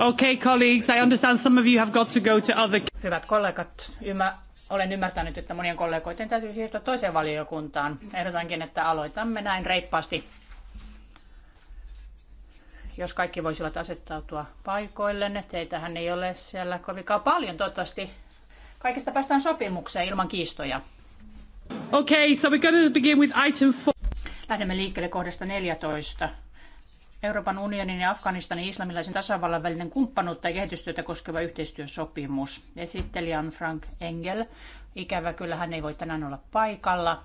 Okay, colleagues, I understand some of you have got to go to other... Hyvät kollegat, ymmär, olen ymmärtänyt, että monien kollegoiden täytyy siirtyä toiseen valiokuntaan. Ehdotankin, että aloitamme näin reippaasti. Jos kaikki voisivat asettautua paikoillenne, teitähän ei ole siellä kovinkaan paljon. Toivottavasti kaikesta päästään sopimukseen ilman kiistoja. Okay, so we're going to begin with item four. Lähdemme liikkeelle kohdasta 14. Euroopan unionin ja Afganistanin islamilaisen tasavallan välinen kumppanuutta ja kehitystyötä koskeva yhteistyösopimus. Esittelijä on Frank Engel. Ikävä kyllä hän ei voi tänään olla paikalla.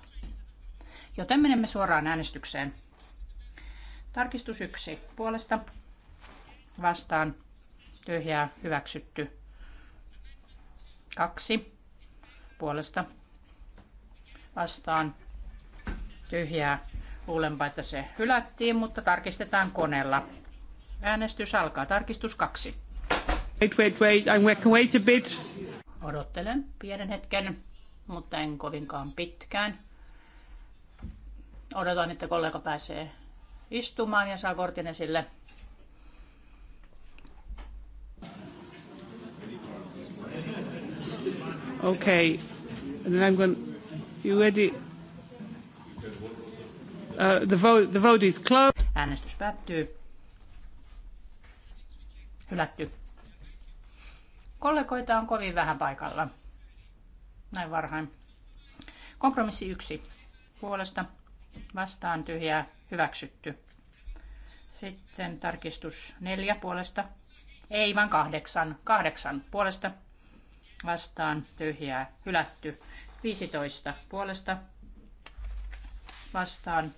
Joten menemme suoraan äänestykseen. Tarkistus yksi. Puolesta vastaan tyhjää hyväksytty. kaksi Puolesta vastaan tyhjää Luulenpa, että se hylättiin, mutta tarkistetaan koneella. Äänestys alkaa. Tarkistus kaksi. Wait, wait, wait. I can wait a bit. Odottelen pienen hetken, mutta en kovinkaan pitkään. Odotan, että kollega pääsee istumaan ja saa kortin esille. Okay. then I'm going... You ready? Uh, the, vote, the vote is closed. Äänestys päättyy. Hylätty. Kollegoita on kovin vähän paikalla. Näin varhain. Kompromissi yksi. Puolesta vastaan tyhjää hyväksytty. Sitten tarkistus neljä puolesta. Ei vaan kahdeksan. Kahdeksan puolesta vastaan tyhjää hylätty. 15 puolesta vastaan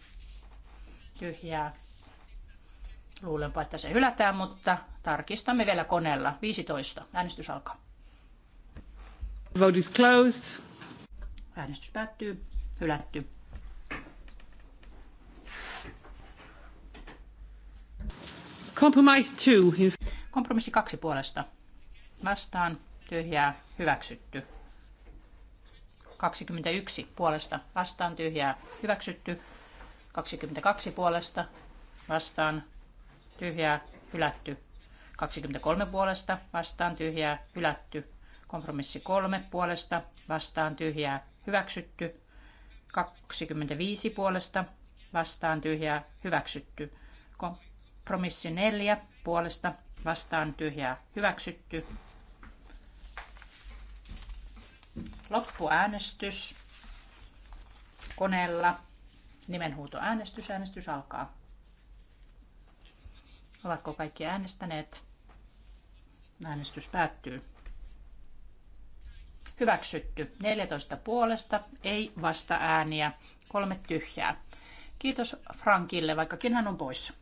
tyhjää. Luulenpa, että se hylätään, mutta tarkistamme vielä koneella. 15. Äänestys alkaa. Vote is closed. Äänestys päättyy. Hylätty. Compromise two. Kompromissi kaksi puolesta. Vastaan tyhjää hyväksytty. 21 puolesta vastaan tyhjää hyväksytty. 22 puolesta vastaan tyhjää hylätty. 23 puolesta vastaan tyhjää hylätty. Kompromissi 3 puolesta vastaan tyhjää hyväksytty. 25 puolesta vastaan tyhjää hyväksytty. Kompromissi 4 puolesta vastaan tyhjää hyväksytty. Loppuäänestys koneella. äänestys, Äänestys alkaa. Ovatko kaikki äänestäneet? Äänestys päättyy. Hyväksytty. 14 puolesta, ei vasta ääniä, kolme tyhjää. Kiitos Frankille, vaikkakin hän on poissa.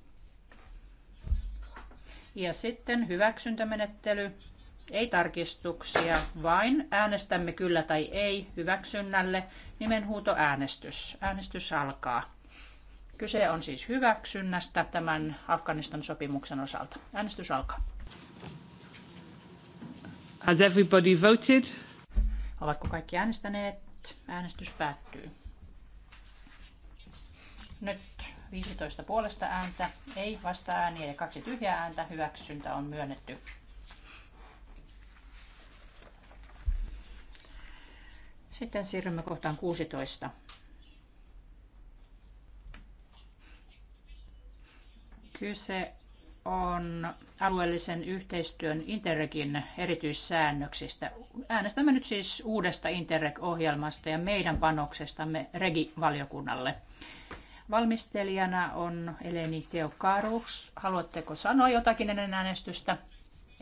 Ja sitten hyväksyntämenettely ei tarkistuksia, vain äänestämme kyllä tai ei hyväksynnälle nimenhuutoäänestys. Äänestys alkaa. Kyse on siis hyväksynnästä tämän Afganistan sopimuksen osalta. Äänestys alkaa. Has everybody voted? Ovatko kaikki äänestäneet? Äänestys päättyy. Nyt 15 puolesta ääntä, ei vasta ääniä ja kaksi tyhjää ääntä. Hyväksyntä on myönnetty. Sitten siirrymme kohtaan 16. Kyse on alueellisen yhteistyön Interregin erityissäännöksistä. Äänestämme nyt siis uudesta Interreg-ohjelmasta ja meidän panoksestamme Regi-valiokunnalle. Valmistelijana on Eleni Teokarus. Haluatteko sanoa jotakin ennen äänestystä?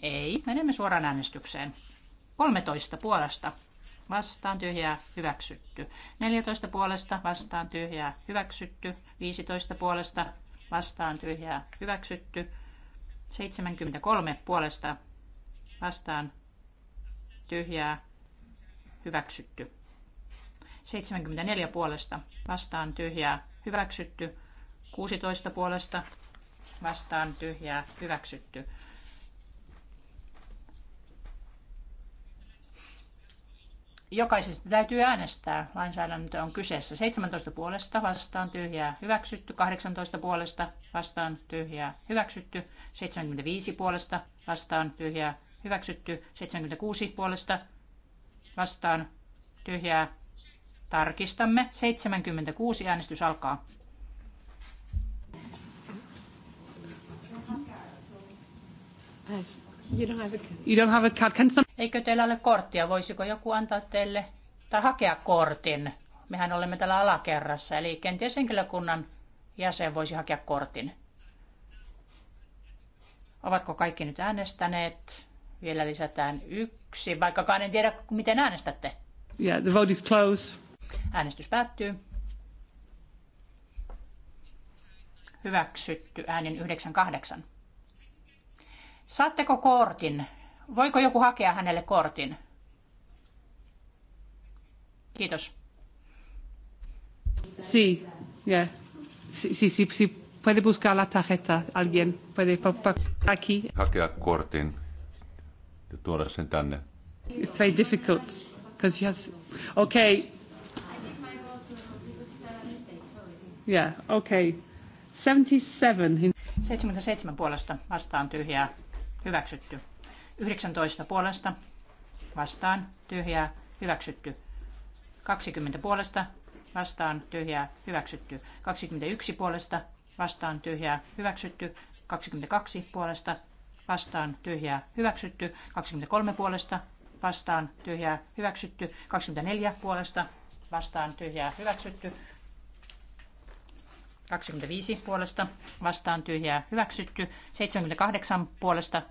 Ei, menemme suoraan äänestykseen. 13 puolesta vastaan tyhjää hyväksytty. 14 puolesta vastaan tyhjää hyväksytty. 15 puolesta vastaan tyhjää hyväksytty. 73 puolesta vastaan tyhjää hyväksytty. 74 puolesta vastaan tyhjää hyväksytty. 16 puolesta vastaan tyhjää hyväksytty. Jokaisesta täytyy äänestää. Lainsäädäntö on kyseessä. 17 puolesta vastaan tyhjää hyväksytty. 18 puolesta vastaan tyhjää hyväksytty. 75 puolesta vastaan tyhjää hyväksytty. 76 puolesta vastaan tyhjää tarkistamme. 76 äänestys alkaa. You don't have a card. You don't have a card. Can Eikö teillä ole korttia? Voisiko joku antaa teille tai hakea kortin? Mehän olemme täällä alakerrassa, eli kenties henkilökunnan jäsen voisi hakea kortin. Ovatko kaikki nyt äänestäneet? Vielä lisätään yksi, vaikkakaan en tiedä, miten äänestätte. Yeah, the vote is close. Äänestys päättyy. Hyväksytty äänin 98. Saatteko kortin Voiko joku hakea hänelle kortin? Kiitos. Si, yeah. si, si, si, si. Puede buscar la tarjeta. Alguien puede aquí. Hakea kortin ja tuoda sen tänne. It's very difficult. Because you have... Okay. Uh, yeah, okay. 77. 77 puolesta vastaan tyhjää. Hyväksytty. 19 puolesta vastaan tyhjää hyväksytty. 20 puolesta vastaan tyhjää hyväksytty. 21 puolesta vastaan tyhjää hyväksytty. 22 puolesta vastaan tyhjää hyväksytty. 23 puolesta vastaan tyhjää hyväksytty. 24 puolesta vastaan tyhjää hyväksytty. 25 puolesta vastaan tyhjää hyväksytty. 78 puolesta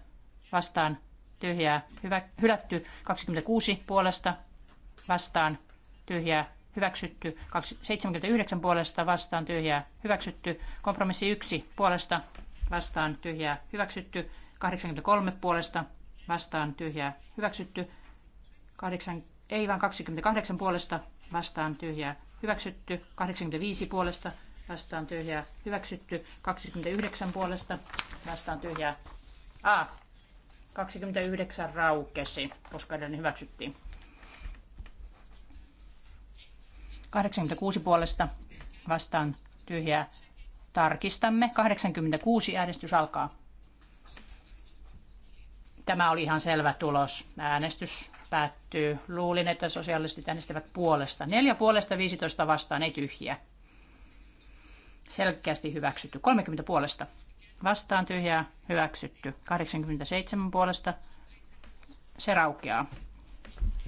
vastaan tyhjää, hyvä, hylätty 26 puolesta vastaan, tyhjää, hyväksytty 79 puolesta vastaan, tyhjää, hyväksytty kompromissi 1 puolesta vastaan, tyhjää, hyväksytty 83 puolesta vastaan, tyhjää, hyväksytty 8, ei vaan 28 puolesta vastaan, tyhjää, hyväksytty 85 puolesta vastaan, tyhjää, hyväksytty 29 puolesta vastaan, tyhjää, A 29 raukesi, koska edellinen hyväksyttiin. 86 puolesta vastaan tyhjää. Tarkistamme. 86 äänestys alkaa. Tämä oli ihan selvä tulos. Äänestys päättyy. Luulin, että sosialistit äänestivät puolesta. Neljä puolesta, 15 vastaan, ei tyhjiä. Selkeästi hyväksytty. 30 puolesta vastaan tyhjää hyväksytty. 87 puolesta se raukeaa.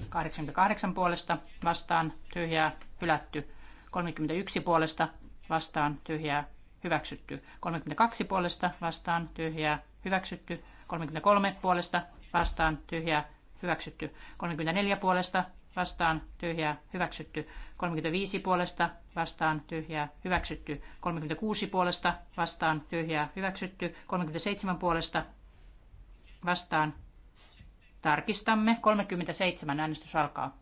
88 puolesta vastaan tyhjää hylätty. 31 puolesta vastaan tyhjää hyväksytty. 32 puolesta vastaan tyhjää hyväksytty. 33 puolesta vastaan tyhjää hyväksytty. 34 puolesta vastaan tyhjää hyväksytty 35 puolesta, vastaan tyhjää hyväksytty 36 puolesta, vastaan tyhjää hyväksytty 37 puolesta, vastaan tarkistamme 37 äänestys alkaa.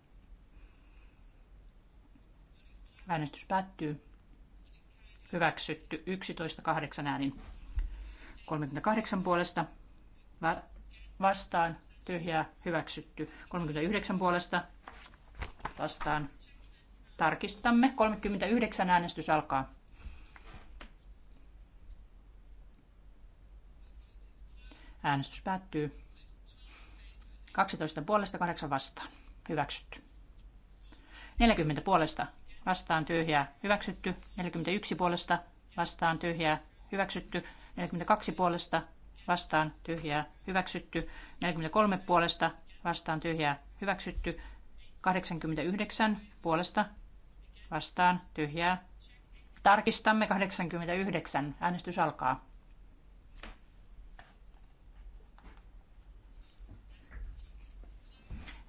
Äänestys päättyy. Hyväksytty 8 äänin. 38 puolesta vastaan tyhjää hyväksytty. 39 puolesta vastaan. Tarkistamme. 39 äänestys alkaa. Äänestys päättyy. 12 puolesta 8 vastaan. Hyväksytty. 40 puolesta vastaan tyhjää. Hyväksytty. 41 puolesta vastaan tyhjää. Hyväksytty. 42 puolesta vastaan tyhjää. Hyväksytty. 43 puolesta vastaan tyhjää. Hyväksytty. 89 puolesta vastaan tyhjää. Tarkistamme 89. Äänestys alkaa.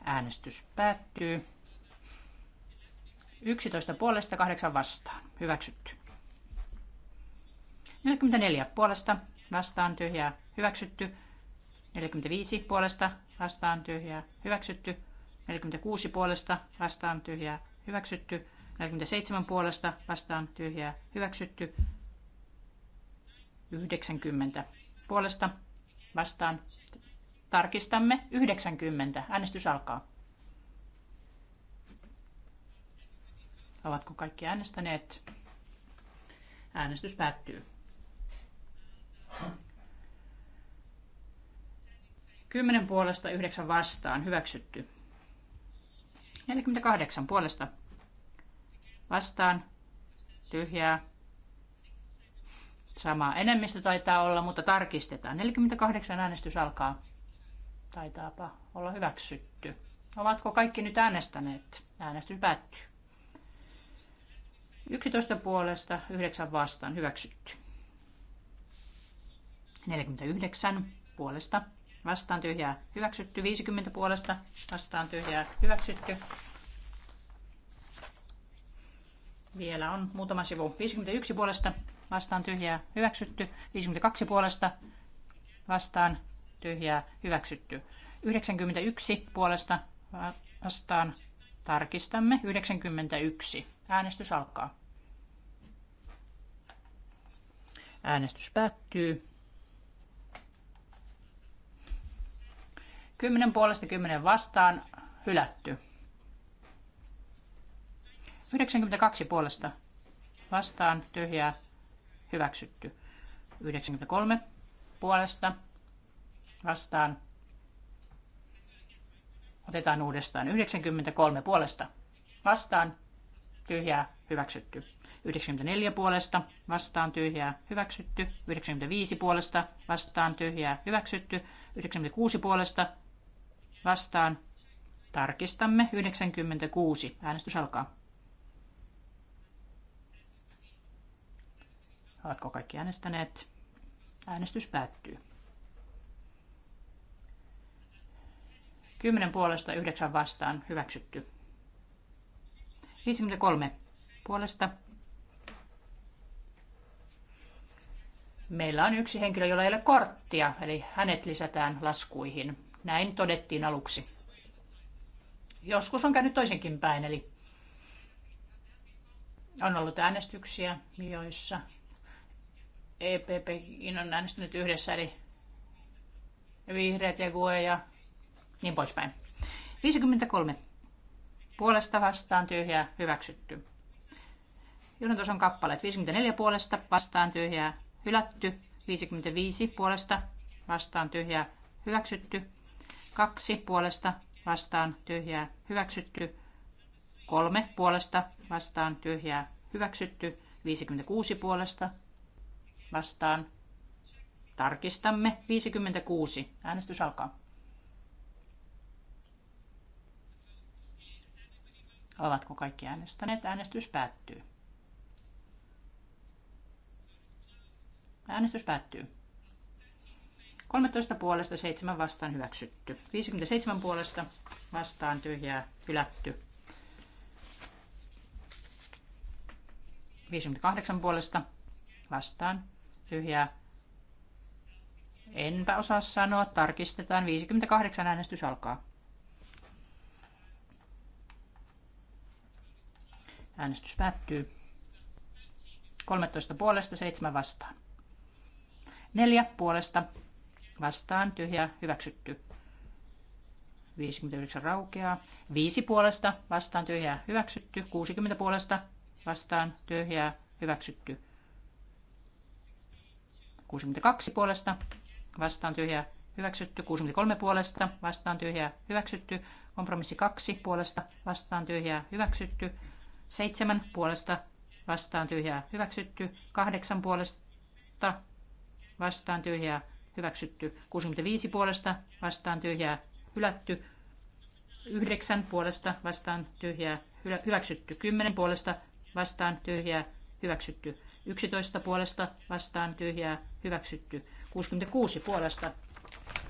Äänestys päättyy. 11 puolesta 8 vastaan. Hyväksytty. 44 puolesta vastaan tyhjää. Hyväksytty. 45 puolesta vastaan tyhjää. Hyväksytty. 46 puolesta vastaan tyhjää hyväksytty. 47 puolesta vastaan tyhjää hyväksytty. 90 puolesta vastaan. Tarkistamme 90. Äänestys alkaa. Ovatko kaikki äänestäneet? Äänestys päättyy. 10 puolesta 9 vastaan hyväksytty. 48 puolesta vastaan tyhjää. Sama enemmistö taitaa olla, mutta tarkistetaan. 48 äänestys alkaa. Taitaapa olla hyväksytty. Ovatko kaikki nyt äänestäneet? Äänestys päättyy. 11 puolesta, 9 vastaan hyväksytty. 49 puolesta vastaan tyhjää hyväksytty. 50 puolesta vastaan tyhjää hyväksytty. Vielä on muutama sivu. 51 puolesta vastaan tyhjää hyväksytty. 52 puolesta vastaan tyhjää hyväksytty. 91 puolesta vastaan tarkistamme. 91. Äänestys alkaa. Äänestys päättyy. 10 puolesta 10 vastaan hylätty. 92 puolesta vastaan tyhjää hyväksytty. 93 puolesta vastaan Otetaan uudestaan. 93 puolesta vastaan tyhjää hyväksytty. 94 puolesta vastaan tyhjää hyväksytty. 95 puolesta vastaan tyhjää hyväksytty. 96 puolesta vastaan. Tarkistamme 96. Äänestys alkaa. Oletko kaikki äänestäneet? Äänestys päättyy. 10 puolesta 9 vastaan hyväksytty. 53 puolesta. Meillä on yksi henkilö, jolla ei ole korttia, eli hänet lisätään laskuihin. Näin todettiin aluksi. Joskus on käynyt toisenkin päin, eli on ollut äänestyksiä, joissa EPP on äänestänyt yhdessä, eli vihreät ja GUE ja niin poispäin. 53. Puolesta vastaan tyhjää hyväksytty. tuossa on kappaleet 54 puolesta vastaan tyhjää hylätty, 55 puolesta vastaan tyhjää hyväksytty, Kaksi puolesta vastaan tyhjää hyväksytty. Kolme puolesta vastaan tyhjää hyväksytty. 56 puolesta vastaan. Tarkistamme 56. Äänestys alkaa. Ovatko kaikki äänestäneet? Äänestys päättyy. Äänestys päättyy. 13 puolesta 7 vastaan hyväksytty. 57 puolesta vastaan tyhjää hylätty. 58 puolesta vastaan tyhjää. Enpä osaa sanoa. Tarkistetaan. 58 äänestys alkaa. Äänestys päättyy. 13 puolesta 7 vastaan. 4 puolesta vastaan tyhjä hyväksytty. 59 raukeaa. 5 puolesta vastaan tyhjää hyväksytty. 60 puolesta vastaan tyhjää hyväksytty. 62 puolesta vastaan tyhjää hyväksytty. 63 puolesta vastaan tyhjää hyväksytty. Kompromissi 2 puolesta vastaan tyhjää hyväksytty. 7 puolesta vastaan tyhjää hyväksytty. 8 puolesta vastaan tyhjää hyväksytty. 65 puolesta vastaan tyhjää hylätty. 9 puolesta vastaan tyhjää hyväksytty. 10 puolesta vastaan tyhjää hyväksytty. 11 puolesta vastaan tyhjää hyväksytty. 66 puolesta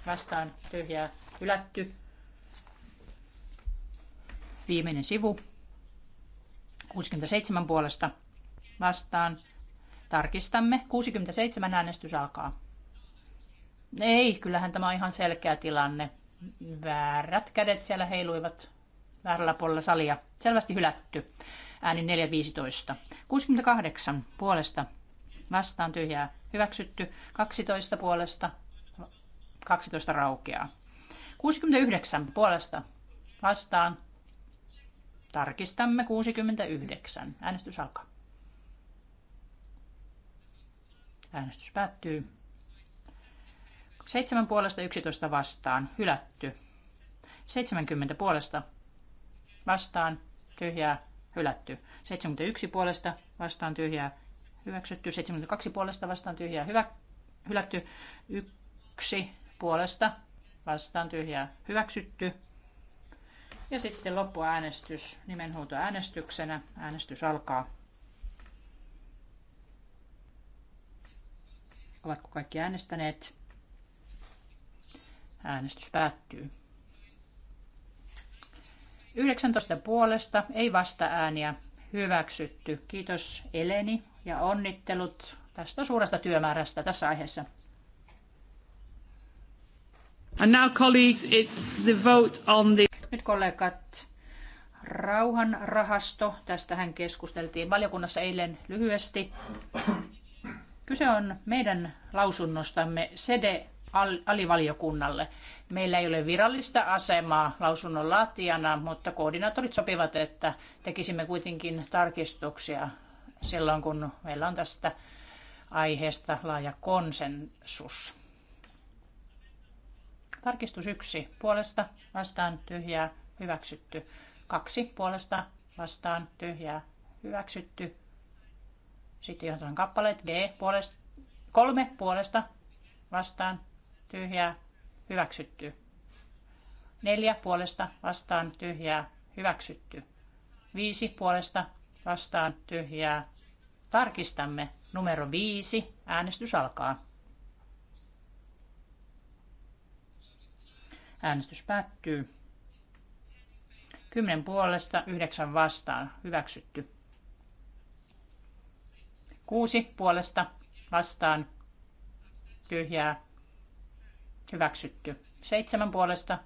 vastaan tyhjää hylätty. Viimeinen sivu. 67 puolesta vastaan. Tarkistamme. 67 äänestys alkaa. Ei, kyllähän tämä on ihan selkeä tilanne. Väärät kädet siellä heiluivat väärällä puolella salia. Selvästi hylätty. Ääni 4.15. 68 puolesta vastaan tyhjää hyväksytty. 12 puolesta 12 raukeaa. 69 puolesta vastaan. Tarkistamme 69. Äänestys alkaa. Äänestys päättyy. 7 puolesta 11 vastaan. Hylätty. 70 puolesta vastaan. Tyhjää. Hylätty. 71 puolesta vastaan. Tyhjää. Hyväksytty. 72 puolesta vastaan. Tyhjää. Hyvä, hylätty. 1 puolesta vastaan. Tyhjää. Hyväksytty. Ja sitten loppuäänestys nimenhuutoäänestyksenä. Äänestys alkaa. Ovatko kaikki äänestäneet? Äänestys päättyy. 19 puolesta, ei vasta ääniä, hyväksytty. Kiitos Eleni ja onnittelut tästä suuresta työmäärästä tässä aiheessa. And now colleagues, it's the vote on the... Nyt kollegat, rauhanrahasto. Tästähän keskusteltiin valiokunnassa eilen lyhyesti. Kyse on meidän lausunnostamme sede alivaliokunnalle. Meillä ei ole virallista asemaa lausunnon laatijana, mutta koordinaattorit sopivat, että tekisimme kuitenkin tarkistuksia silloin, kun meillä on tästä aiheesta laaja konsensus. Tarkistus yksi puolesta vastaan tyhjää hyväksytty. Kaksi puolesta vastaan tyhjää hyväksytty. Sitten johdetaan kappaleet G puolesta, kolme puolesta vastaan tyhjää, hyväksytty. Neljä puolesta vastaan tyhjää, hyväksytty. Viisi puolesta vastaan tyhjää. Tarkistamme numero viisi. Äänestys alkaa. Äänestys päättyy. kymmenen puolesta, yhdeksän vastaan. Hyväksytty. kuusi puolesta, vastaan. Tyhjää. Hyväksytty. Seitsemän puolesta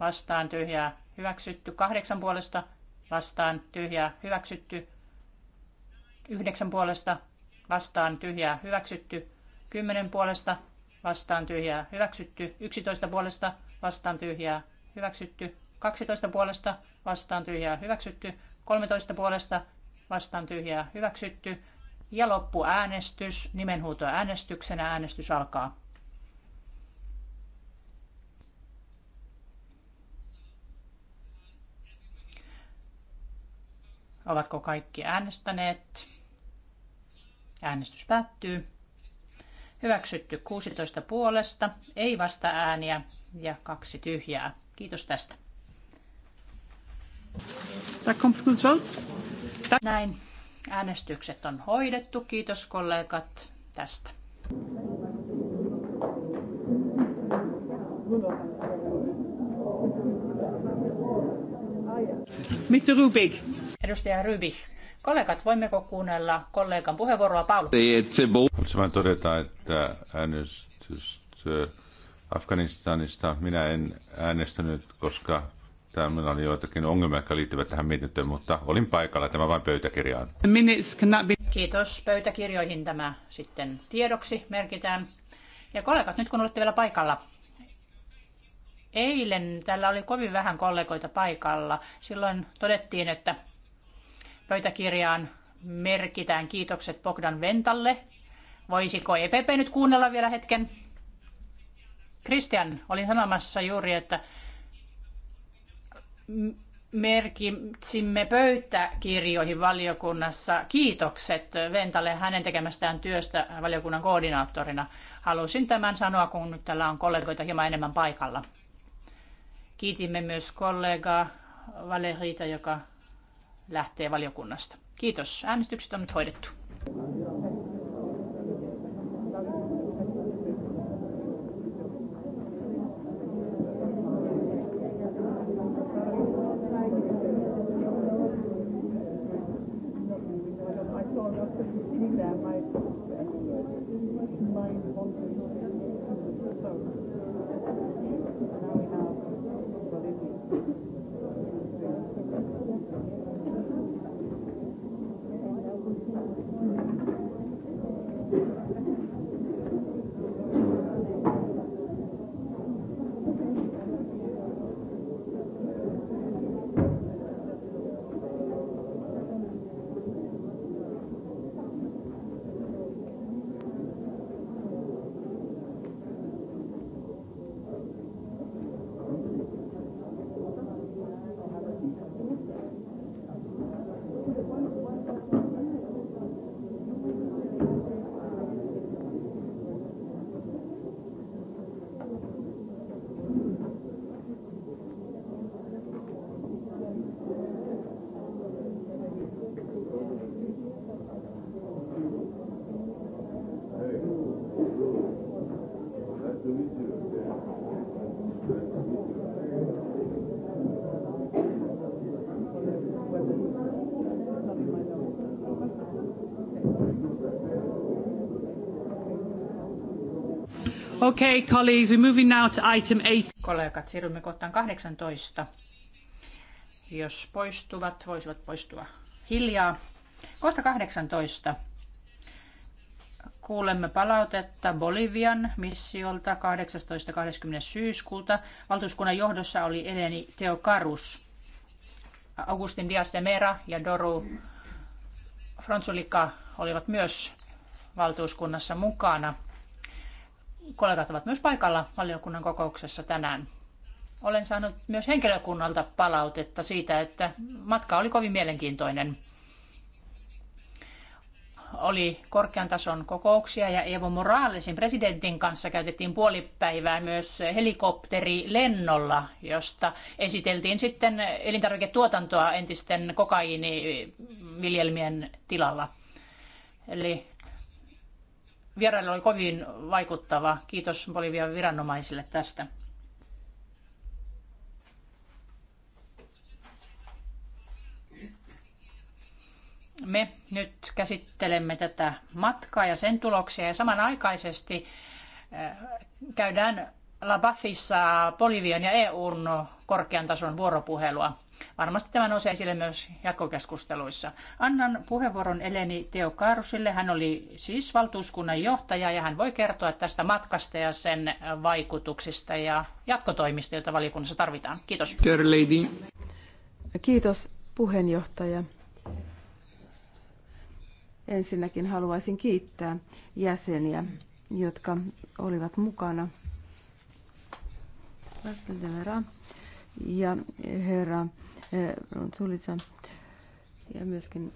vastaan tyhjää. Hyväksytty. Kahdeksan puolesta vastaan tyhjää. Hyväksytty. Yhdeksän puolesta vastaan tyhjää. Hyväksytty. Kymmenen puolesta vastaan tyhjää. Hyväksytty. Yksitoista puolesta vastaan tyhjää. Hyväksytty. Kaksitoista puolesta vastaan tyhjää hyväksytty, Kolmetoista puolesta vastaan tyhjää hyväksytty ja loppuäänestys, nimenhuutoäänestyksenä äänestyksenä äänestys alkaa. Ovatko kaikki äänestäneet? Äänestys päättyy. Hyväksytty 16 puolesta, ei vasta ääniä ja kaksi tyhjää. Kiitos tästä. Näin. Äänestykset on hoidettu. Kiitos kollegat tästä. Mr. Rubik. Edustaja Rubik. Kollegat, voimmeko kuunnella kollegan puheenvuoroa, Paul? Haluaisin vain todeta, että äänestys Afganistanista minä en äänestänyt, koska täällä oli joitakin ongelmia, jotka liittyvät tähän mietintöön, mutta olin paikalla. Tämä vain pöytäkirjaan. Kiitos. Pöytäkirjoihin tämä sitten tiedoksi merkitään. Ja kollegat, nyt kun olette vielä paikalla, Eilen täällä oli kovin vähän kollegoita paikalla. Silloin todettiin, että pöytäkirjaan merkitään kiitokset Bogdan Ventalle. Voisiko EPP nyt kuunnella vielä hetken? Christian, olin sanomassa juuri, että merkitsimme pöytäkirjoihin valiokunnassa kiitokset Ventalle hänen tekemästään työstä valiokunnan koordinaattorina. Halusin tämän sanoa, kun nyt täällä on kollegoita hieman enemmän paikalla. Kiitimme myös kollegaa Valeriita, joka lähtee valiokunnasta. Kiitos. Äänestykset on nyt hoidettu. Okay, colleagues, we're moving now to item eight. Kollegat, siirrymme kohtaan 18. Jos poistuvat, voisivat poistua hiljaa. Kohta 18. Kuulemme palautetta Bolivian missiolta 18.20. syyskuuta. Valtuuskunnan johdossa oli Eleni Teokarus, Augustin Dias de Mera ja Doru Fronsulika olivat myös valtuuskunnassa mukana – kollegat ovat myös paikalla valiokunnan kokouksessa tänään. Olen saanut myös henkilökunnalta palautetta siitä, että matka oli kovin mielenkiintoinen. Oli korkean tason kokouksia ja Evo moraalisin presidentin kanssa käytettiin puoli päivää myös helikopterilennolla, josta esiteltiin sitten elintarviketuotantoa entisten kokainiviljelmien tilalla. Eli vierailu oli kovin vaikuttava. Kiitos Bolivian viranomaisille tästä. Me nyt käsittelemme tätä matkaa ja sen tuloksia ja samanaikaisesti äh, käydään Labathissa Bolivian ja EUn korkean tason vuoropuhelua. Varmasti tämä nousee esille myös jatkokeskusteluissa. Annan puheenvuoron Eleni Kaarusille. Hän oli siis valtuuskunnan johtaja ja hän voi kertoa tästä matkasta ja sen vaikutuksista ja jatkotoimista, joita valiokunnassa tarvitaan. Kiitos. Kiitos puheenjohtaja. Ensinnäkin haluaisin kiittää jäseniä, jotka olivat mukana. Ja herra Sulitsa. Ja myöskin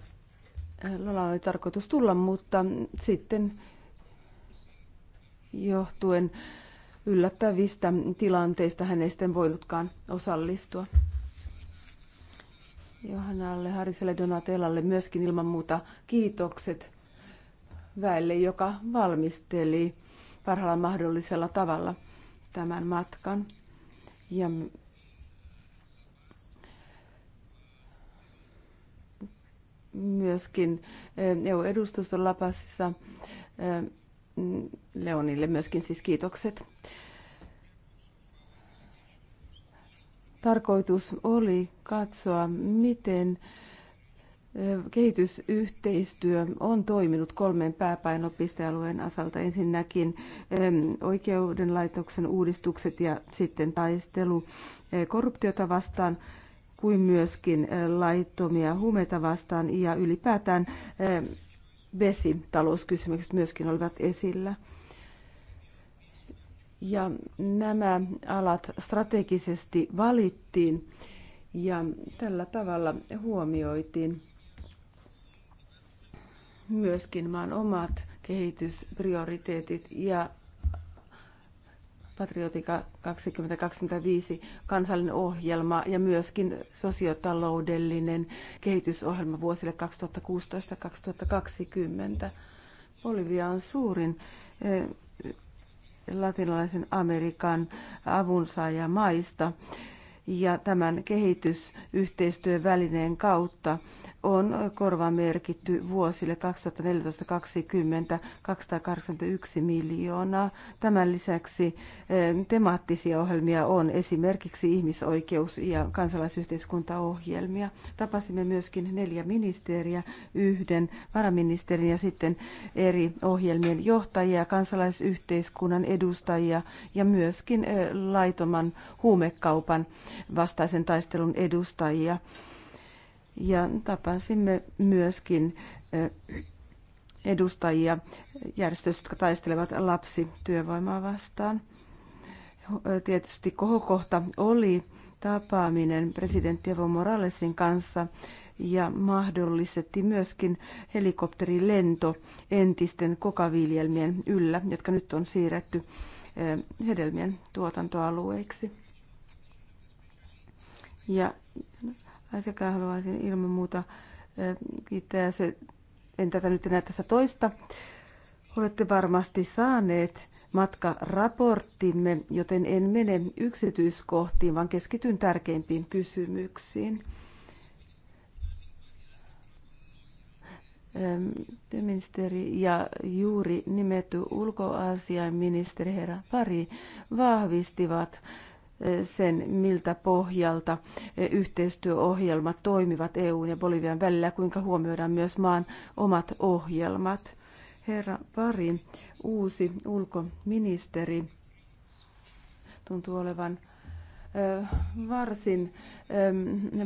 Lola oli tarkoitus tulla, mutta sitten johtuen yllättävistä tilanteista hän ei sitten voinutkaan osallistua. Johannalle, Hariselle, Donatellalle myöskin ilman muuta kiitokset väelle, joka valmisteli parhaalla mahdollisella tavalla tämän matkan. Ja myöskin eh, EU-edustuston Lapasissa. Eh, Leonille myöskin siis kiitokset. Tarkoitus oli katsoa, miten eh, kehitysyhteistyö on toiminut kolmen pääpainopistealueen asalta. Ensinnäkin oikeudenlaitoksen uudistukset ja sitten taistelu korruptiota vastaan – kuin myöskin eh, laittomia huumeita vastaan ja ylipäätään eh, vesitalouskysymykset myöskin olivat esillä. Ja nämä alat strategisesti valittiin ja tällä tavalla huomioitiin myöskin maan omat kehitysprioriteetit ja Patriotika 2025 kansallinen ohjelma ja myöskin sosiotaloudellinen kehitysohjelma vuosille 2016-2020. Bolivia on suurin eh, latinalaisen Amerikan maista ja tämän kehitysyhteistyövälineen kautta on korva merkitty vuosille 2014-2020 281 miljoonaa. Tämän lisäksi eh, temaattisia ohjelmia on esimerkiksi ihmisoikeus- ja kansalaisyhteiskuntaohjelmia. Tapasimme myöskin neljä ministeriä, yhden varaministerin ja sitten eri ohjelmien johtajia, kansalaisyhteiskunnan edustajia ja myöskin eh, laitoman huumekaupan vastaisen taistelun edustajia ja tapasimme myöskin edustajia järjestöistä, jotka taistelevat lapsityövoimaa vastaan. Tietysti kohokohta oli tapaaminen presidentti Evo Moralesin kanssa ja mahdollisesti myöskin helikopterilento entisten kokaviljelmien yllä, jotka nyt on siirretty hedelmien tuotantoalueiksi. Ja Asiakkaan haluaisin ilman muuta kiittää se, en tätä nyt enää tässä toista. Olette varmasti saaneet matkaraporttimme, joten en mene yksityiskohtiin, vaan keskityn tärkeimpiin kysymyksiin. Työministeri ja juuri nimetty ulkoasiainministeri herra Pari vahvistivat sen, miltä pohjalta yhteistyöohjelmat toimivat EUn ja Bolivian välillä, kuinka huomioidaan myös maan omat ohjelmat. Herra Pari, uusi ulkoministeri, tuntuu olevan varsin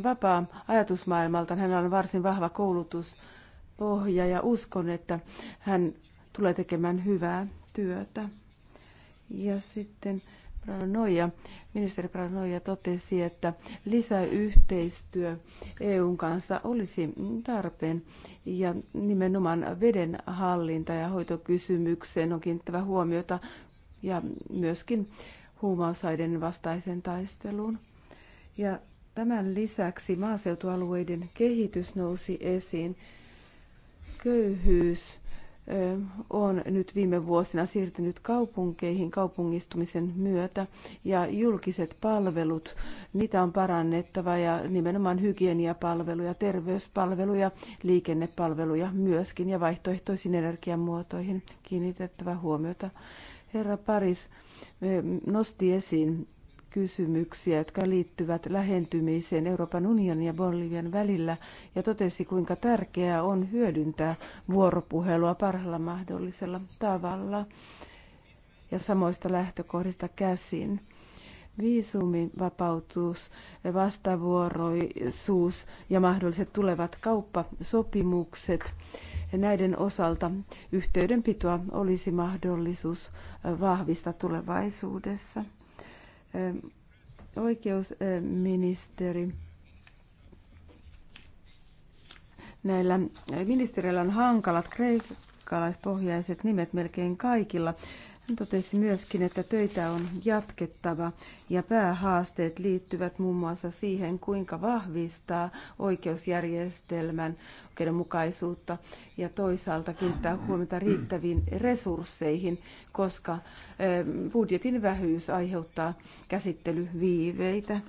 vapaa ajatusmaailmalta. Hänellä on varsin vahva koulutuspohja ja uskon, että hän tulee tekemään hyvää työtä. Ja sitten Pranoja, ministeri Pranoja totesi, että lisäyhteistyö EUn kanssa olisi tarpeen ja nimenomaan veden hallinta ja hoitokysymykseen on kiinnittävä huomiota ja myöskin huumausaiden vastaisen taisteluun. Ja tämän lisäksi maaseutualueiden kehitys nousi esiin. Köyhyys on nyt viime vuosina siirtynyt kaupunkeihin kaupungistumisen myötä ja julkiset palvelut, niitä on parannettava ja nimenomaan hygieniapalveluja, terveyspalveluja, liikennepalveluja myöskin ja vaihtoehtoisiin energiamuotoihin kiinnitettävä huomiota. Herra Paris nosti esiin kysymyksiä, jotka liittyvät lähentymiseen Euroopan unionin ja Bolivian välillä ja totesi, kuinka tärkeää on hyödyntää vuoropuhelua parhaalla mahdollisella tavalla ja samoista lähtökohdista käsin viisumivapautus, vastavuoroisuus ja mahdolliset tulevat kauppasopimukset. Näiden osalta yhteydenpitoa olisi mahdollisuus vahvistaa tulevaisuudessa oikeusministeri. Näillä ministeriöillä on hankalat kreikkalaispohjaiset nimet melkein kaikilla. Hän totesi myöskin, että töitä on jatkettava ja päähaasteet liittyvät muun muassa siihen, kuinka vahvistaa oikeusjärjestelmän oikeudenmukaisuutta ja toisaalta kiinnittää huomiota riittäviin resursseihin, koska eh, budjetin vähyys aiheuttaa käsittelyviiveitä.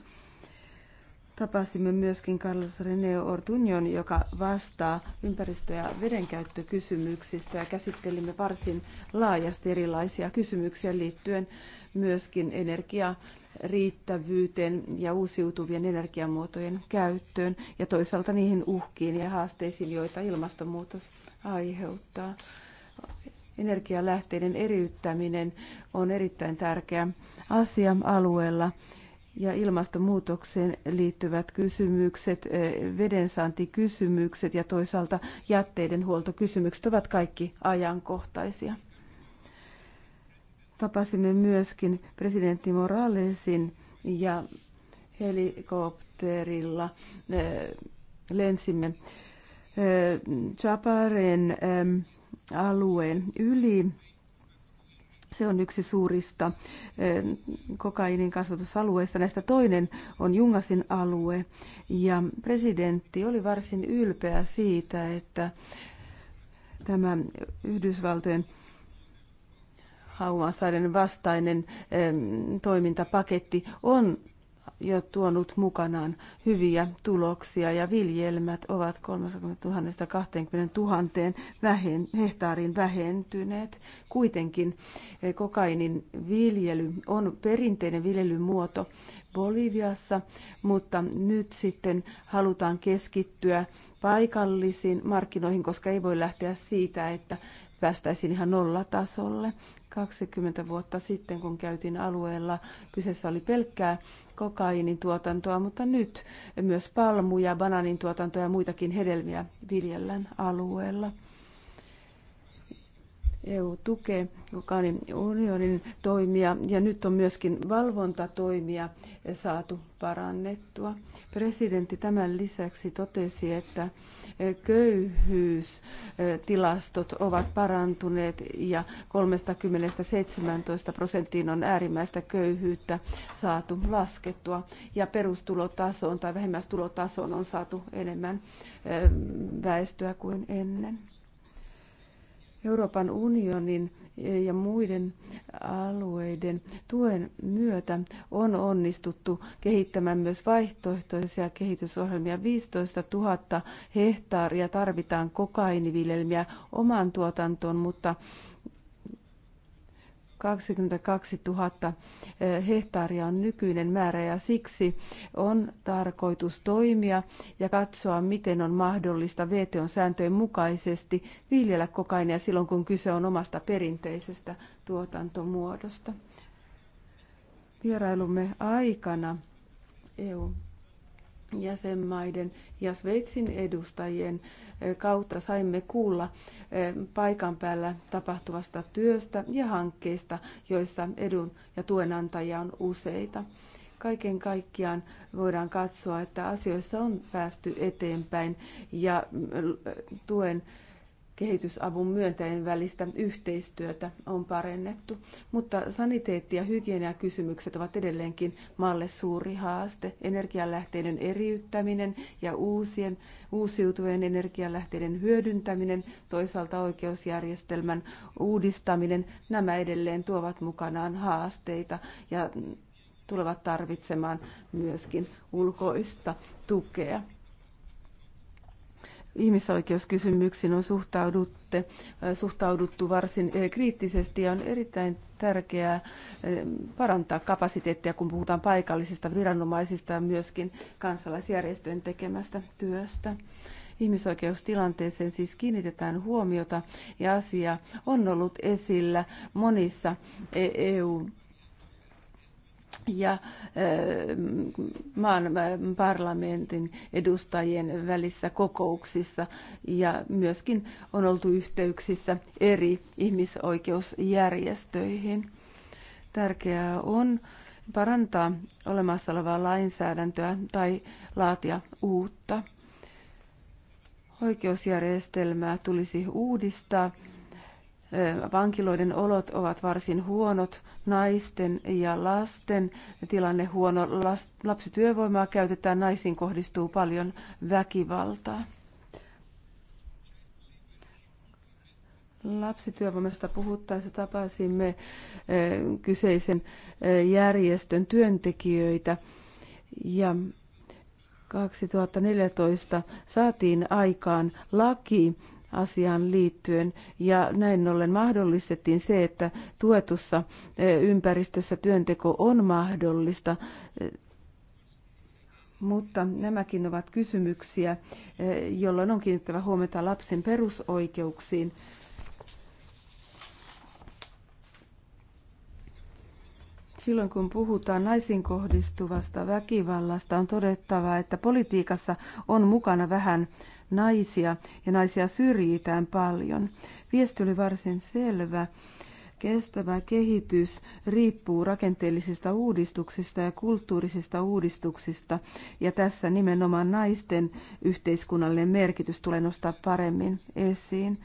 Tapasimme myöskin Carlos Reneo Ortunion, joka vastaa ympäristö- ja vedenkäyttökysymyksistä ja käsittelimme varsin laajasti erilaisia kysymyksiä liittyen myöskin energia riittävyyteen ja uusiutuvien energiamuotojen käyttöön ja toisaalta niihin uhkiin ja haasteisiin, joita ilmastonmuutos aiheuttaa. Energialähteiden eriyttäminen on erittäin tärkeä asia alueella ja ilmastonmuutokseen liittyvät kysymykset, eh, vedensaantikysymykset ja toisaalta jätteiden huoltokysymykset ovat kaikki ajankohtaisia. Tapasimme myöskin presidentti Moralesin ja helikopterilla eh, lensimme eh, Chaparen alueen yli se on yksi suurista eh, kokainin kasvatusalueista. Näistä toinen on Jungasin alue. Ja presidentti oli varsin ylpeä siitä, että tämä Yhdysvaltojen haumaansaiden vastainen eh, toimintapaketti on ja tuonut mukanaan hyviä tuloksia ja viljelmät ovat 30 000 20 000 vähen, hehtaariin vähentyneet. Kuitenkin eh, kokainin viljely on perinteinen viljelymuoto Boliviassa, mutta nyt sitten halutaan keskittyä paikallisiin markkinoihin, koska ei voi lähteä siitä, että päästäisiin ihan nollatasolle. 20 vuotta sitten, kun käytiin alueella, kyseessä oli pelkkää kokainin tuotantoa, mutta nyt myös palmuja, banaanin tuotantoa ja muitakin hedelmiä viljellään alueella. EU joka oli unionin toimia ja nyt on myöskin valvontatoimia saatu parannettua. Presidentti tämän lisäksi totesi, että köyhyystilastot e, ovat parantuneet ja 30-17 prosenttiin on äärimmäistä köyhyyttä saatu laskettua ja perustulotasoon tai vähimmäistulotasoon on saatu enemmän e, väestöä kuin ennen. Euroopan unionin eh, ja muiden alueiden tuen myötä on onnistuttu kehittämään myös vaihtoehtoisia kehitysohjelmia. 15 000 hehtaaria tarvitaan kokainiviljelmiä omaan tuotantoon, mutta 22 000 eh, hehtaaria on nykyinen määrä ja siksi on tarkoitus toimia ja katsoa, miten on mahdollista VTOn sääntöjen mukaisesti viljellä kokainia silloin, kun kyse on omasta perinteisestä tuotantomuodosta. Vierailumme aikana EU jäsenmaiden ja Sveitsin edustajien eh, kautta saimme kuulla eh, paikan päällä tapahtuvasta työstä ja hankkeista, joissa edun ja tuen antajia on useita. Kaiken kaikkiaan voidaan katsoa, että asioissa on päästy eteenpäin ja mm, eh, tuen kehitysavun myöntäjien välistä yhteistyötä on parannettu. Mutta saniteetti- ja hygieniakysymykset ovat edelleenkin maalle suuri haaste. Energialähteiden eriyttäminen ja uusien, uusiutuvien energialähteiden hyödyntäminen, toisaalta oikeusjärjestelmän uudistaminen, nämä edelleen tuovat mukanaan haasteita ja tulevat tarvitsemaan myöskin ulkoista tukea ihmisoikeuskysymyksiin on suhtaudutte, suhtauduttu varsin kriittisesti ja on erittäin tärkeää parantaa kapasiteettia, kun puhutaan paikallisista viranomaisista ja myöskin kansalaisjärjestöjen tekemästä työstä ihmisoikeustilanteeseen siis kiinnitetään huomiota ja asia on ollut esillä monissa EU- e ja eh, maan eh, parlamentin edustajien välissä kokouksissa ja myöskin on oltu yhteyksissä eri ihmisoikeusjärjestöihin. Tärkeää on parantaa olemassa olevaa lainsäädäntöä tai laatia uutta. Oikeusjärjestelmää tulisi uudistaa Vankiloiden olot ovat varsin huonot, naisten ja lasten tilanne huono, lapsityövoimaa käytetään, naisiin kohdistuu paljon väkivaltaa. Lapsityövoimasta puhuttaessa tapasimme kyseisen järjestön työntekijöitä ja 2014 saatiin aikaan laki, asiaan liittyen. Ja näin ollen mahdollistettiin se, että tuetussa e, ympäristössä työnteko on mahdollista. E, mutta nämäkin ovat kysymyksiä, e, jolloin on kiinnittävä huomiota lapsen perusoikeuksiin. Silloin kun puhutaan naisiin kohdistuvasta väkivallasta, on todettava, että politiikassa on mukana vähän naisia ja naisia syrjitään paljon. Viesti oli varsin selvä. Kestävä kehitys riippuu rakenteellisista uudistuksista ja kulttuurisista uudistuksista, ja tässä nimenomaan naisten yhteiskunnallinen merkitys tulee nostaa paremmin esiin.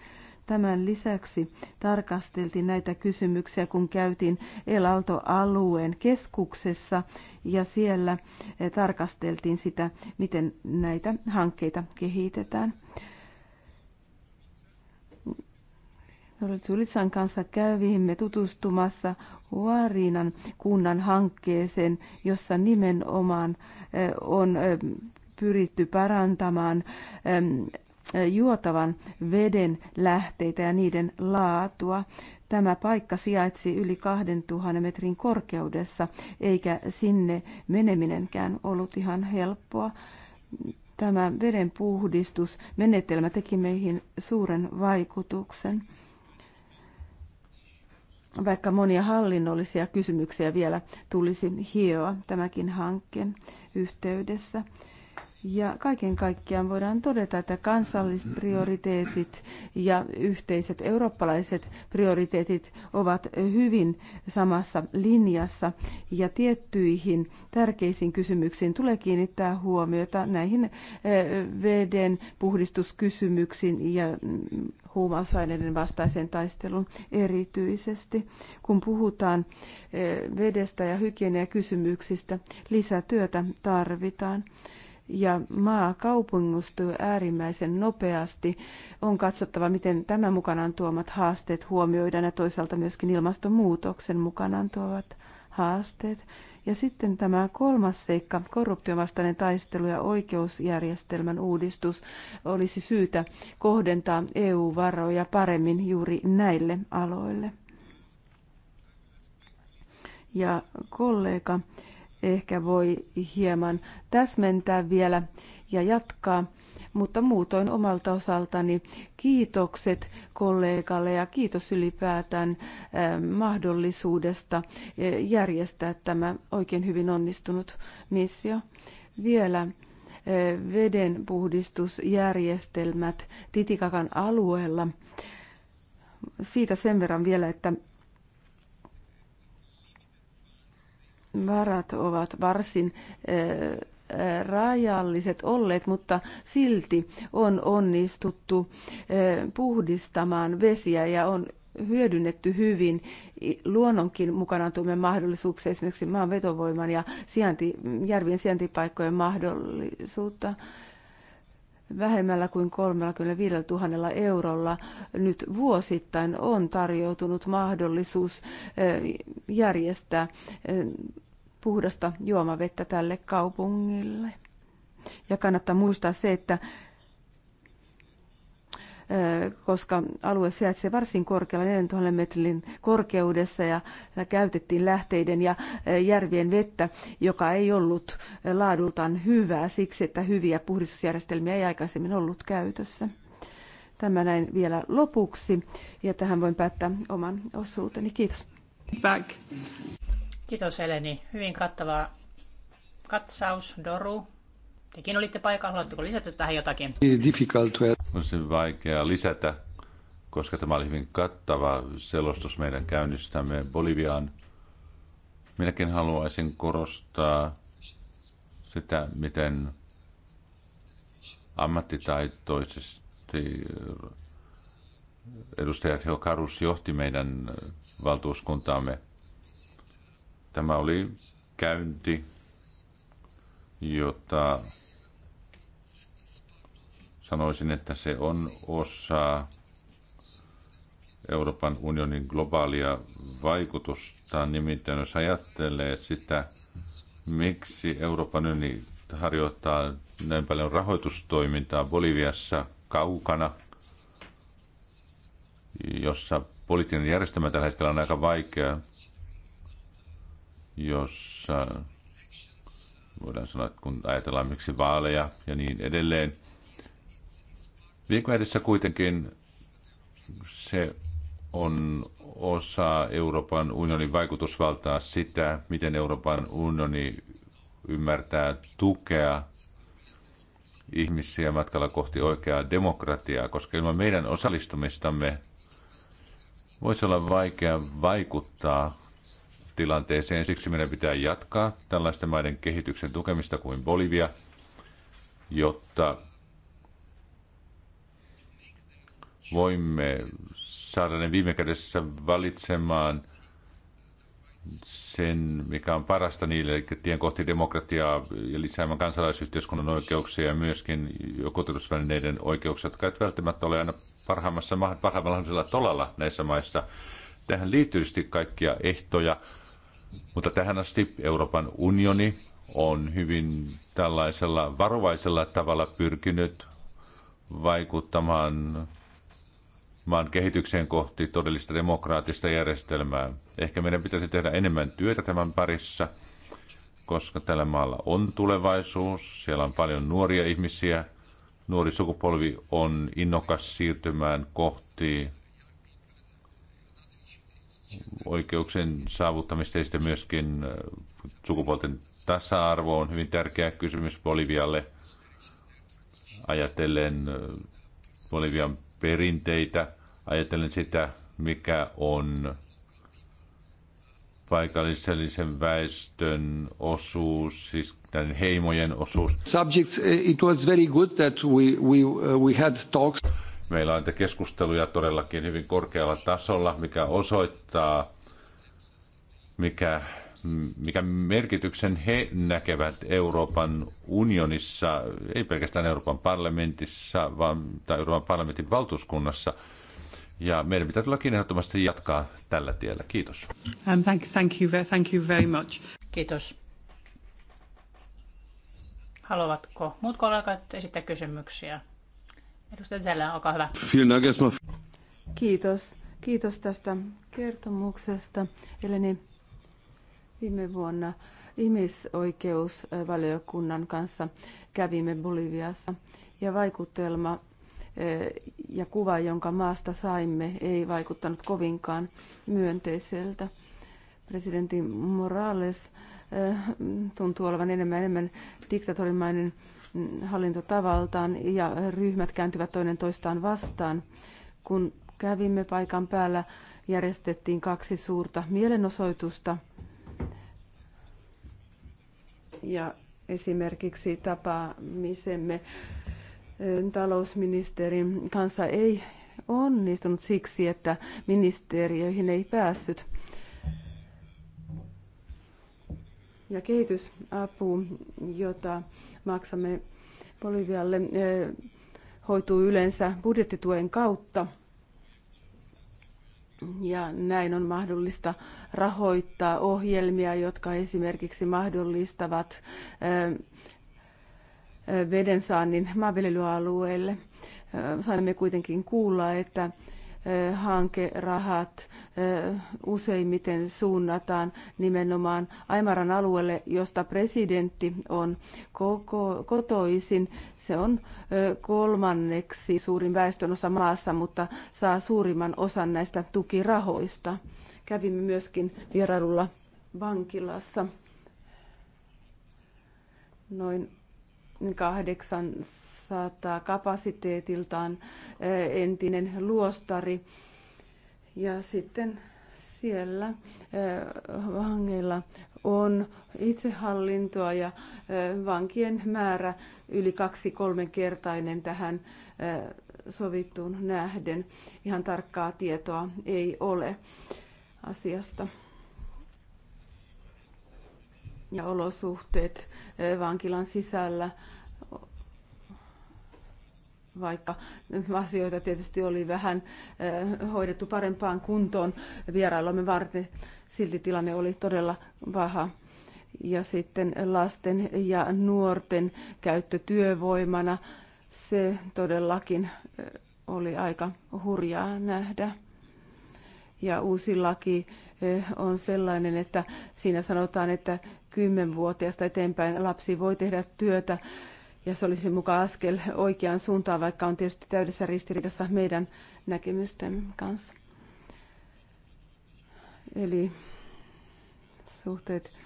Tämän lisäksi tarkasteltiin näitä kysymyksiä, kun käytiin Elalto-alueen keskuksessa ja siellä eh, tarkasteltiin sitä, miten näitä hankkeita kehitetään. Sulitsan kanssa kävimme tutustumassa Huariinan kunnan hankkeeseen, jossa nimenomaan eh, on eh, pyritty parantamaan juotavan veden lähteitä ja niiden laatua. Tämä paikka sijaitsi yli 2000 metrin korkeudessa, eikä sinne meneminenkään ollut ihan helppoa. Tämä veden puhdistusmenetelmä teki meihin suuren vaikutuksen vaikka monia hallinnollisia kysymyksiä vielä tulisi hioa tämäkin hankkeen yhteydessä. Ja kaiken kaikkiaan voidaan todeta, että kansalliset prioriteetit ja yhteiset eurooppalaiset prioriteetit ovat hyvin samassa linjassa. Ja tiettyihin tärkeisiin kysymyksiin tulee kiinnittää huomiota näihin eh, veden puhdistuskysymyksiin ja huumausaineiden vastaiseen taisteluun erityisesti. Kun puhutaan eh, vedestä ja hygieniakysymyksistä, lisätyötä tarvitaan ja maa kaupungistuu äärimmäisen nopeasti. On katsottava, miten tämä mukanaan tuomat haasteet huomioidaan ja toisaalta myöskin ilmastonmuutoksen mukanaan tuovat haasteet. Ja sitten tämä kolmas seikka, korruptiovastainen taistelu ja oikeusjärjestelmän uudistus, olisi syytä kohdentaa EU-varoja paremmin juuri näille aloille. Ja kollega, ehkä voi hieman täsmentää vielä ja jatkaa. Mutta muutoin omalta osaltani kiitokset kollegalle ja kiitos ylipäätään ähm, mahdollisuudesta äh, järjestää tämä oikein hyvin onnistunut missio. Vielä äh, vedenpuhdistusjärjestelmät Titikakan alueella. Siitä sen verran vielä, että varat ovat varsin rajalliset olleet, mutta silti on onnistuttu puhdistamaan vesiä ja on hyödynnetty hyvin luonnonkin mukana tuomme mahdollisuuksia, esimerkiksi maan vetovoiman ja sijainti, järvien sijaintipaikkojen mahdollisuutta vähemmällä kuin 35 000 eurolla nyt vuosittain on tarjoutunut mahdollisuus eh, järjestää eh, puhdasta juomavettä tälle kaupungille. Ja kannattaa muistaa se, että koska alue sijaitsee varsin korkealla 4000 metrin korkeudessa ja käytettiin lähteiden ja järvien vettä, joka ei ollut laadultaan hyvää siksi, että hyviä puhdistusjärjestelmiä ei aikaisemmin ollut käytössä. Tämä näin vielä lopuksi ja tähän voin päättää oman osuuteni. Kiitos. Back. Kiitos Eleni. Hyvin kattava katsaus. Doru, Tekin olitte paikalla, haluatteko lisätä tähän jotakin? On se vaikea lisätä, koska tämä oli hyvin kattava selostus meidän käynnistämme Boliviaan. Minäkin haluaisin korostaa sitä, miten ammattitaitoisesti edustaja Theo Karus johti meidän valtuuskuntaamme. Tämä oli käynti, jota Sanoisin, että se on osa Euroopan unionin globaalia vaikutusta. Nimittäin jos ajattelee sitä, miksi Euroopan unioni harjoittaa näin paljon rahoitustoimintaa Boliviassa kaukana, jossa poliittinen järjestelmä tällä hetkellä on aika vaikea, jossa voidaan sanoa, että kun ajatellaan miksi vaaleja ja niin edelleen, Viikmeidissä kuitenkin se on osa Euroopan unionin vaikutusvaltaa sitä, miten Euroopan unioni ymmärtää tukea ihmisiä matkalla kohti oikeaa demokratiaa, koska ilman meidän osallistumistamme voisi olla vaikea vaikuttaa tilanteeseen. Siksi meidän pitää jatkaa tällaisten maiden kehityksen tukemista kuin Bolivia, jotta voimme saada ne viime kädessä valitsemaan sen, mikä on parasta niille, eli tien kohti demokratiaa ja lisäämään kansalaisyhteiskunnan oikeuksia ja myöskin kotitusvälineiden oikeuksia, jotka eivät välttämättä ole aina parhaimmassa, parhaimmalla mahdollisella tolalla näissä maissa. Tähän liittyy kaikkia ehtoja, mutta tähän asti Euroopan unioni on hyvin tällaisella varovaisella tavalla pyrkinyt vaikuttamaan maan kehitykseen kohti todellista demokraattista järjestelmää. Ehkä meidän pitäisi tehdä enemmän työtä tämän parissa, koska tällä maalla on tulevaisuus, siellä on paljon nuoria ihmisiä. Nuori sukupolvi on innokas siirtymään kohti oikeuksien saavuttamista ja sitten myöskin äh, sukupuolten tasa-arvo on hyvin tärkeä kysymys Bolivialle. Ajatellen äh, Bolivian perinteitä, ajatellen sitä, mikä on paikallisellisen väestön osuus, siis tämän heimojen osuus. Subjects, eh, it was very good that we, we, eh, we had talks. Meillä on keskusteluja todellakin hyvin korkealla tasolla, mikä osoittaa, mikä mikä merkityksen he näkevät Euroopan unionissa, ei pelkästään Euroopan parlamentissa, vaan tai Euroopan parlamentin valtuuskunnassa. Ja meidän pitää tulla ehdottomasti jatkaa tällä tiellä. Kiitos. Um, thank, thank, you, thank you very much. Kiitos. Haluavatko muut kollegat esittää kysymyksiä? Edustaja Zellä, olkaa hyvä. Kiitos. Kiitos tästä kertomuksesta. Eleni Viime vuonna ihmisoikeusvaliokunnan kanssa kävimme Boliviassa ja vaikutelma eh, ja kuva, jonka maasta saimme, ei vaikuttanut kovinkaan myönteiseltä. Presidentti Morales eh, tuntuu olevan enemmän enemmän diktatorimainen mm, hallintotavaltaan ja ryhmät kääntyvät toinen toistaan vastaan. Kun kävimme paikan päällä, järjestettiin kaksi suurta mielenosoitusta – ja esimerkiksi tapaamisemme talousministerin kanssa ei onnistunut siksi, että ministeriöihin ei päässyt. Ja kehitysapu, jota maksamme Bolivialle, hoituu yleensä budjettituen kautta – ja näin on mahdollista rahoittaa ohjelmia, jotka esimerkiksi mahdollistavat vedensaannin maanviljelyalueelle. Saimme kuitenkin kuulla, että hankerahat useimmiten suunnataan nimenomaan Aimaran alueelle, josta presidentti on koko, kotoisin. Se on kolmanneksi suurin väestönosa maassa, mutta saa suurimman osan näistä tukirahoista. Kävimme myöskin vierailulla vankilassa noin 800 saattaa kapasiteetiltaan eh, entinen luostari. Ja sitten siellä eh, vangeilla on itsehallintoa ja eh, vankien määrä yli kaksi-kolmen kertainen tähän sovittuun nähden. Ihan tarkkaa tietoa ei ole asiasta. Ja olosuhteet vankilan sisällä vaikka asioita tietysti oli vähän eh, hoidettu parempaan kuntoon vierailomme varten, silti tilanne oli todella paha. Ja sitten lasten ja nuorten käyttö työvoimana, se todellakin eh, oli aika hurjaa nähdä. Ja uusi laki eh, on sellainen, että siinä sanotaan, että kymmenvuotiaasta eteenpäin lapsi voi tehdä työtä ja se olisi mukaan askel oikeaan suuntaan, vaikka on tietysti täydessä ristiriidassa meidän näkemysten kanssa. Eli suhteet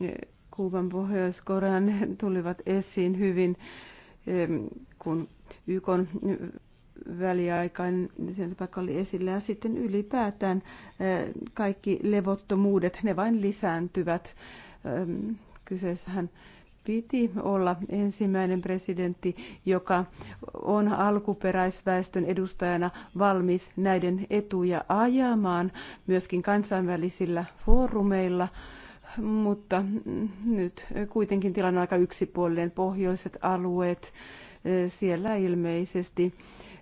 eh, Kuuban Pohjois-Korean tulivat esiin hyvin, eh, kun YK eh, väliaikainen niin paikka oli esillä. Ja sitten ylipäätään kaikki levottomuudet, ne vain lisääntyvät. Kyseessähän piti olla ensimmäinen presidentti, joka on alkuperäisväestön edustajana valmis näiden etuja ajamaan myöskin kansainvälisillä foorumeilla. Mutta nyt kuitenkin tilanne on aika yksipuolinen. Pohjoiset alueet siellä ilmeisesti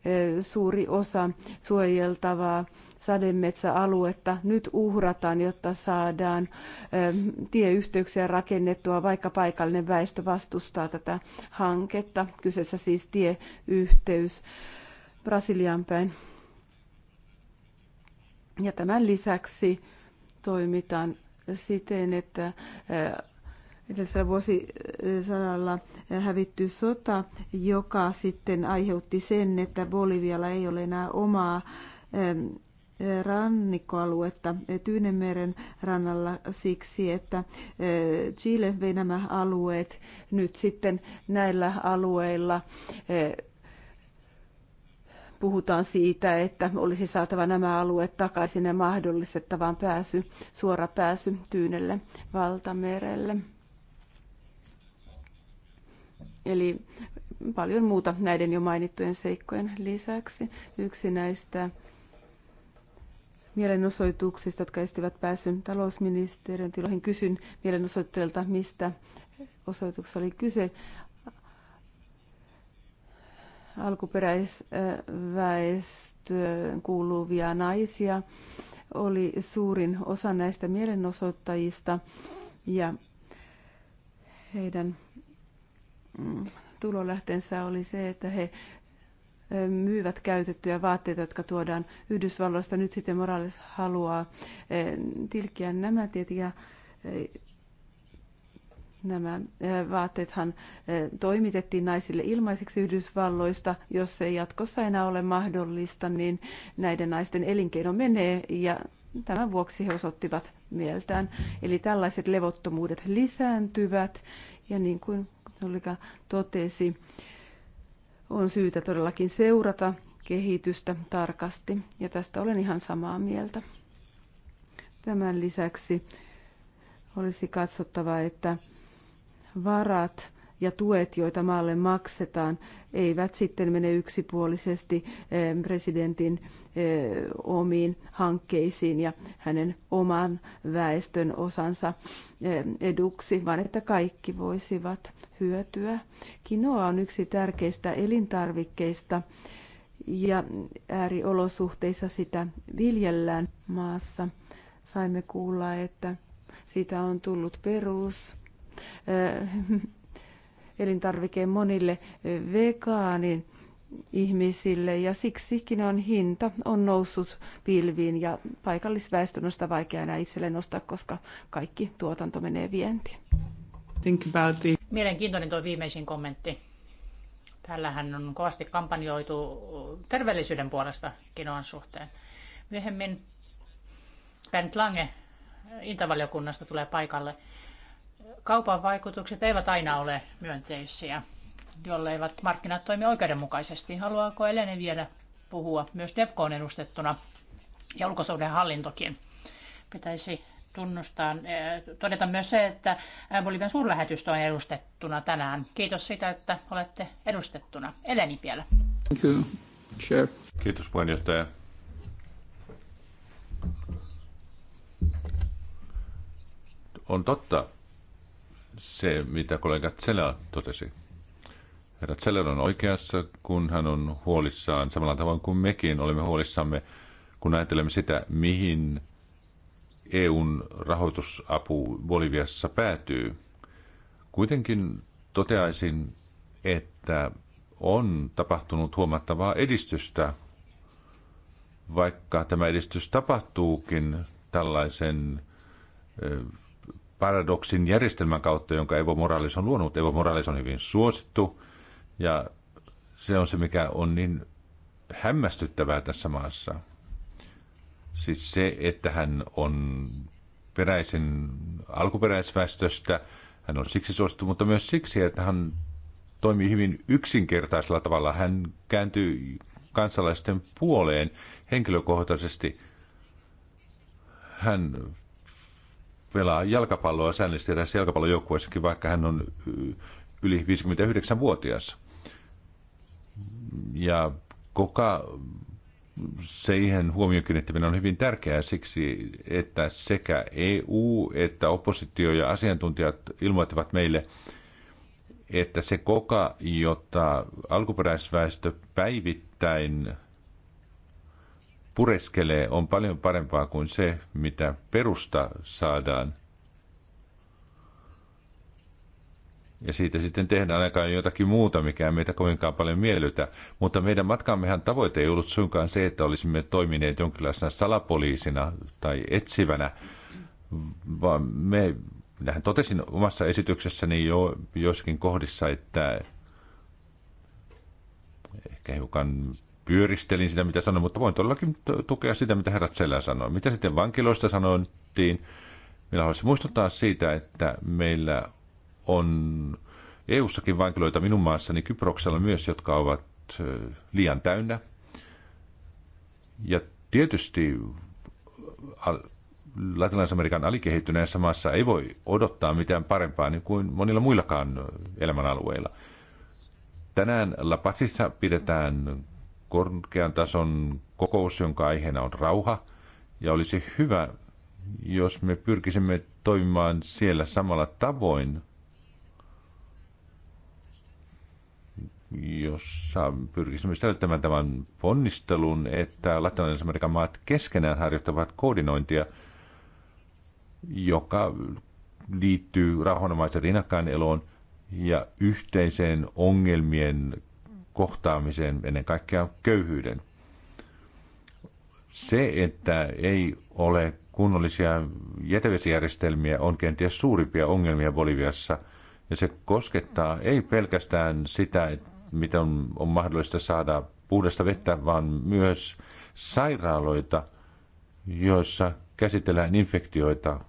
e, suuri osa suojeltavaa sademetsäaluetta nyt uhrataan, jotta saadaan e, tieyhteyksiä rakennettua, vaikka paikallinen väestö vastustaa tätä hanketta. Kyseessä siis tieyhteys Brasilian päin. Ja tämän lisäksi toimitaan siten, että e, edellisellä vuosisadalla hävitty sota, joka sitten aiheutti sen, että Bolivialla ei ole enää omaa rannikkoaluetta Tyynemeren rannalla siksi, että eh, Chile vei nämä alueet nyt sitten näillä alueilla eh, puhutaan siitä, että olisi saatava nämä alueet takaisin ja mahdollistettavaan pääsy, suora pääsy Tyynelle valtamerelle. Eli paljon muuta näiden jo mainittujen seikkojen lisäksi. Yksi näistä mielenosoituksista, jotka estivät pääsyn talousministeriön tiloihin, kysyn mielenosoittajalta mistä osoituksessa oli kyse alkuperäisväestöön kuuluvia naisia oli suurin osa näistä mielenosoittajista ja heidän tulolähteensä oli se, että he myyvät käytettyjä vaatteita, jotka tuodaan Yhdysvalloista. Nyt sitten Morales haluaa tilkkiä nämä tiet ja Nämä vaatteethan toimitettiin naisille ilmaiseksi Yhdysvalloista. Jos se ei jatkossa enää ole mahdollista, niin näiden naisten elinkeino menee ja tämän vuoksi he osoittivat mieltään. Eli tällaiset levottomuudet lisääntyvät ja niin kuin kollega totesi, on syytä todellakin seurata kehitystä tarkasti, ja tästä olen ihan samaa mieltä. Tämän lisäksi olisi katsottava, että varat ja tuet, joita maalle maksetaan, eivät sitten mene yksipuolisesti eh, presidentin eh, omiin hankkeisiin ja hänen oman väestön osansa eh, eduksi, vaan että kaikki voisivat hyötyä. Kinoa on yksi tärkeistä elintarvikkeista ja ääriolosuhteissa sitä viljellään maassa. Saimme kuulla, että siitä on tullut perus elintarvike monille vegaanin ihmisille ja siksikin on hinta on noussut pilviin ja paikallisväestön on sitä vaikea enää itselleen nostaa, koska kaikki tuotanto menee vientiin. Think about Mielenkiintoinen tuo viimeisin kommentti. Tällähän on kovasti kampanjoitu terveellisyyden puolesta kinoan suhteen. Myöhemmin Bernd Lange Intavaliokunnasta tulee paikalle kaupan vaikutukset eivät aina ole myönteisiä, jolleivat markkinat toimi oikeudenmukaisesti. Haluaako Elene vielä puhua myös DEFCON edustettuna ja hallintokin? Pitäisi tunnustaa, eh, todeta myös se, että Bolivian suurlähetystö on edustettuna tänään. Kiitos siitä, että olette edustettuna. Eleni vielä. Thank you. Kiitos puheenjohtaja. On totta, se, mitä kollega Tsela totesi. Herra Zeller on oikeassa, kun hän on huolissaan, samalla tavoin kuin mekin olemme huolissamme, kun ajattelemme sitä, mihin EUn rahoitusapu Boliviassa päätyy. Kuitenkin toteaisin, että on tapahtunut huomattavaa edistystä, vaikka tämä edistys tapahtuukin tällaisen paradoksin järjestelmän kautta, jonka Evo Morales on luonut. Evo Morales on hyvin suosittu ja se on se, mikä on niin hämmästyttävää tässä maassa. Siis se, että hän on peräisin alkuperäisväestöstä, hän on siksi suosittu, mutta myös siksi, että hän toimii hyvin yksinkertaisella tavalla. Hän kääntyy kansalaisten puoleen henkilökohtaisesti. Hän pelaa jalkapalloa säännöllisesti tässä jalkapallojoukkueessakin, vaikka hän on yli 59-vuotias. Ja koka siihen huomioon kiinnittäminen on hyvin tärkeää siksi, että sekä EU että oppositio ja asiantuntijat ilmoittivat meille, että se koka, jota alkuperäisväestö päivittäin pureskelee, on paljon parempaa kuin se, mitä perusta saadaan. Ja siitä sitten tehdään aikaan jotakin muuta, mikä ei meitä kovinkaan paljon miellytä. Mutta meidän matkammehan tavoite ei ollut suinkaan se, että olisimme toimineet jonkinlaisena salapoliisina tai etsivänä, vaan me, minähän totesin omassa esityksessäni jo joskin kohdissa, että ehkä hiukan pyöristelin sitä, mitä sanoin, mutta voin todellakin tukea sitä, mitä herrat Selä sanoi. Mitä sitten vankiloista sanottiin? Minä haluaisin muistuttaa siitä, että meillä on EU-sakin vankiloita minun maassani Kyproksella myös, jotka ovat liian täynnä. Ja tietysti Latinalais-Amerikan alikehittyneessä maassa ei voi odottaa mitään parempaa niin kuin monilla muillakaan elämänalueilla. Tänään La Pazissa pidetään korkean tason kokous, jonka aiheena on rauha. Ja olisi hyvä, jos me pyrkisimme toimimaan siellä samalla tavoin, jossa pyrkisimme säilyttämään tämän ponnistelun, että latinalaisen Amerikan maat keskenään harjoittavat koordinointia, joka liittyy rauhanomaisen rinnakkain eloon ja yhteiseen ongelmien kohtaamiseen, ennen kaikkea köyhyyden. Se, että ei ole kunnollisia jätevesijärjestelmiä, on kenties suurimpia ongelmia Boliviassa. Ja se koskettaa ei pelkästään sitä, että on, on mahdollista saada puhdasta vettä, vaan myös sairaaloita, joissa käsitellään infektioita.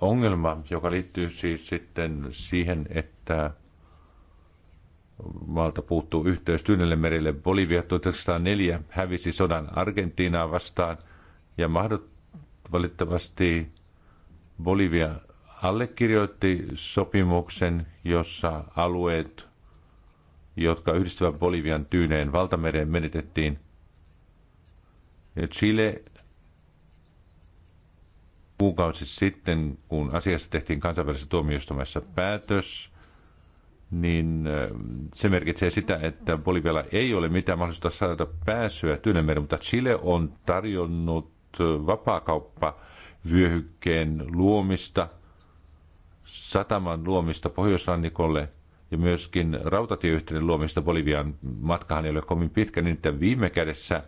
Ongelma, joka liittyy siis sitten siihen, että että valta puuttuu yhteys Tyynelle Bolivia 1904 hävisi sodan Argentiinaa vastaan ja mahdot, valitettavasti Bolivia allekirjoitti sopimuksen, jossa alueet, jotka yhdistävät Bolivian tyyneen valtamereen, menetettiin. Ja Chile kuukausi sitten, kun asiasta tehtiin kansainvälisessä tuomioistumassa päätös, niin se merkitsee sitä, että Bolivialla ei ole mitään mahdollisuutta saada pääsyä Tyynemeren, mutta Chile on tarjonnut vapaakauppavyöhykkeen luomista, sataman luomista pohjoisrannikolle ja myöskin rautatieyhteyden luomista Bolivian matkahan ei ole kovin pitkä, niin että viime kädessä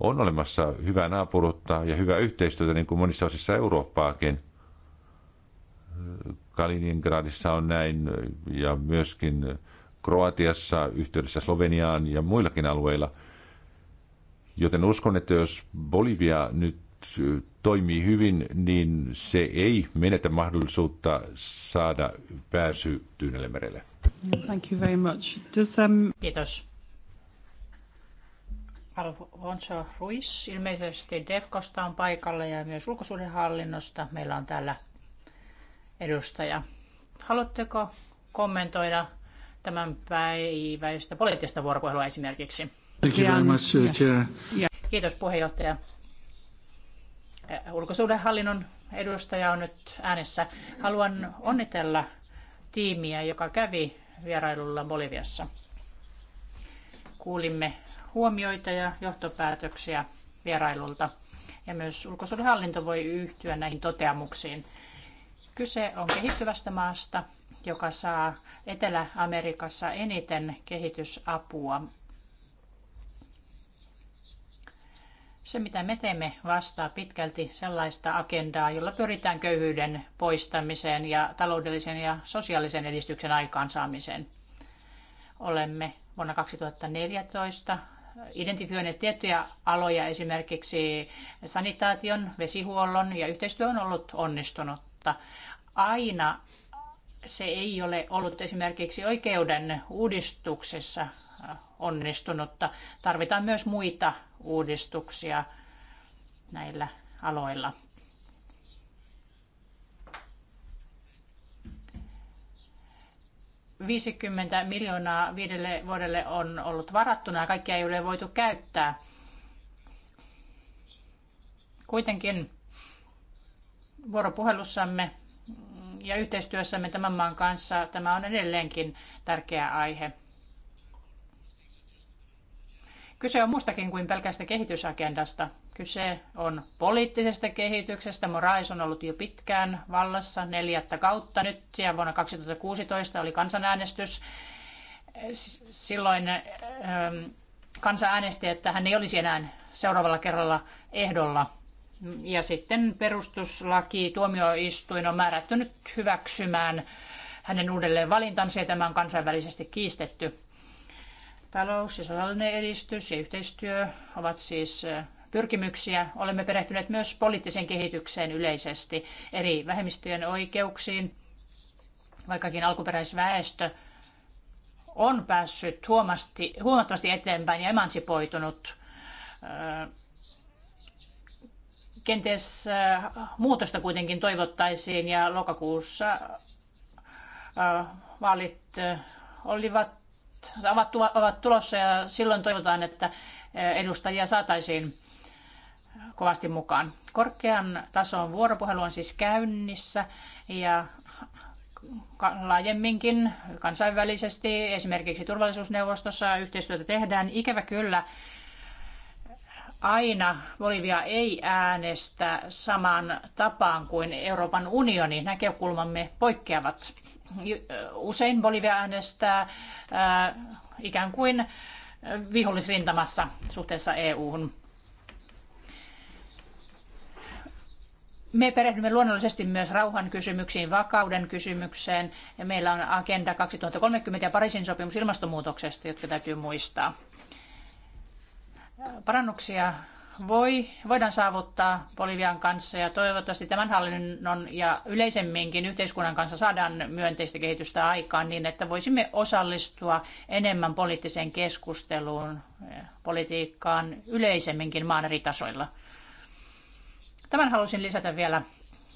on olemassa hyvää naapuruutta ja hyvää yhteistyötä, niin kuin monissa osissa Eurooppaakin. Kaliningradissa on näin ja myöskin Kroatiassa, yhteydessä Sloveniaan ja muillakin alueilla. Joten uskon, että jos Bolivia nyt toimii hyvin, niin se ei menetä mahdollisuutta saada pääsy Tyynelle merelle. Thank you very much. Does, um... Kiitos. Alfonso Ruiz ilmeisesti DEFCOsta on paikalla ja myös ulkosuhdehallinnosta. Meillä on täällä edustaja. Haluatteko kommentoida tämän päiväistä poliittista vuoropuhelua esimerkiksi? Thank you very much, uh, chair. Kiitos puheenjohtaja. Uh, ulkosuhdehallinnon edustaja on nyt äänessä. Haluan onnitella tiimiä, joka kävi vierailulla Boliviassa. Kuulimme huomioita ja johtopäätöksiä vierailulta ja myös ulkosuhdehallinto voi yhtyä näihin toteamuksiin. Kyse on kehittyvästä maasta, joka saa Etelä-Amerikassa eniten kehitysapua. Se, mitä me teemme, vastaa pitkälti sellaista agendaa, jolla pyritään köyhyyden poistamiseen ja taloudellisen ja sosiaalisen edistyksen aikaansaamiseen. Olemme vuonna 2014 identifioineet tiettyjä aloja, esimerkiksi sanitaation, vesihuollon ja yhteistyö on ollut onnistunut mutta aina se ei ole ollut esimerkiksi oikeuden uudistuksessa äh, onnistunutta. Tarvitaan myös muita uudistuksia näillä aloilla. Viisikymmentä miljoonaa viidelle vuodelle on ollut varattuna ja kaikkia ei ole voitu käyttää. Kuitenkin vuoropuhelussamme ja yhteistyössämme tämän maan kanssa tämä on edelleenkin tärkeä aihe. Kyse on muustakin kuin pelkästä kehitysagendasta. Kyse on poliittisesta kehityksestä. Morais on ollut jo pitkään vallassa neljättä kautta nyt ja vuonna 2016 oli kansanäänestys. Silloin ähm, kansa äänesti, että hän ei olisi enää seuraavalla kerralla ehdolla. Ja sitten perustuslaki tuomioistuin on määrätty nyt hyväksymään hänen uudelleen valintansa ja tämä on kansainvälisesti kiistetty. Talous ja sosiaalinen edistys ja yhteistyö ovat siis pyrkimyksiä. Olemme perehtyneet myös poliittiseen kehitykseen yleisesti, eri vähemmistöjen oikeuksiin, vaikkakin alkuperäisväestö on päässyt huomattavasti eteenpäin ja emansipoitunut Kenties äh, muutosta kuitenkin toivottaisiin ja lokakuussa äh, vaalit äh, olivat, ovat, ovat tulossa ja silloin toivotaan, että edustajia saataisiin kovasti mukaan. Korkean tason vuoropuhelu on siis käynnissä ja laajemminkin kansainvälisesti, esimerkiksi turvallisuusneuvostossa yhteistyötä tehdään. Ikävä kyllä aina Bolivia ei äänestä samaan tapaan kuin Euroopan unioni. Näkökulmamme poikkeavat. Usein Bolivia äänestää äh, ikään kuin vihollisrintamassa suhteessa EU-hun. Me perehdymme luonnollisesti myös rauhan kysymyksiin, vakauden kysymykseen. Meillä on Agenda 2030 ja Pariisin sopimus ilmastonmuutoksesta, jotka täytyy muistaa parannuksia voi, voidaan saavuttaa Bolivian kanssa ja toivottavasti tämän hallinnon ja yleisemminkin yhteiskunnan kanssa saadaan myönteistä kehitystä aikaan niin, että voisimme osallistua enemmän poliittiseen keskusteluun, eh, politiikkaan yleisemminkin maan eri tasoilla. Tämän halusin lisätä vielä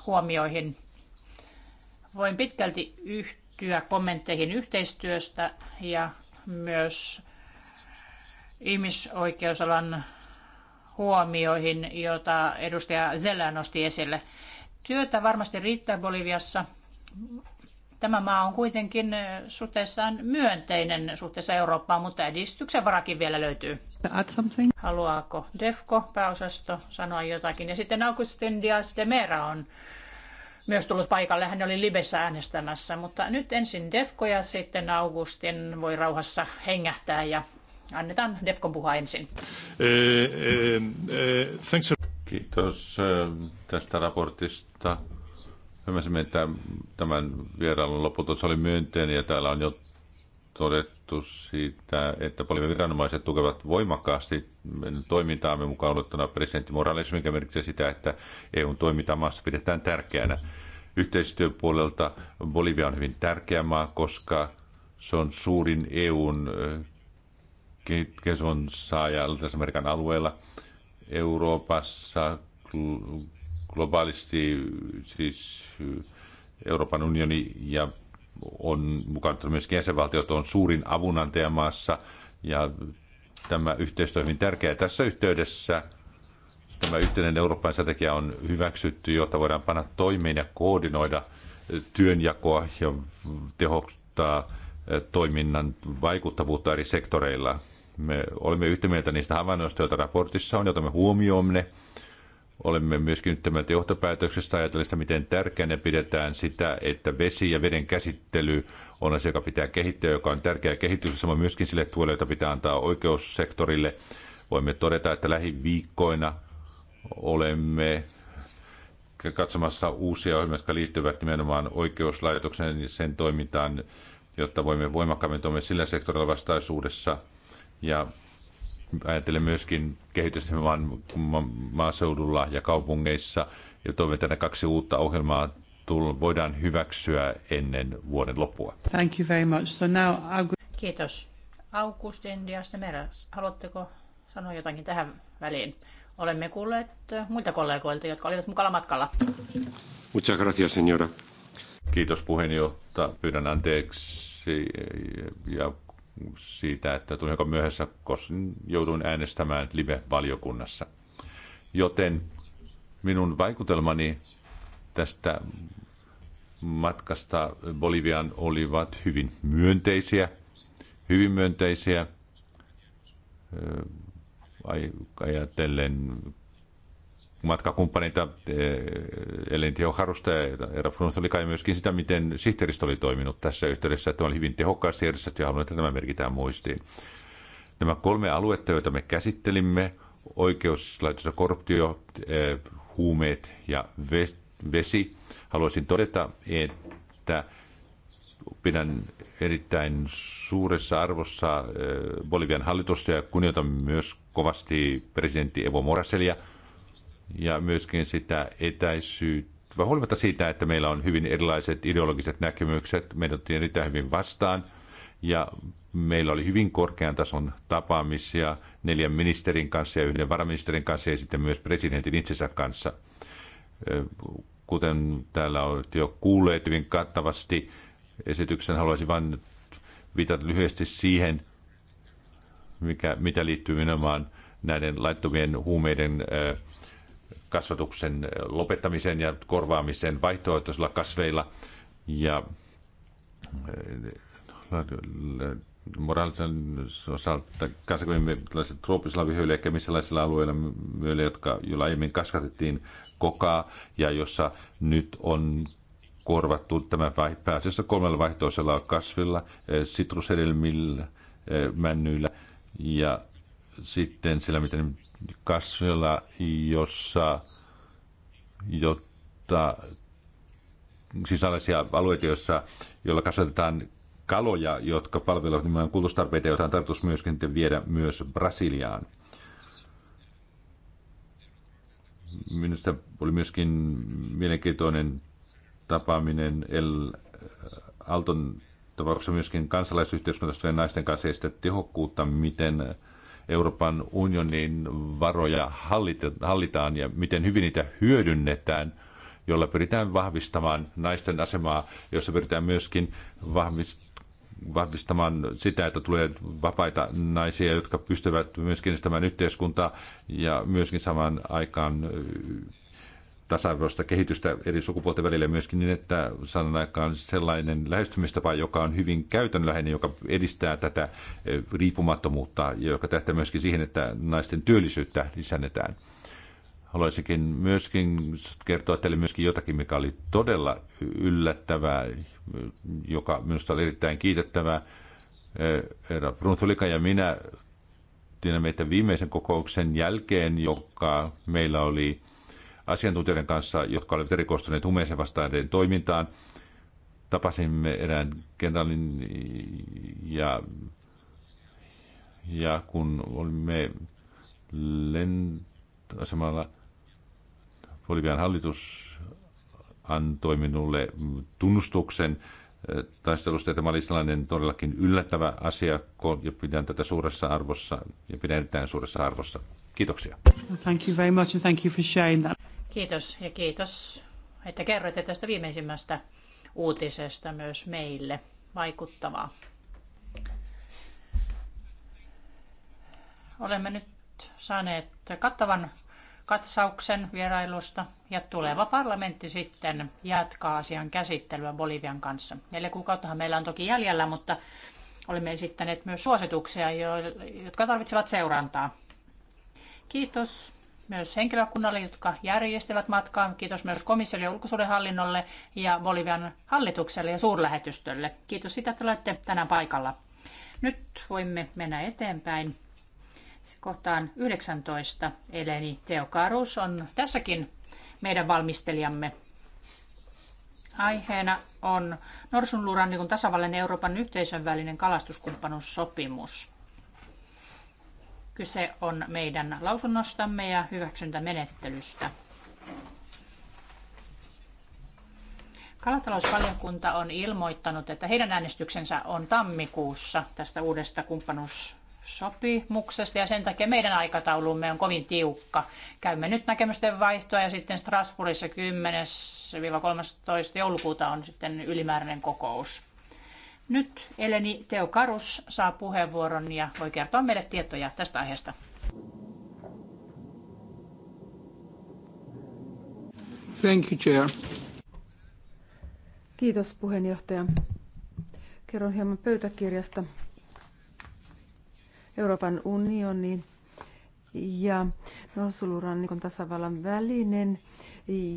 huomioihin. Voin pitkälti yhtyä kommentteihin yhteistyöstä ja myös ihmisoikeusalan huomioihin, joita edustaja Zellä nosti esille. Työtä varmasti riittää Boliviassa. Tämä maa on kuitenkin eh, suhteessaan myönteinen suhteessa Eurooppaan, mutta edistyksen varakin vielä löytyy. Haluaako DEFCO pääosasto sanoa jotakin? Ja sitten Augustin Dias de Mera on myös tullut paikalle. Hän oli Libessä äänestämässä, mutta nyt ensin DEFCO ja sitten Augustin voi rauhassa hengähtää ja Annetaan Defcon puhua ensin. Eh, eh, eh, Kiitos tästä raportista. Ymmärsimme, että tämän vierailun lopputulos oli myönteinen ja täällä on jo todettu siitä, että paljon viranomaiset tukevat voimakkaasti toimintaamme mukaan luettuna presidentti Morales, mikä merkitsee sitä, että EUn toiminta maassa pidetään tärkeänä. Yhteistyöpuolelta Bolivia on hyvin tärkeä maa, koska se on suurin EUn Keskon ja Amerikan alueella. Euroopassa globaalisti siis eh, Euroopan unioni ja on mukana myös jäsenvaltiot on suurin avunantaja maassa ja tämä yhteistyö on hyvin tässä yhteydessä. Tämä yhteinen Euroopan strategia on hyväksytty, jotta voidaan panna toimeen ja koordinoida eh, työnjakoa ja tehostaa eh, toiminnan vaikuttavuutta eri sektoreilla. Me olemme yhtä mieltä niistä havainnoista, joita raportissa on, joita me huomioomme. Olemme myöskin yhtä mieltä johtopäätöksestä ajatellista, miten tärkeänä pidetään sitä, että vesi ja veden käsittely on asia, joka pitää kehittää, joka on tärkeä kehitys, samoin myöskin sille tuolle, jota pitää antaa oikeussektorille. Voimme todeta, että lähiviikkoina olemme katsomassa uusia ohjelmia, jotka liittyvät nimenomaan oikeuslaitoksen ja sen toimintaan, jotta voimme voimakkaammin toimia sillä sektorilla vastaisuudessa – ja ajattelen myöskin kehitystä maaseudulla ja kaupungeissa ja toivon, että kaksi uutta ohjelmaa voidaan hyväksyä ennen vuoden loppua. Thank you very much. So now I'll... Kiitos. Augustin Meras, haluatteko sanoa jotakin tähän väliin? Olemme kuulleet äh, muilta kollegoilta, jotka olivat mukana matkalla. Muchas gracias, señora. Kiitos puheenjohtaja. Pyydän anteeksi ja siitä, että tulinko myöhässä, koska jouduin äänestämään live-valiokunnassa. Joten minun vaikutelmani tästä matkasta Boliviaan olivat hyvin myönteisiä, hyvin myönteisiä ajatellen matkakumppaneita, eh, Ellen Teoharusta ja Eero Frunstolika ja myöskin sitä, miten sihteeristö oli toiminut tässä yhteydessä. että oli hyvin tehokkaasti järjestetty ja haluan, että tämä merkitään muistiin. Nämä kolme aluetta, joita me käsittelimme, oikeuslaitos ja korruptio, eh, huumeet ja vesi, haluaisin todeta, että pidän erittäin suuressa arvossa eh, Bolivian hallitusta ja kunnioitan myös kovasti presidentti Evo Moraselia – ja myöskin sitä etäisyyttä. Huolimatta siitä, että meillä on hyvin erilaiset ideologiset näkemykset, meidät otettiin erittäin hyvin vastaan ja meillä oli hyvin korkean tason tapaamisia neljän ministerin kanssa ja yhden varaministerin kanssa ja sitten myös presidentin itsensä kanssa. Kuten täällä on jo kuulleet hyvin kattavasti esityksen, haluaisin vain viitata lyhyesti siihen, mikä, mitä liittyy nimenomaan näiden laittomien huumeiden äh, kasvatuksen lopettamisen ja korvaamisen vaihtoehtoisilla kasveilla. Ja eh, moraalisen osalta kansakunnan trooppisilla vyöillä eikä kemisellaisilla alueilla myöllä, jotka, jo aiemmin kasvatettiin kokaa ja jossa nyt on korvattu tämä pääasiassa kolmella vaihtoisella kasvilla, eh, sitrushedelmillä, eh, männyillä ja sitten sillä, miten kasvilla, jossa jotta siis sellaisia alueita, joissa, joilla kasvatetaan kaloja, jotka palvelevat nimenomaan kulutustarpeita, joita on tarkoitus myöskin viedä myös Brasiliaan. Minusta oli myöskin mielenkiintoinen tapaaminen El Alton tapauksessa myöskin kansalaisyhteiskunnasta ja naisten kanssa ja sitä tehokkuutta, miten Euroopan unionin varoja hallitaan ja miten hyvin niitä hyödynnetään, jolla pyritään vahvistamaan naisten asemaa, jossa pyritään myöskin vahvistamaan sitä, että tulee vapaita naisia, jotka pystyvät myöskin estämään yhteiskuntaa ja myöskin samaan aikaan tasa-arvoista kehitystä eri sukupuolten välillä myöskin niin, että saadaan aikaan sellainen lähestymistapa, joka on hyvin käytännönläheinen, joka edistää tätä riippumattomuutta ja joka tähtää myöskin siihen, että naisten työllisyyttä lisännetään. Haluaisinkin myöskin kertoa teille myöskin jotakin, mikä oli todella yllättävää, joka minusta oli erittäin kiitettävää. Herra Brunthulika ja minä tiedän meitä viimeisen kokouksen jälkeen, joka meillä oli asiantuntijoiden kanssa, jotka olivat erikoistuneet humeeseen vastaajien toimintaan. Tapasimme erään kenraalin ja, ja kun olimme lentoasemalla, Bolivian hallitus antoi minulle tunnustuksen eh, taistelusta, että tämä oli sellainen todellakin yllättävä asia, ja pidän tätä suuressa arvossa, ja pidän erittäin suuressa arvossa. Kiitoksia. Thank you very much and thank you for sharing that. Kiitos ja kiitos, että kerroitte tästä viimeisimmästä uutisesta myös meille. Vaikuttavaa. Olemme nyt saaneet kattavan katsauksen vierailusta ja tuleva parlamentti sitten jatkaa asian käsittelyä Bolivian kanssa. Neljä kuukauttahan meillä on toki jäljellä, mutta olemme esittäneet myös suosituksia, jotka tarvitsevat seurantaa. Kiitos myös henkilökunnalle, jotka järjestivät matkaa. Kiitos myös komissiolle ja ulkosuudenhallinnolle ja Bolivian hallitukselle ja suurlähetystölle. Kiitos sitä, että olette tänään paikalla. Nyt voimme mennä eteenpäin kohtaan 19. Eleni Teokarus on tässäkin meidän valmistelijamme. Aiheena on Norsunluurannikon tasavallan Euroopan yhteisön välinen kalastuskumppanuussopimus. Kyse on meidän lausunnostamme ja hyväksyntämenettelystä. Kalatalousvaliokunta on ilmoittanut, että heidän äänestyksensä on tammikuussa tästä uudesta kumppanuussopimuksesta ja sen takia meidän aikataulumme on kovin tiukka. Käymme nyt näkemysten vaihtoa ja sitten Strasbourgissa 10-13 joulukuuta on sitten ylimääräinen kokous. Nyt Eleni Teokarus saa puheenvuoron ja voi kertoa meille tietoja tästä aiheesta. Thank you, Chair. Kiitos puheenjohtaja. Kerron hieman pöytäkirjasta Euroopan unionin ja Norsulurannikon tasavallan välinen,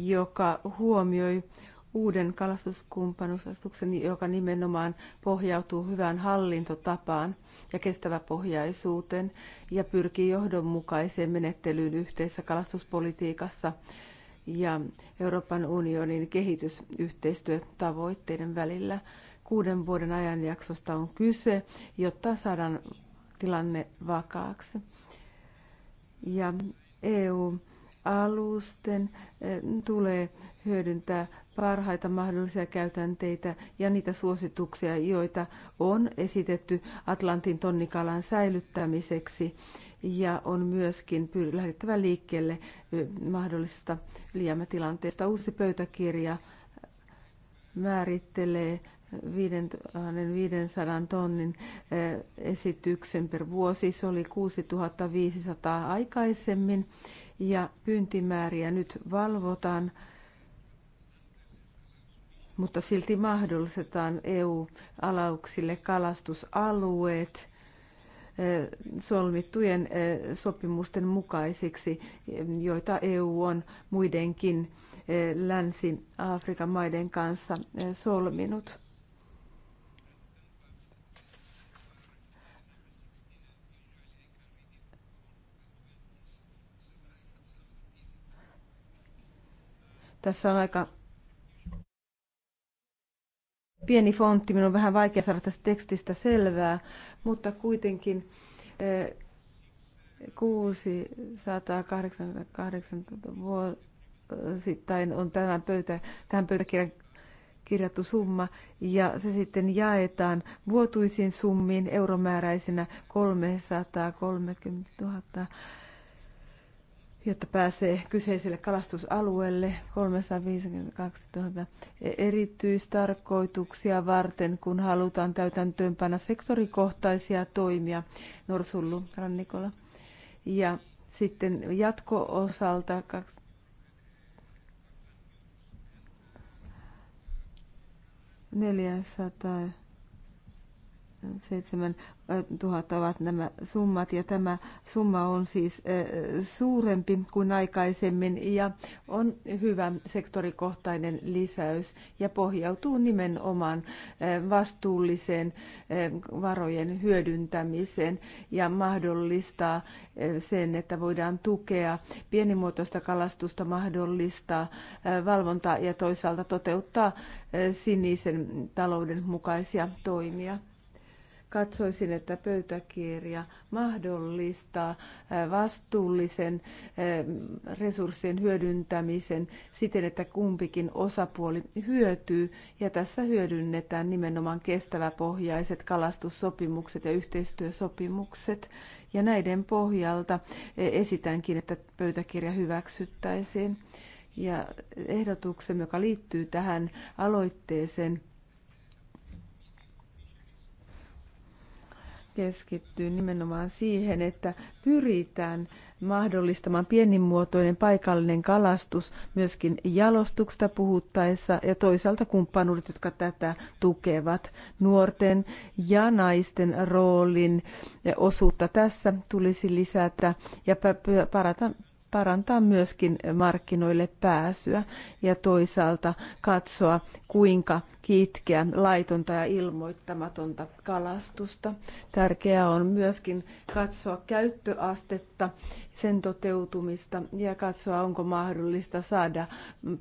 joka huomioi uuden kalastuskumppanuusastuksen, joka nimenomaan pohjautuu hyvään hallintotapaan ja kestäväpohjaisuuteen ja pyrkii johdonmukaiseen menettelyyn yhteisessä kalastuspolitiikassa ja Euroopan unionin kehitysyhteistyötavoitteiden välillä. Kuuden vuoden ajanjaksosta on kyse, jotta saadaan tilanne vakaaksi. Ja EU-alusten eh, tulee hyödyntää parhaita mahdollisia käytänteitä ja niitä suosituksia, joita on esitetty Atlantin tonnikalan säilyttämiseksi ja on myöskin lähdettävä liikkeelle mahdollisesta liämätilanteesta. Uusi pöytäkirja määrittelee 5500 tonnin esityksen per vuosi. Se oli 6500 aikaisemmin ja pyyntimääriä nyt valvotaan mutta silti mahdollistetaan EU-alauksille kalastusalueet eh, solmittujen eh, sopimusten mukaisiksi, joita EU on muidenkin eh, Länsi-Afrikan maiden kanssa solminut. Tässä on aika pieni fontti, minun on vähän vaikea saada tästä tekstistä selvää, mutta kuitenkin 688 eh, vuosi on tämän pöytä, tähän pöytäkirjan kirjattu summa ja se sitten jaetaan vuotuisiin summiin euromääräisinä 330 000 jotta pääsee kyseiselle kalastusalueelle 352 000 erityistarkoituksia varten, kun halutaan täytäntöönpana sektorikohtaisia toimia Norsullu rannikolla. Ja sitten jatko-osalta neljäsataa 7 000 ovat nämä summat ja tämä summa on siis eh, suurempi kuin aikaisemmin ja on hyvä sektorikohtainen lisäys ja pohjautuu nimenomaan eh, vastuulliseen eh, varojen hyödyntämiseen ja mahdollistaa sen, että voidaan tukea pienimuotoista kalastusta, mahdollistaa valvontaa ja toisaalta toteuttaa sinisen talouden mukaisia toimia katsoisin, että pöytäkirja mahdollistaa vastuullisen resurssien hyödyntämisen siten, että kumpikin osapuoli hyötyy. Ja tässä hyödynnetään nimenomaan kestäväpohjaiset kalastussopimukset ja yhteistyösopimukset. Ja näiden pohjalta esitänkin, että pöytäkirja hyväksyttäisiin. Ja ehdotuksemme, joka liittyy tähän aloitteeseen, keskittyy nimenomaan siihen, että pyritään mahdollistamaan pienimuotoinen paikallinen kalastus myöskin jalostuksesta puhuttaessa ja toisaalta kumppanuudet, jotka tätä tukevat. Nuorten ja naisten roolin osuutta tässä tulisi lisätä ja parata, parantaa myöskin markkinoille pääsyä ja toisaalta katsoa, kuinka kitkeä laitonta ja ilmoittamatonta kalastusta. Tärkeää on myöskin katsoa käyttöastetta, sen toteutumista ja katsoa, onko mahdollista saada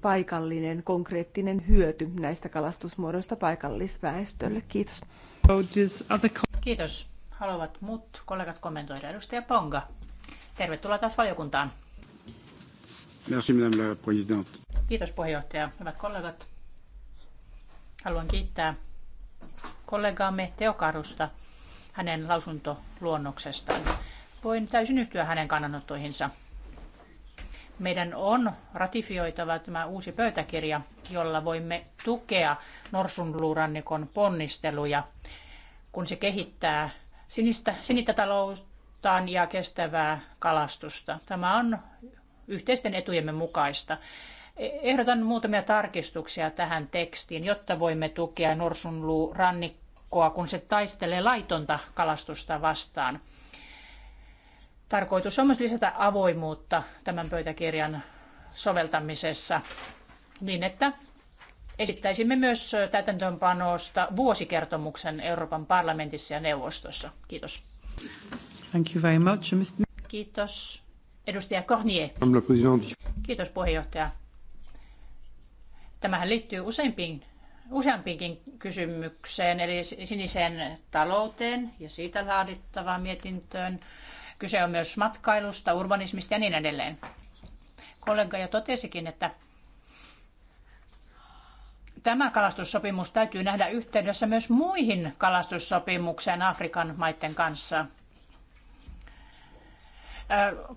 paikallinen konkreettinen hyöty näistä kalastusmuodoista paikallisväestölle. Kiitos. Kiitos. Haluavat muut kollegat kommentoida. Edustaja Ponga, tervetuloa taas valiokuntaan. Merci, madame la présidente. Kiitos puheenjohtaja. Hyvät kollegat, haluan kiittää kollegaamme Teokarusta hänen lausuntoluonnoksestaan. Voin täysin yhtyä hänen kannanottoihinsa. Meidän on ratifioitava tämä uusi pöytäkirja, jolla voimme tukea Norsunluurannikon ponnisteluja, kun se kehittää sinistä, sinittä talouttaan ja kestävää kalastusta. Tämä on yhteisten etujemme mukaista. Ehdotan muutamia tarkistuksia tähän tekstiin, jotta voimme tukea norsunluu rannikkoa, kun se taistelee laitonta kalastusta vastaan. Tarkoitus on myös lisätä avoimuutta tämän pöytäkirjan soveltamisessa niin, että esittäisimme myös täytäntöönpanosta vuosikertomuksen Euroopan parlamentissa ja neuvostossa. Kiitos. Thank you very much. Mr. Kiitos. Edustaja Cornier. Kiitos puheenjohtaja. Tämähän liittyy useimpiin, useampiinkin kysymykseen, eli siniseen talouteen ja siitä laadittavaan mietintöön. Kyse on myös matkailusta, urbanismista ja niin edelleen. Kollega jo totesikin, että tämä kalastussopimus täytyy nähdä yhteydessä myös muihin kalastussopimukseen Afrikan maiden kanssa –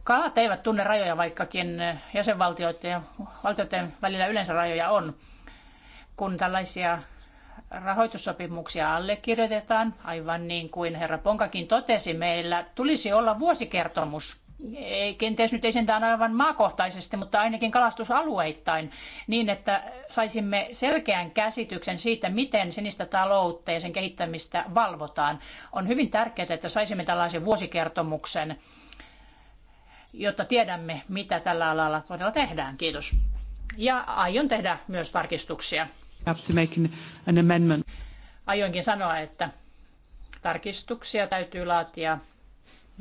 Kalat eivät tunne rajoja, vaikkakin jäsenvaltioiden ja valtioiden välillä yleensä rajoja on. Kun tällaisia rahoitussopimuksia allekirjoitetaan, aivan niin kuin herra Ponkakin totesi, meillä tulisi olla vuosikertomus ei, kenties nyt ei sentään aivan maakohtaisesti, mutta ainakin kalastusalueittain, niin että saisimme selkeän käsityksen siitä, miten sinistä taloutta ja sen kehittämistä valvotaan. On hyvin tärkeää, että saisimme tällaisen vuosikertomuksen jotta tiedämme, mitä tällä alalla todella tehdään. Kiitos. Ja aion tehdä myös tarkistuksia. Aioinkin sanoa, että tarkistuksia täytyy laatia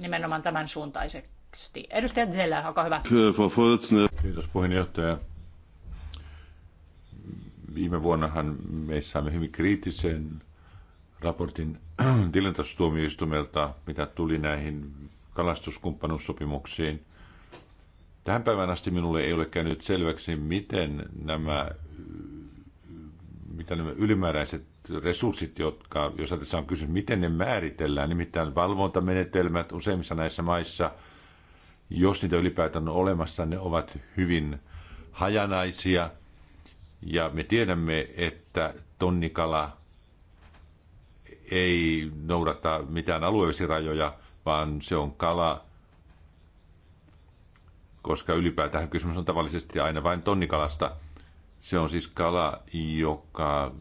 nimenomaan tämän suuntaisesti. Edustaja Zeller, olkaa hyvä. Kiitos puheenjohtaja. Viime vuonnahan me saimme hyvin kriittisen raportin tilintastuomioistumelta, mitä tuli näihin kalastuskumppanuussopimuksiin. Tähän päivään asti minulle ei ole käynyt selväksi, miten nämä, mitä nämä ylimääräiset resurssit, jotka, jos tässä on kysymys, miten ne määritellään, nimittäin valvontamenetelmät useimmissa näissä maissa, jos niitä ylipäätään on olemassa, ne ovat hyvin hajanaisia. Ja me tiedämme, että tonnikala ei noudata mitään alueellisia rajoja, vaan se on kala, koska ylipäätään kysymys on tavallisesti aina vain tonnikalasta. Se on siis kala, joka,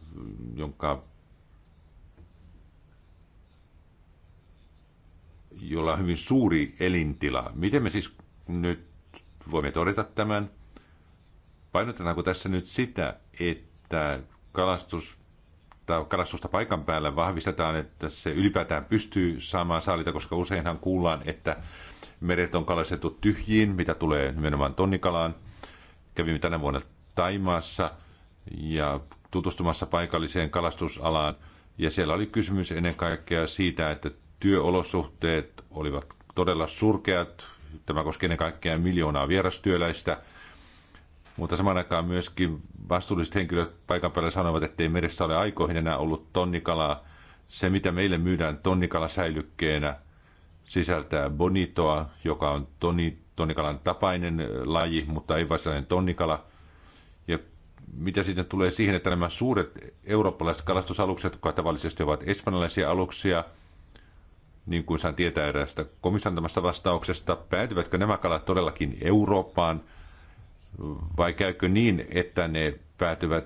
jonka, jolla on hyvin suuri elintila. Miten me siis nyt voimme todeta tämän? Painotetaanko tässä nyt sitä, että kalastus että kalastusta paikan päällä vahvistetaan, että se ylipäätään pystyy saamaan saalita, koska useinhan kuullaan, että meret on kalastettu tyhjiin, mitä tulee nimenomaan tonnikalaan. Kävimme tänä vuonna Taimaassa ja tutustumassa paikalliseen kalastusalaan. Ja siellä oli kysymys ennen kaikkea siitä, että työolosuhteet olivat todella surkeat. Tämä koskee ennen kaikkea miljoonaa vierastyöläistä – mutta samaan aikaan myöskin vastuulliset henkilöt paikan päällä sanovat, ei meressä ole aikoihin enää ollut tonnikalaa. Se, mitä meille myydään tonnikalasäilykkeenä, sisältää bonitoa, joka on toni, tonnikalan tapainen äh, laji, mutta ei varsinainen tonnikala. Ja mitä sitten tulee siihen, että nämä suuret eurooppalaiset kalastusalukset, jotka tavallisesti ovat espanjalaisia aluksia, niin kuin saan tietää eräästä komissantamassa vastauksesta, päätyvätkö nämä kalat todellakin Eurooppaan – vai käykö niin, että ne päätyvät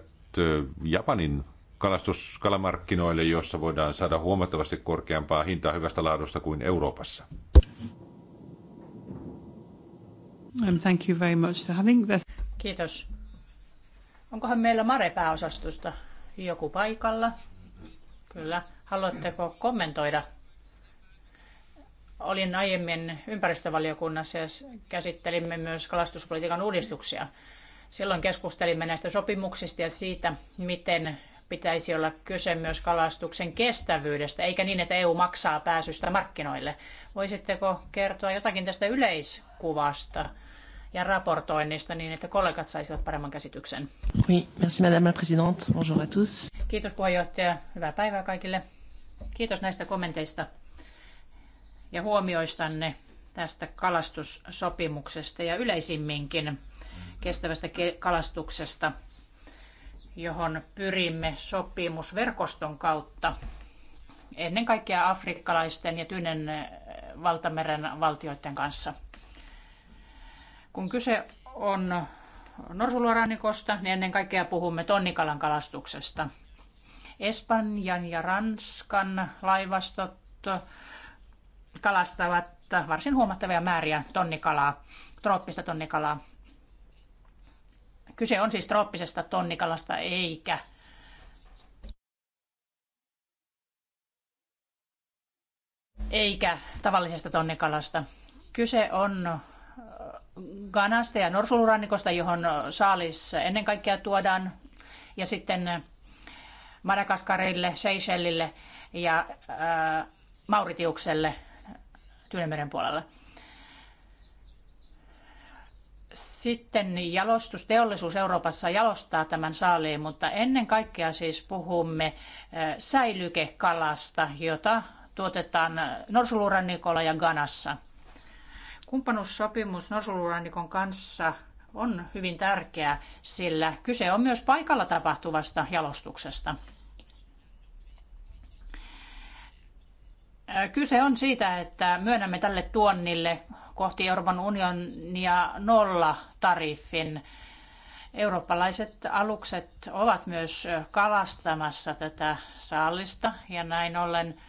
Japanin kalastuskalamarkkinoille, jossa voidaan saada huomattavasti korkeampaa hintaa hyvästä laadusta kuin Euroopassa? Thank you very much. for having that's... Kiitos. Onkohan meillä Mare-pääosastusta joku paikalla? Kyllä. Haluatteko kommentoida Olin aiemmin ympäristövaliokunnassa ja käsittelimme myös kalastuspolitiikan uudistuksia. Silloin keskustelimme näistä sopimuksista ja siitä, miten pitäisi olla kyse myös kalastuksen kestävyydestä, eikä niin, että EU maksaa pääsystä markkinoille. Voisitteko kertoa jotakin tästä yleiskuvasta ja raportoinnista niin, että kollegat saisivat paremman käsityksen? Oui, merci madame la présidente. Bonjour à tous. Kiitos puheenjohtaja. Hyvää päivää kaikille. Kiitos näistä kommenteista ja huomioistanne tästä kalastussopimuksesta ja yleisimminkin kestävästä kalastuksesta, johon pyrimme sopimusverkoston kautta ennen kaikkea afrikkalaisten ja Tyynen eh, valtameren valtioiden kanssa. Kun kyse on norsuluorannikosta, niin ennen kaikkea puhumme tonnikalan kalastuksesta. Espanjan ja Ranskan laivastot kalastavat varsin huomattavia määriä tonnikalaa, trooppista tonnikalaa. Kyse on siis trooppisesta tonnikalasta eikä eikä tavallisesta tonnikalasta. Kyse on Ganasta ja Norsulurannikosta, johon saalis ennen kaikkea tuodaan, ja sitten Madagaskarille, Seychellille ja ää, Mauritiukselle – Tyynemeren puolella. Sitten jalostusteollisuus Euroopassa jalostaa tämän saaliin, mutta ennen kaikkea siis puhumme eh, säilykekalasta, jota tuotetaan Norsulurannikolla ja Ganassa. Kumppanuussopimus Norsulurannikon kanssa on hyvin tärkeä, sillä kyse on myös paikalla tapahtuvasta jalostuksesta. Kyse on siitä, että myönnämme tälle tuonnille kohti Euroopan unionia nolla tariffin. Eurooppalaiset alukset ovat myös kalastamassa tätä saallista ja näin ollen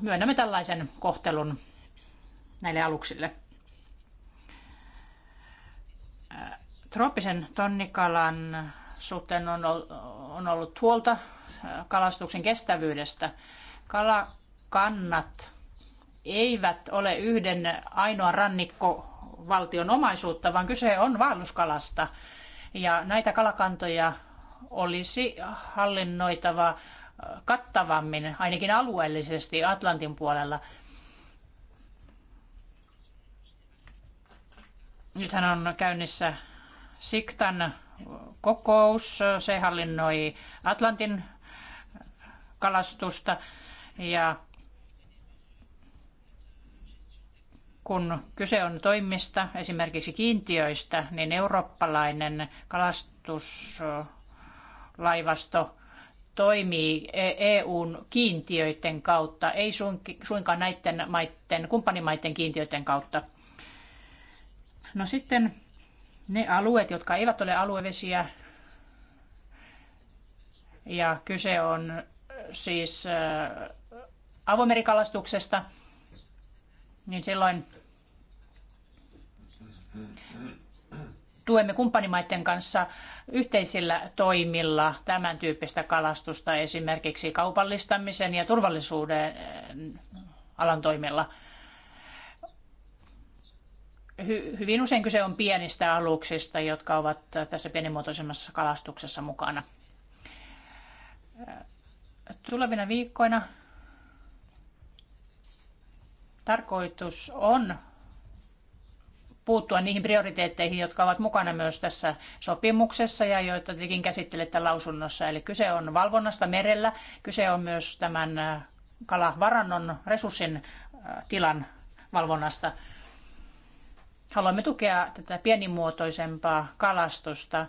myönnämme tällaisen kohtelun näille aluksille. Trooppisen tonnikalan suhteen on ollut huolta kalastuksen kestävyydestä. Kalakannat eivät ole yhden ainoan rannikkovaltion omaisuutta, vaan kyse on vaelluskalasta. Ja näitä kalakantoja olisi hallinnoitava kattavammin, ainakin alueellisesti Atlantin puolella. Nythän on käynnissä Siktan kokous. Se hallinnoi Atlantin kalastusta. Ja kun kyse on toimista, esimerkiksi kiintiöistä, niin eurooppalainen kalastuslaivasto toimii e- EUn kiintiöiden kautta, ei suinkaan näiden maiden, kumppanimaiden kiintiöiden kautta. No sitten ne alueet, jotka eivät ole aluevesiä, ja kyse on siis äh, avomerikalastuksesta, niin silloin tuemme kumppanimaiden kanssa yhteisillä toimilla tämän tyyppistä kalastusta esimerkiksi kaupallistamisen ja turvallisuuden eh, alan toimilla. Hy- hyvin usein kyse on pienistä aluksista, jotka ovat tässä pienimuotoisemmassa kalastuksessa mukana. Tulevina viikkoina Tarkoitus on puuttua niihin prioriteetteihin, jotka ovat mukana myös tässä sopimuksessa ja joita tekin käsittelette lausunnossa. Eli kyse on valvonnasta merellä, kyse on myös tämän äh, kalavarannon resurssin äh, tilan valvonnasta. Haluamme tukea tätä pienimuotoisempaa kalastusta.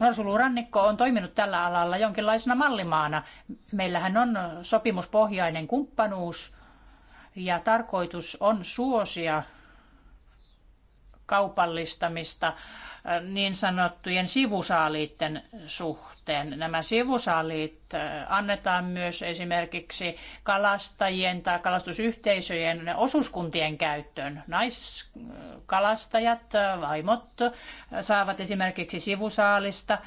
Norsulurannikko mm, on toiminut tällä alalla jonkinlaisena mallimaana. Meillähän on sopimuspohjainen kumppanuus – ja tarkoitus on suosia kaupallistamista äh, niin sanottujen sivusaaliitten suhteen. Nämä sivusaalit äh, annetaan myös esimerkiksi kalastajien tai kalastusyhteisöjen osuuskuntien käyttöön. Naiskalastajat, äh, vaimot saavat esimerkiksi sivusaalista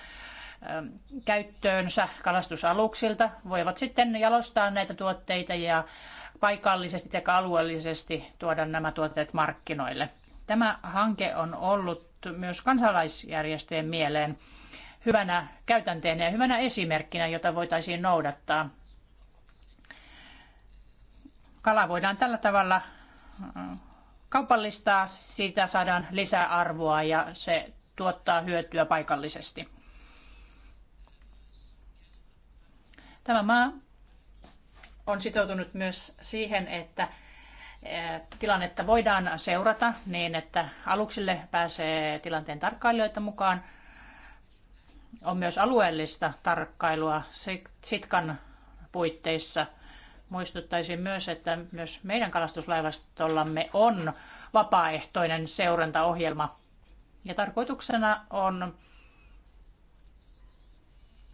käyttöönsä kalastusaluksilta, voivat sitten jalostaa näitä tuotteita ja paikallisesti ja alueellisesti tuoda nämä tuotteet markkinoille. Tämä hanke on ollut myös kansalaisjärjestöjen mieleen hyvänä käytänteenä ja hyvänä esimerkkinä, jota voitaisiin noudattaa. Kala voidaan tällä tavalla mm, kaupallistaa, siitä saadaan lisäarvoa ja se tuottaa hyötyä paikallisesti. Tämä maa on sitoutunut myös siihen, että eh, tilannetta voidaan seurata niin, että aluksille pääsee tilanteen tarkkailijoita mukaan. On myös alueellista tarkkailua Sitkan puitteissa. Muistuttaisin myös, että myös meidän kalastuslaivastollamme on vapaaehtoinen seurantaohjelma. Ja tarkoituksena on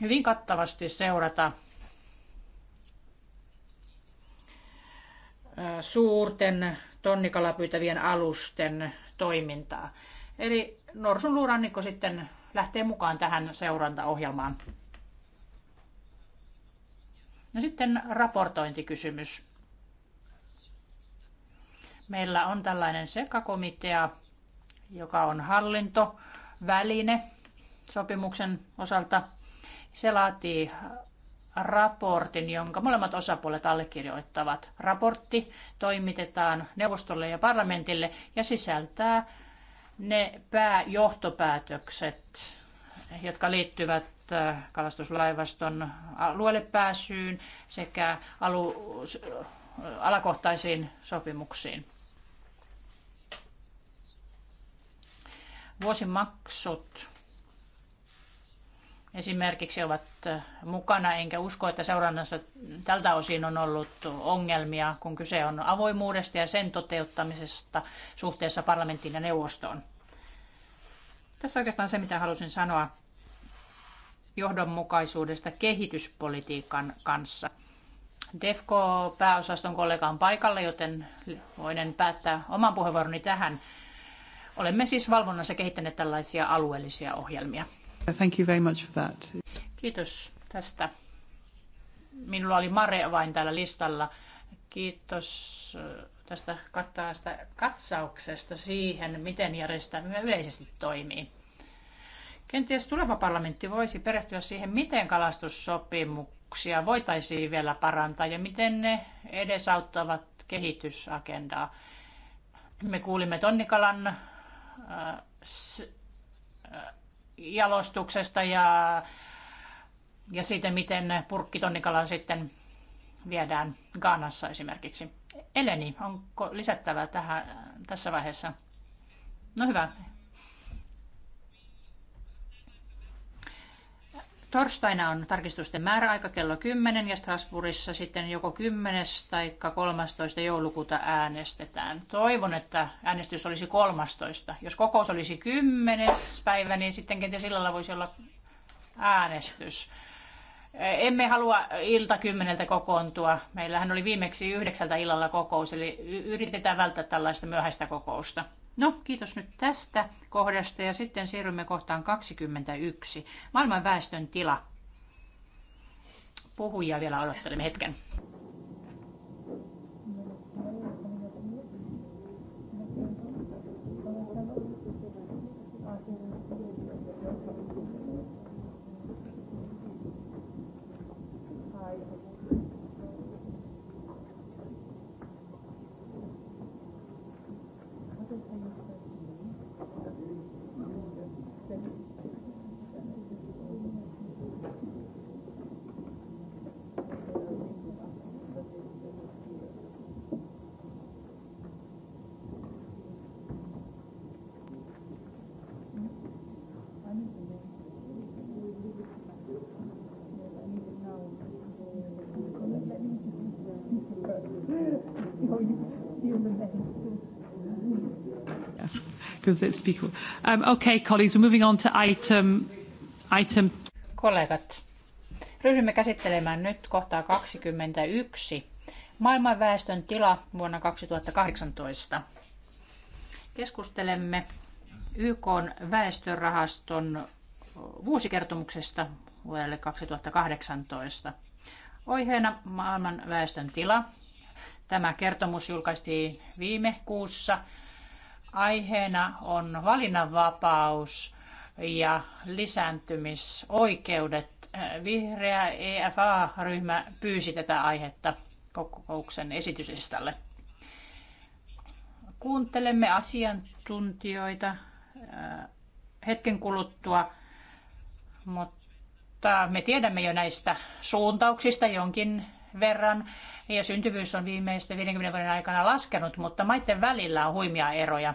hyvin kattavasti seurata suurten tonnikalapyytävien alusten toimintaa. Eli norsunluurannikko sitten lähtee mukaan tähän seurantaohjelmaan. No sitten raportointikysymys. Meillä on tällainen sekakomitea, joka on hallintoväline sopimuksen osalta. Se laatii raportin, jonka molemmat osapuolet allekirjoittavat. Raportti toimitetaan neuvostolle ja parlamentille ja sisältää ne pääjohtopäätökset, jotka liittyvät äh, kalastuslaivaston alueelle pääsyyn sekä alu- äh, alakohtaisiin sopimuksiin. Vuosimaksut esimerkiksi ovat mukana, enkä usko, että seurannassa tältä osin on ollut ongelmia, kun kyse on avoimuudesta ja sen toteuttamisesta suhteessa parlamenttiin ja neuvostoon. Tässä oikeastaan se, mitä halusin sanoa johdonmukaisuudesta kehityspolitiikan kanssa. DEFCO-pääosaston kollega on paikalla, joten voin päättää oman puheenvuoroni tähän. Olemme siis valvonnassa kehittäneet tällaisia alueellisia ohjelmia. Thank you very much for that. Kiitos tästä. Minulla oli Mare vain täällä listalla. Kiitos äh, tästä kattaasta katsauksesta siihen, miten järjestelmä yleisesti toimii. Kenties tuleva parlamentti voisi perehtyä siihen, miten kalastussopimuksia voitaisiin vielä parantaa ja miten ne edesauttavat kehitysagendaa. Me kuulimme tonnikalan äh, äh, jalostuksesta ja, ja siitä, miten purkkitonnikala sitten viedään Gaanassa esimerkiksi. Eleni, onko lisättävää tähän, tässä vaiheessa? No hyvä, Torstaina on tarkistusten määräaika kello 10 ja Strasbourgissa sitten joko 10. tai 13. joulukuuta äänestetään. Toivon, että äänestys olisi 13. Jos kokous olisi 10. päivä, niin sitten kenties sillalla voisi olla äänestys. Emme halua ilta kymmeneltä kokoontua. Meillähän oli viimeksi yhdeksältä illalla kokous, eli yritetään välttää tällaista myöhäistä kokousta. No, kiitos nyt tästä kohdasta ja sitten siirrymme kohtaan 21. Maailman väestön tila. Puhuja vielä odottelemme hetken. Because it's Um, okay, colleagues, we're moving on to item, item. Kollegat, ryhdymme käsittelemään nyt kohtaa 21. Maailman väestön tila vuonna 2018. Keskustelemme YK väestörahaston vuosikertomuksesta vuodelle 2018. Oiheena maailman väestön tila Tämä kertomus julkaistiin viime kuussa. Aiheena on valinnanvapaus ja lisääntymisoikeudet. Vihreä EFA-ryhmä pyysi tätä aihetta kokouksen esityslistalle. Kuuntelemme asiantuntijoita äh, hetken kuluttua, mutta me tiedämme jo näistä suuntauksista jonkin verran ja syntyvyys on viimeisten 50 vuoden aikana laskenut, mutta maiden välillä on huimia eroja.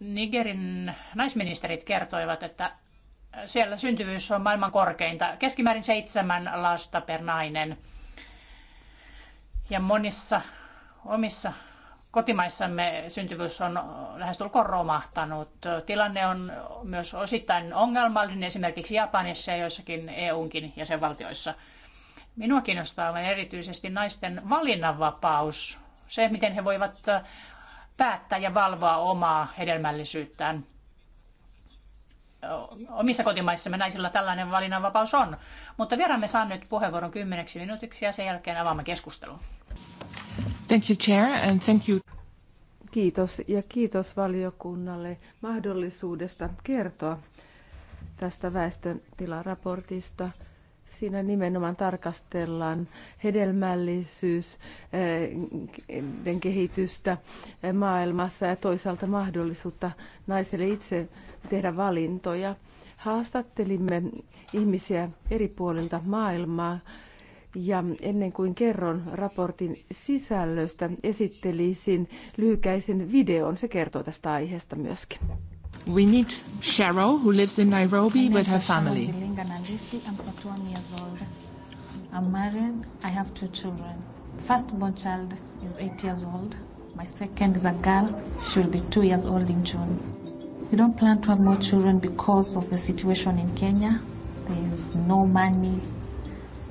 Nigerin naisministerit kertoivat, että siellä syntyvyys on maailman korkeinta, keskimäärin seitsemän lasta per nainen. Ja monissa omissa kotimaissamme syntyvyys on lähestulkoon romahtanut. Tilanne on myös osittain ongelmallinen esimerkiksi Japanissa ja joissakin EUnkin jäsenvaltioissa – Minua kiinnostaa erityisesti naisten valinnanvapaus, se miten he voivat äh, päättää ja valvoa omaa hedelmällisyyttään. Omissa kotimaissamme naisilla tällainen valinnanvapaus on, mutta vieraamme saa nyt puheenvuoron kymmeneksi minuutiksi ja sen jälkeen avaamme keskustelun. Thank you, Chair, and thank you. Kiitos ja kiitos valiokunnalle mahdollisuudesta kertoa tästä väestön tilaraportista. raportista Siinä nimenomaan tarkastellaan hedelmällisyys, eh, kehitystä eh, maailmassa ja toisaalta mahdollisuutta naiselle itse tehdä valintoja. Haastattelimme ihmisiä eri puolilta maailmaa ja ennen kuin kerron raportin sisällöstä, esittelisin lyhykäisen videon. Se kertoo tästä aiheesta myöskin. We meet Cheryl, who lives in Nairobi with her family. I'm 41 years old. I'm married. I have two children. Firstborn child is eight years old. My second is a girl. She will be two years old in June. We don't plan to have more children because of the situation in Kenya. There is no money.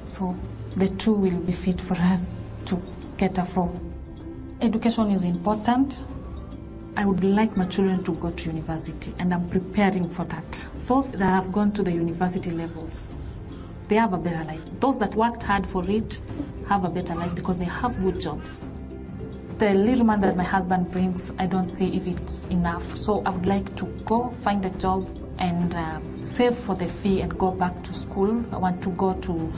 So the two will be fit for us to get a phone. Education is important I would like my children to go to university, and I'm preparing for that. Those that have gone to the university levels, they have a better life. Those that worked hard for it have a better life because they have good jobs. The little money that my husband brings, I don't see if it's enough. So I would like to go find a job and uh, save for the fee and go back to school. I want to go to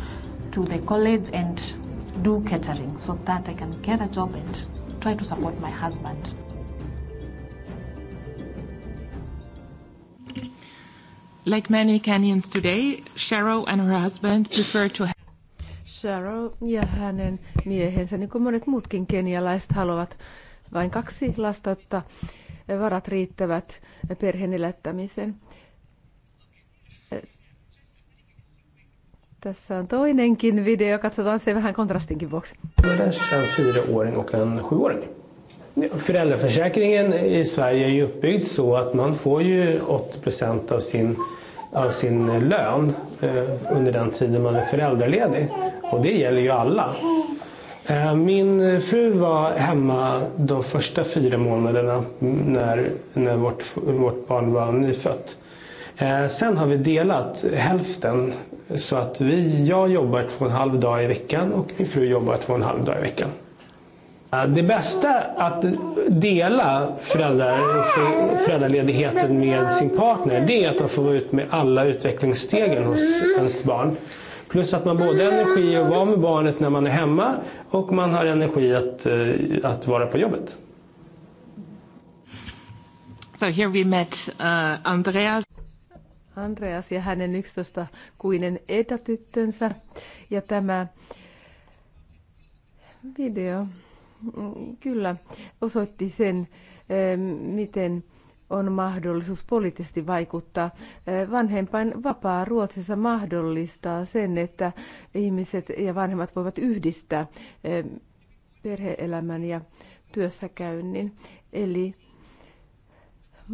to the college and do catering so that I can get a job and try to support my husband. Like many Kenyans today, Cheryl and her husband prefer to have Cheryl ja hänen miehensä, niin kuin monet muutkin kenialaiset, haluavat vain kaksi lasta, jotta varat riittävät perheen elättämiseen. Tässä on toinenkin video, katsotaan se vähän kontrastinkin vuoksi. Tässä on fyra-åring och en sjuåring. Föräldraförsäkringen i Sverige är ju uppbyggd så att man får ju 80 av sin, av sin lön eh, under den tiden man är föräldraledig. Och det gäller ju alla. Eh, min fru var hemma de första fyra månaderna när, när vårt, vårt barn var nyfött. Eh, sen har vi delat hälften så att vi, jag jobbar två och en halv dag i veckan och min fru jobbar två och en halv dag i veckan. Eh, det bästa att dela föräldrar föräldraledigheten med sin partner det är att man får vara ute med alla utvecklingsstegen hos ens barn. Plus att man både har energi att vara med barnet när man är hemma och man har energi att, eh, att vara på jobbet. So here we met uh, Andreas. Andreas ja hänen yksitoista kuinen etätyttönsä ja tämä video kyllä osoitti sen, eh, miten on mahdollisuus poliittisesti vaikuttaa. Eh, vanhempain vapaa Ruotsissa mahdollistaa sen, että ihmiset ja vanhemmat voivat yhdistää eh, perheelämän ja työssäkäynnin. Eli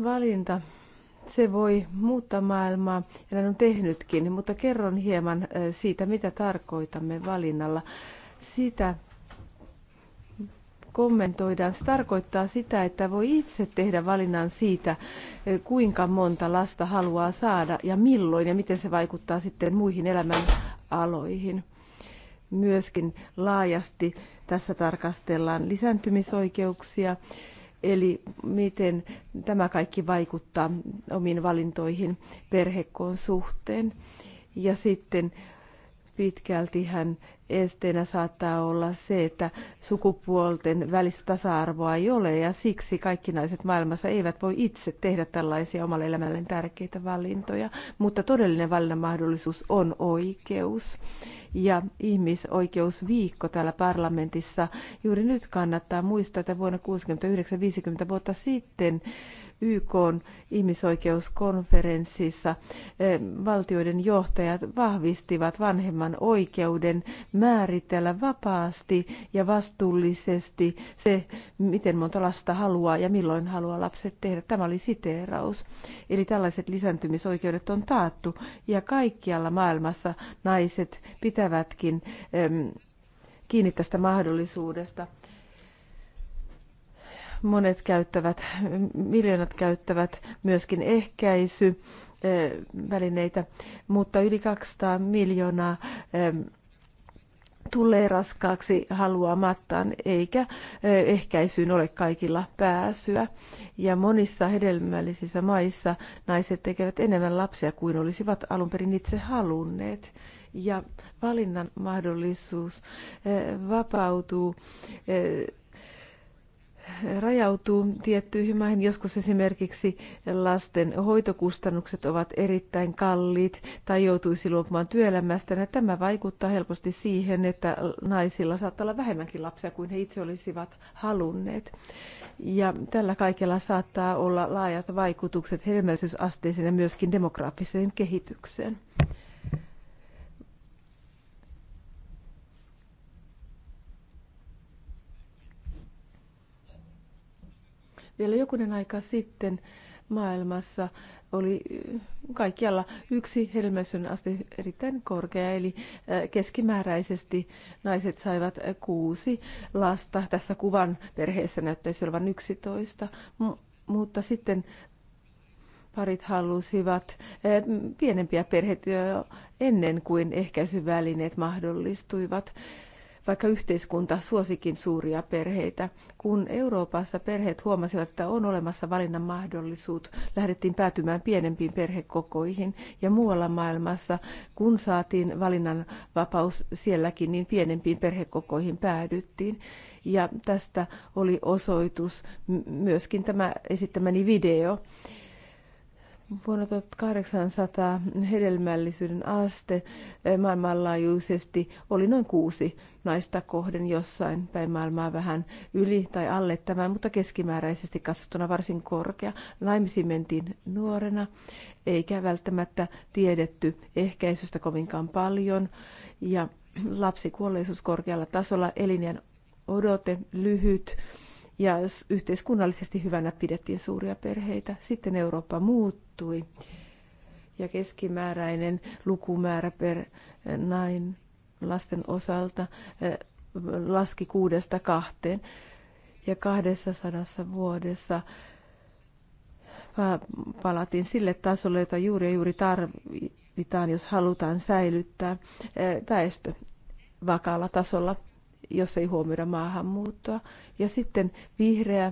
valinta se voi muuttaa maailmaa, ja näin on tehnytkin, mutta kerron hieman siitä, mitä tarkoitamme valinnalla. Sitä, kommentoidaan, se tarkoittaa sitä, että voi itse tehdä valinnan siitä, eh, kuinka monta lasta haluaa saada ja milloin ja miten se vaikuttaa sitten muihin elämän aloihin. Myöskin laajasti tässä tarkastellaan lisääntymisoikeuksia, eli miten tämä kaikki vaikuttaa omiin valintoihin perhekoon suhteen. Ja sitten pitkälti hän esteenä saattaa olla se, että sukupuolten välistä tasa-arvoa ei ole ja siksi kaikki naiset maailmassa eivät voi itse tehdä tällaisia omalle elämälleen tärkeitä valintoja, mutta todellinen valinnan mahdollisuus on oikeus. Ja ihmisoikeusviikko täällä parlamentissa juuri nyt kannattaa muistaa, että vuonna 69-50 vuotta sitten YK ihmisoikeuskonferenssissa eh, valtioiden johtajat vahvistivat vanhemman oikeuden määritellä vapaasti ja vastuullisesti se, miten monta lasta haluaa ja milloin haluaa lapset tehdä. Tämä oli siteeraus. Eli tällaiset lisääntymisoikeudet on taattu ja kaikkialla maailmassa naiset pitävätkin kiinni tästä mahdollisuudesta monet käyttävät, miljoonat käyttävät myöskin ehkäisyvälineitä, eh, mutta yli 200 miljoonaa eh, tulee raskaaksi haluamattaan, eikä eh, ehkäisyyn ole kaikilla pääsyä. Ja monissa hedelmällisissä maissa naiset tekevät enemmän lapsia kuin olisivat alun perin itse halunneet. Ja valinnan mahdollisuus vapautuu rajautuu tiettyihin maihin. Joskus esimerkiksi lasten hoitokustannukset ovat erittäin kalliit tai joutuisi luopumaan työelämästä. Ja tämä vaikuttaa helposti siihen, että naisilla saattaa olla vähemmänkin lapsia kuin he itse olisivat halunneet. Ja tällä kaikella saattaa olla laajat vaikutukset hedelmällisyysasteeseen ja myöskin demograafiseen kehitykseen. Vielä jokunen aika sitten maailmassa oli eh, kaikkialla yksi hedelmällisyyden aste erittäin korkea, eli eh, keskimääräisesti naiset saivat eh, kuusi lasta. Tässä kuvan perheessä näyttäisi olevan 11, mutta sitten parit halusivat pienempiä perheitä ennen kuin ehkäisyvälineet mahdollistuivat vaikka yhteiskunta suosikin suuria perheitä. Kun Euroopassa perheet huomasivat, että on olemassa valinnan mahdollisuus, lähdettiin päätymään pienempiin perhekokoihin. Ja muualla maailmassa, kun saatiin valinnan vapaus, sielläkin, niin pienempiin perhekokoihin päädyttiin. Ja tästä oli osoitus myöskin tämä esittämäni video. Vuonna 1800 hedelmällisyyden aste eh, maailmanlaajuisesti oli noin kuusi naista kohden jossain päin maailmaa vähän yli tai alle tämän, mutta keskimääräisesti katsottuna varsin korkea. Naimisiin mentiin nuorena, eikä välttämättä tiedetty ehkäisystä kovinkaan paljon. Ja lapsikuolleisuus korkealla tasolla, elinjään odote lyhyt ja yhteiskunnallisesti hyvänä pidettiin suuria perheitä. Sitten Eurooppa muuttui ja keskimääräinen lukumäärä per eh, nain lasten osalta eh, laski kuudesta kahteen. Ja 200 vuodessa palatin sille tasolle, jota juuri ja juuri tarvitaan, jos halutaan säilyttää eh, väestö vakaalla tasolla jos ei huomioida maahanmuuttoa. Ja sitten vihreä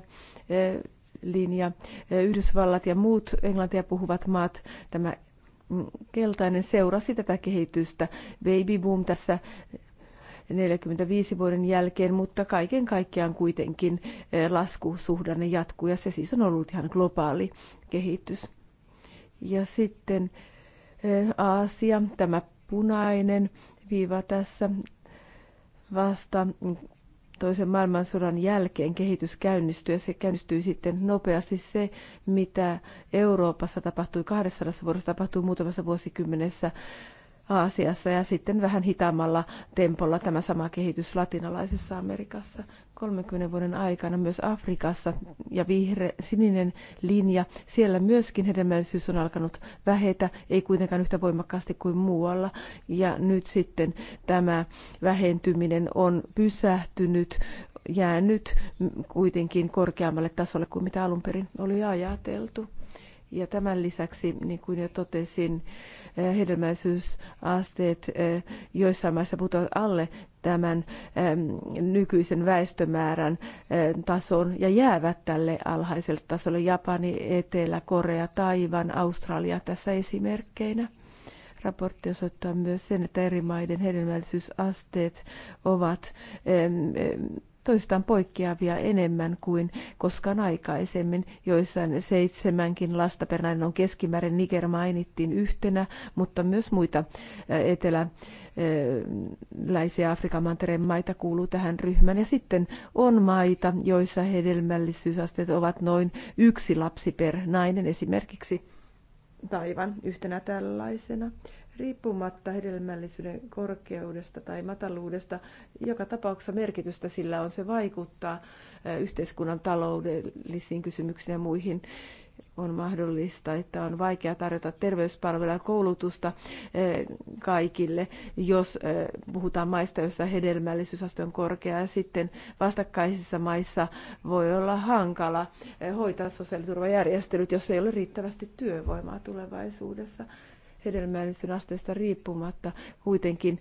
eh, linja, eh, Yhdysvallat ja muut englantia puhuvat maat, tämä mm, keltainen seurasi tätä kehitystä. Baby boom tässä 45 eh, vuoden jälkeen, mutta kaiken kaikkiaan kuitenkin laskusuhdanne jatkuu ja se siis on ollut ihan globaali kehitys. Ja sitten Aasia, tämä punainen viiva tässä vasta toisen maailmansodan jälkeen kehitys käynnistyi ja se käynnistyi sitten nopeasti. Se, mitä Euroopassa tapahtui 200 vuodessa, tapahtui muutamassa vuosikymmenessä Aasiassa ja sitten vähän hitaammalla tempolla tämä sama kehitys latinalaisessa Amerikassa. 30 vuoden aikana myös Afrikassa ja vihre, sininen linja, siellä myöskin hedelmällisyys on alkanut vähetä, ei kuitenkaan yhtä voimakkaasti kuin muualla. Ja nyt sitten tämä vähentyminen on pysähtynyt, jäänyt kuitenkin korkeammalle tasolle kuin mitä alun perin oli ajateltu. Ja tämän lisäksi, niin kuin jo totesin, eh, hedelmäisyysasteet eh, joissain maissa putoavat alle tämän nykyisen väestömäärän eh, tason ja jäävät tälle alhaiselle tasolle. Japani, Etelä-Korea, Taivan, Australia tässä esimerkkeinä. Raportti osoittaa myös sen, että eri maiden hedelmällisyysasteet ovat toistaan poikkeavia enemmän kuin koskaan aikaisemmin. Joissain seitsemänkin lasta per nainen on keskimäärin. Niger mainittiin yhtenä, mutta myös muita äh, eteläläisiä äh, Afrikan mantereen maita kuuluu tähän ryhmään. Ja sitten on maita, joissa hedelmällisyysasteet ovat noin yksi lapsi per nainen esimerkiksi. Taivan yhtenä tällaisena riippumatta hedelmällisyyden korkeudesta tai mataluudesta, joka tapauksessa merkitystä sillä on, se vaikuttaa yhteiskunnan taloudellisiin kysymyksiin ja muihin. On mahdollista, että on vaikea tarjota terveyspalveluja koulutusta kaikille, jos puhutaan maista, joissa hedelmällisyysaste on korkea, ja sitten vastakkaisissa maissa voi olla hankala hoitaa sosiaaliturvajärjestelyt, jos ei ole riittävästi työvoimaa tulevaisuudessa hedelmällisyyden asteesta riippumatta kuitenkin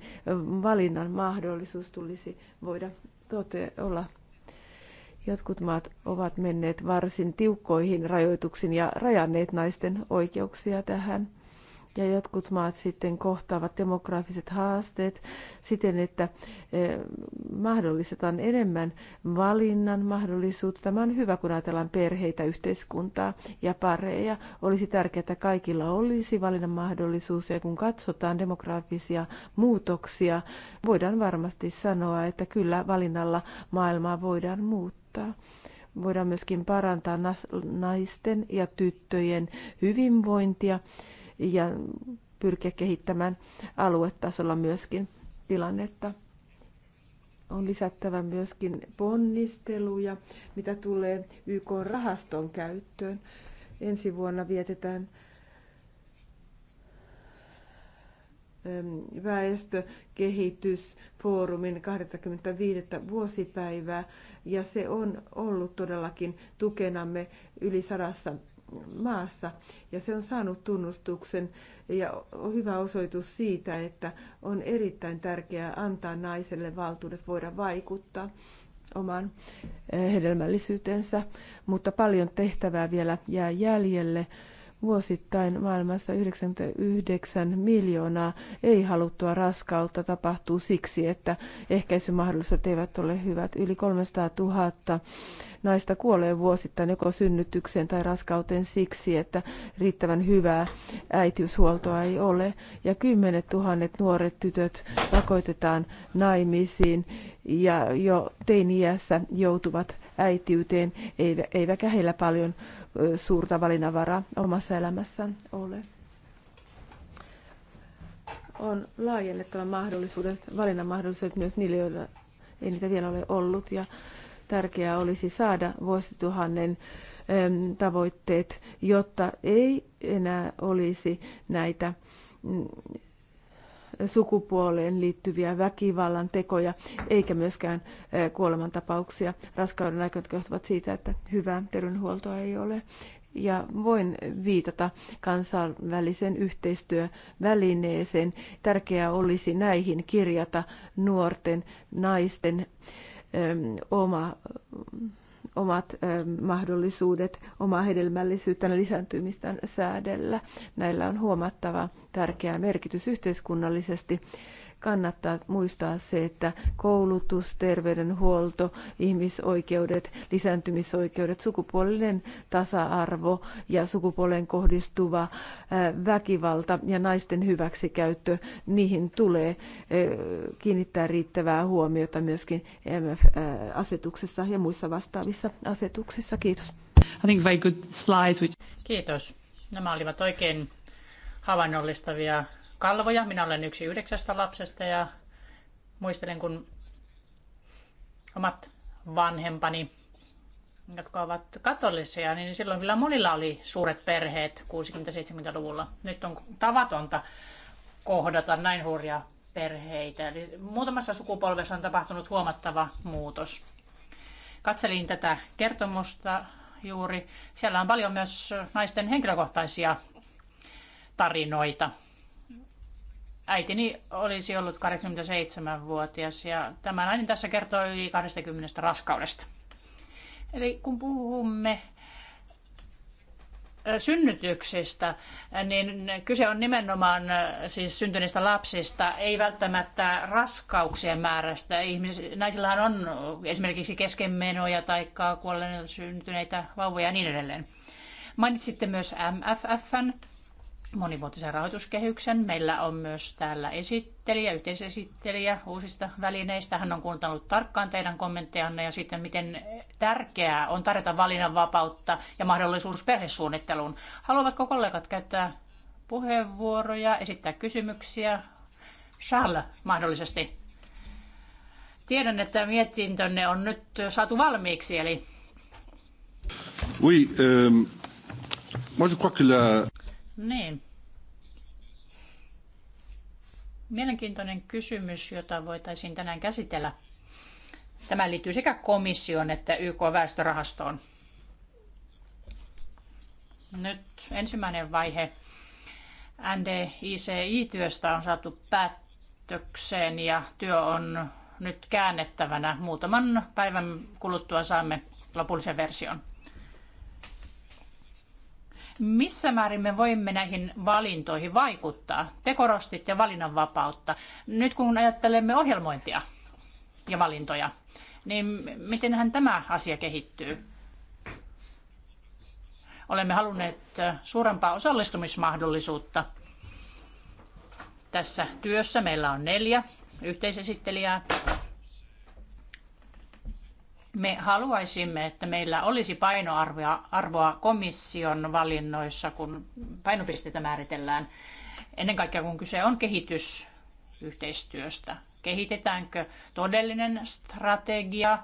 valinnan mahdollisuus tulisi voida tote- olla Jotkut maat ovat menneet varsin tiukkoihin rajoituksiin ja rajanneet naisten oikeuksia tähän ja jotkut maat sitten kohtaavat demografiset haasteet siten, että eh, mahdollistetaan enemmän valinnan mahdollisuutta. Tämä on hyvä, kun ajatellaan perheitä, yhteiskuntaa ja pareja. Olisi tärkeää, että kaikilla olisi valinnan mahdollisuus ja kun katsotaan demografisia muutoksia, voidaan varmasti sanoa, että kyllä valinnalla maailmaa voidaan muuttaa voidaan myöskin parantaa naisten ja tyttöjen hyvinvointia ja pyrkiä kehittämään aluetasolla myöskin tilannetta. On lisättävä myöskin ponnisteluja, mitä tulee YK-rahaston käyttöön. Ensi vuonna vietetään väestökehitysfoorumin 25. vuosipäivää, ja se on ollut todellakin tukenamme yli sadassa maassa. Ja se on saanut tunnustuksen ja on hyvä osoitus siitä, että on erittäin tärkeää antaa naiselle valtuudet voida vaikuttaa oman eh, hedelmällisyytensä, mutta paljon tehtävää vielä jää jäljelle. Vuosittain maailmassa 99 miljoonaa ei-haluttua raskautta tapahtuu siksi, että ehkäisymahdollisuudet eivät ole hyvät. Yli 300 000 naista kuolee vuosittain joko synnytykseen tai raskauteen siksi, että riittävän hyvää äitiyshuoltoa ei ole. Ja kymmenet tuhannet nuoret tytöt pakotetaan naimisiin ja jo teiniässä joutuvat äitiyteen, eivätkä heillä paljon suurta valinnanvaraa omassa elämässään ole. On laajennettava mahdollisuudet, valinnan mahdollisuudet myös niille, joilla ei niitä vielä ole ollut. Ja tärkeää olisi saada vuosituhannen tavoitteet, jotta ei enää olisi näitä mm, sukupuoleen liittyviä väkivallan tekoja, eikä myöskään eh, kuolemantapauksia raskauden aikana, jotka johtuvat siitä, että hyvää terveydenhuoltoa ei ole. Ja voin viitata kansainvälisen yhteistyövälineeseen. Tärkeää olisi näihin kirjata nuorten naisten oma omat mahdollisuudet, omaa hedelmällisyyttä ja lisääntymistä säädellä. Näillä on huomattava tärkeä merkitys yhteiskunnallisesti kannattaa muistaa se, että koulutus, terveydenhuolto, ihmisoikeudet, lisääntymisoikeudet, sukupuolinen tasa-arvo ja sukupuoleen kohdistuva äh, väkivalta ja naisten hyväksikäyttö, niihin tulee äh, kiinnittää riittävää huomiota myöskin e MF-asetuksessa äh, ja muissa vastaavissa asetuksissa. Kiitos. I think very good slides. Which... Kiitos. Nämä olivat oikein havainnollistavia kalvoja. Minä olen yksi yhdeksästä lapsesta ja muistelen, kun omat vanhempani, jotka ovat katolisia, niin silloin kyllä monilla oli suuret perheet 60-70-luvulla. Nyt on tavatonta kohdata näin suuria perheitä. Eli muutamassa sukupolvessa on tapahtunut huomattava muutos. Katselin tätä kertomusta juuri. Siellä on paljon myös naisten henkilökohtaisia tarinoita – äitini olisi ollut 87-vuotias ja tämä nainen tässä kertoo yli 20 raskaudesta. Eli kun puhumme synnytyksistä, niin kyse on nimenomaan siis syntyneistä lapsista, ei välttämättä raskauksien määrästä. Ihmis, naisillahan on esimerkiksi keskenmenoja tai kuolleita syntyneitä vauvoja ja niin edelleen. Mainitsitte myös MFFn monivuotisen rahoituskehyksen. Meillä on myös täällä esittelijä, yhteisesittelijä uusista välineistä. Hän on kuuntanut tarkkaan teidän kommenttejanne ja sitten miten tärkeää on tarjota valinnanvapautta ja mahdollisuus perhesuunnitteluun. Haluavatko kollegat käyttää puheenvuoroja, esittää kysymyksiä? Charles mahdollisesti. Tiedän, että mietintönne on nyt saatu valmiiksi, eli... Oui, euh, moi je crois que la... Niin. Mielenkiintoinen kysymys, jota voitaisiin tänään käsitellä. Tämä liittyy sekä komission että YK-väestörahastoon. Nyt ensimmäinen vaihe NDICI-työstä on saatu päätökseen ja työ on nyt käännettävänä. Muutaman päivän kuluttua saamme lopullisen version. Missä määrin me voimme näihin valintoihin vaikuttaa? Te korostitte valinnanvapautta. Nyt kun ajattelemme ohjelmointia ja valintoja, niin mitenhän tämä asia kehittyy? Olemme halunneet suurempaa osallistumismahdollisuutta tässä työssä. Meillä on neljä yhteisesittelijää me haluaisimme, että meillä olisi painoarvoa arvoa komission valinnoissa, kun painopisteitä määritellään. Ennen kaikkea kun kyse on kehitysyhteistyöstä. Kehitetäänkö todellinen strategia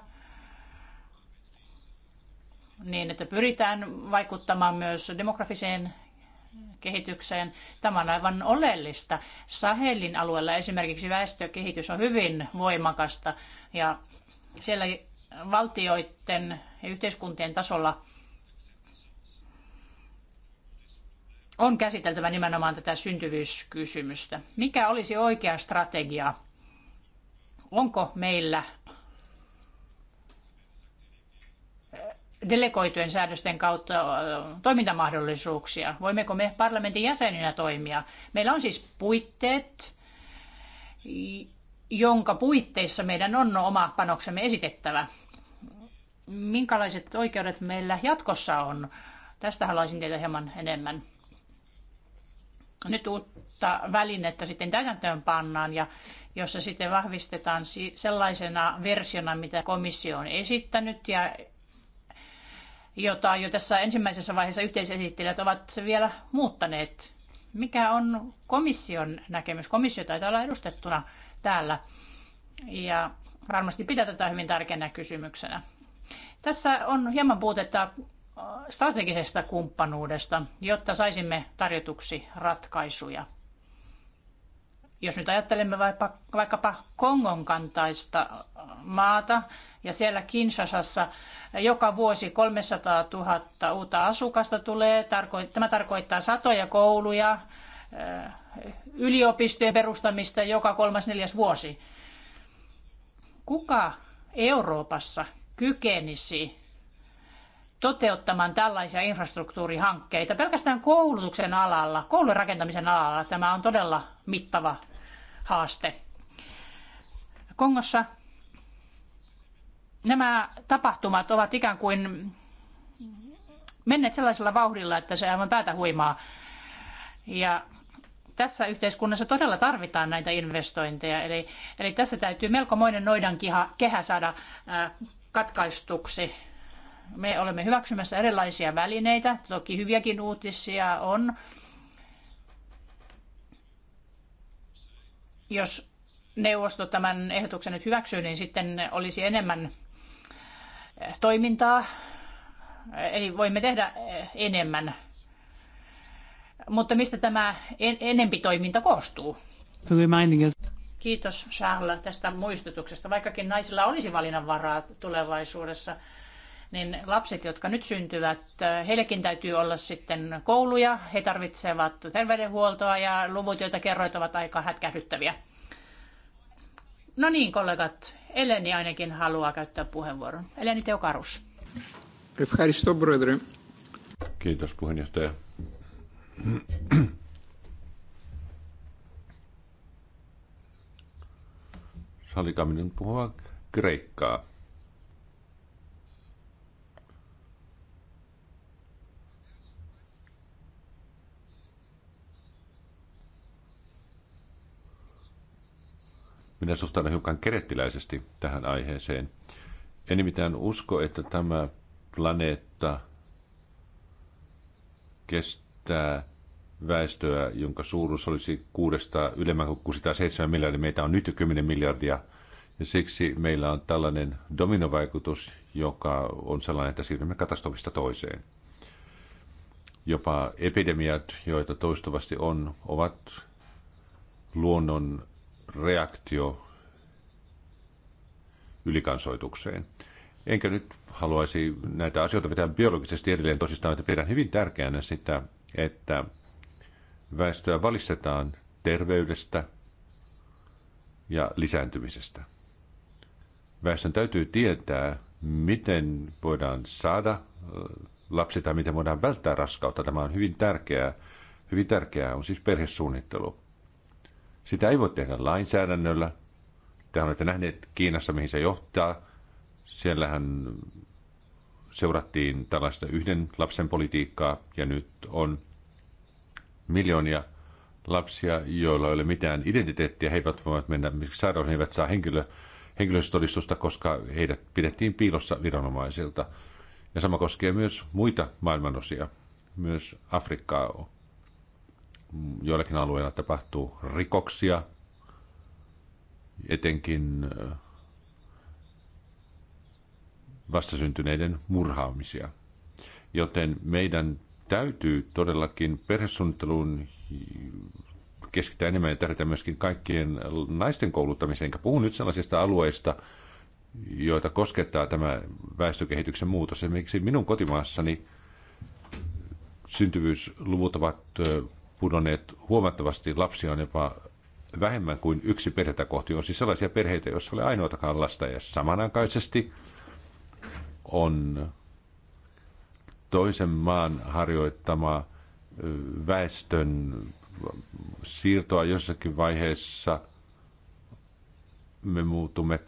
niin, että pyritään vaikuttamaan myös demografiseen kehitykseen. Tämä on aivan oleellista. Sahelin alueella esimerkiksi väestökehitys on hyvin voimakasta ja siellä valtioiden ja yhteiskuntien tasolla on käsiteltävä nimenomaan tätä syntyvyyskysymystä. Mikä olisi oikea strategia? Onko meillä eh, delegoitujen säädösten kautta eh, toimintamahdollisuuksia? Voimmeko me parlamentin jäseninä toimia? Meillä on siis puitteet, jonka puitteissa meidän on oma panoksemme esitettävä. Minkälaiset oikeudet meillä jatkossa on? Tästä haluaisin teitä hieman enemmän. Nyt uutta välinettä sitten täytäntöön pannaan ja jossa sitten vahvistetaan sellaisena versiona, mitä komissio on esittänyt ja jota jo tässä ensimmäisessä vaiheessa yhteisesittelijät ovat vielä muuttaneet. Mikä on komission näkemys? Komissio taitaa olla edustettuna täällä. Ja varmasti pitää tätä hyvin tärkeänä kysymyksenä. Tässä on hieman puutetta äh, strategisesta kumppanuudesta, jotta saisimme tarjotuksi ratkaisuja. Jos nyt ajattelemme vaikka, vaikkapa Kongon kantaista äh, maata ja siellä Kinshasassa joka vuosi 300 000 uutta asukasta tulee. Tämä tarkoittaa satoja kouluja, yliopistojen perustamista joka kolmas neljäs vuosi. Kuka Euroopassa kykenisi toteuttamaan tällaisia infrastruktuurihankkeita pelkästään koulutuksen alalla, koulun rakentamisen alalla. Tämä on todella mittava haaste. Kongossa nämä tapahtumat ovat ikään kuin menneet sellaisella vauhdilla, että se aivan päätä huimaa. Ja tässä yhteiskunnassa todella tarvitaan näitä investointeja. Eli, eli tässä täytyy melkomoinen noidankiha kehä saada ää, katkaistuksi. Me olemme hyväksymässä erilaisia välineitä, toki hyviäkin uutisia on. Jos neuvosto tämän ehdotuksen nyt hyväksyy, niin sitten olisi enemmän toimintaa, eli voimme tehdä enemmän mutta mistä tämä en- enempi toiminta koostuu? Kiitos Charles tästä muistutuksesta. Vaikkakin naisilla olisi valinnanvaraa tulevaisuudessa, niin lapset, jotka nyt syntyvät, heillekin täytyy olla sitten kouluja, he tarvitsevat terveydenhuoltoa ja luvut, joita kerroit, ovat aika hätkähdyttäviä. No niin, kollegat, Eleni ainakin haluaa käyttää puheenvuoron. Eleni Teokarus. Kiitos puheenjohtaja. Sallikaa minun puhua kreikkaa. Minä suhtaan hiukan kerettiläisesti tähän aiheeseen. En nimittäin usko, että tämä planeetta kestää sitä väestöä, jonka suuruus olisi kuudesta ylemmän kuin 607 miljardia. Meitä on nyt jo 10 miljardia. Ja siksi meillä on tällainen dominovaikutus, joka on sellainen, että siirrymme katastrofista toiseen. Jopa epidemiat, joita toistuvasti on, ovat luonnon reaktio ylikansoitukseen. Enkä nyt haluaisi näitä asioita vetää biologisesti edelleen tosistaan, että pidän hyvin tärkeänä sitä, että väestöä valistetaan terveydestä ja lisääntymisestä. Väestön täytyy tietää, miten voidaan saada äh, lapsi tai miten voidaan välttää raskautta. Tämä on hyvin tärkeää. Hyvin tärkeää on siis perhesuunnittelu. Sitä ei voi tehdä lainsäädännöllä. Te olette nähneet Kiinassa, mihin se johtaa. Siellähän seurattiin tällaista yhden lapsen politiikkaa ja nyt on miljoonia lapsia, joilla ei ole mitään identiteettiä. He eivät voivat mennä sairaalaan, he eivät saa henkilö, henkilöstötodistusta, koska heidät pidettiin piilossa viranomaisilta. Ja sama koskee myös muita maailmanosia, myös Afrikkaa. Joillakin alueilla tapahtuu rikoksia, etenkin äh, vastasyntyneiden murhaamisia. Joten meidän täytyy todellakin perhesuunnitteluun keskittää enemmän ja tärkeää myöskin kaikkien naisten kouluttamiseen. Enkä puhu nyt sellaisista alueista, joita koskettaa tämä väestökehityksen muutos. Esimerkiksi minun kotimaassani syntyvyysluvut ovat pudonneet huomattavasti. Lapsia on jopa vähemmän kuin yksi perhettä kohti. On siis sellaisia perheitä, joissa ole ainoatakaan lasta ja samanaikaisesti on toisen maan harjoittama väestön siirtoa jossakin vaiheessa me muutumme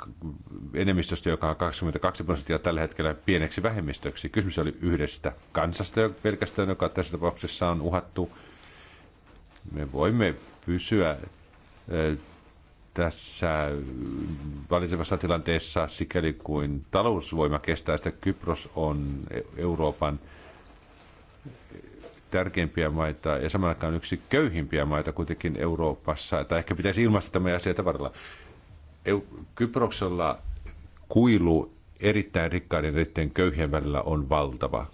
enemmistöstä, joka on 22 prosenttia tällä hetkellä pieneksi vähemmistöksi. Kysymys oli yhdestä kansasta pelkästään, joka tässä tapauksessa on uhattu. Me voimme pysyä tässä valitsevassa tilanteessa, sikäli kuin talousvoima kestää, että Kypros on e- Euroopan tärkeimpiä maita ja samaan aikaan yksi köyhimpiä maita kuitenkin Euroopassa. Tai ehkä pitäisi ilmaista tämä asia tavalla. Kyproksella kuilu erittäin rikkaiden ja erittäin köyhien välillä on valtava.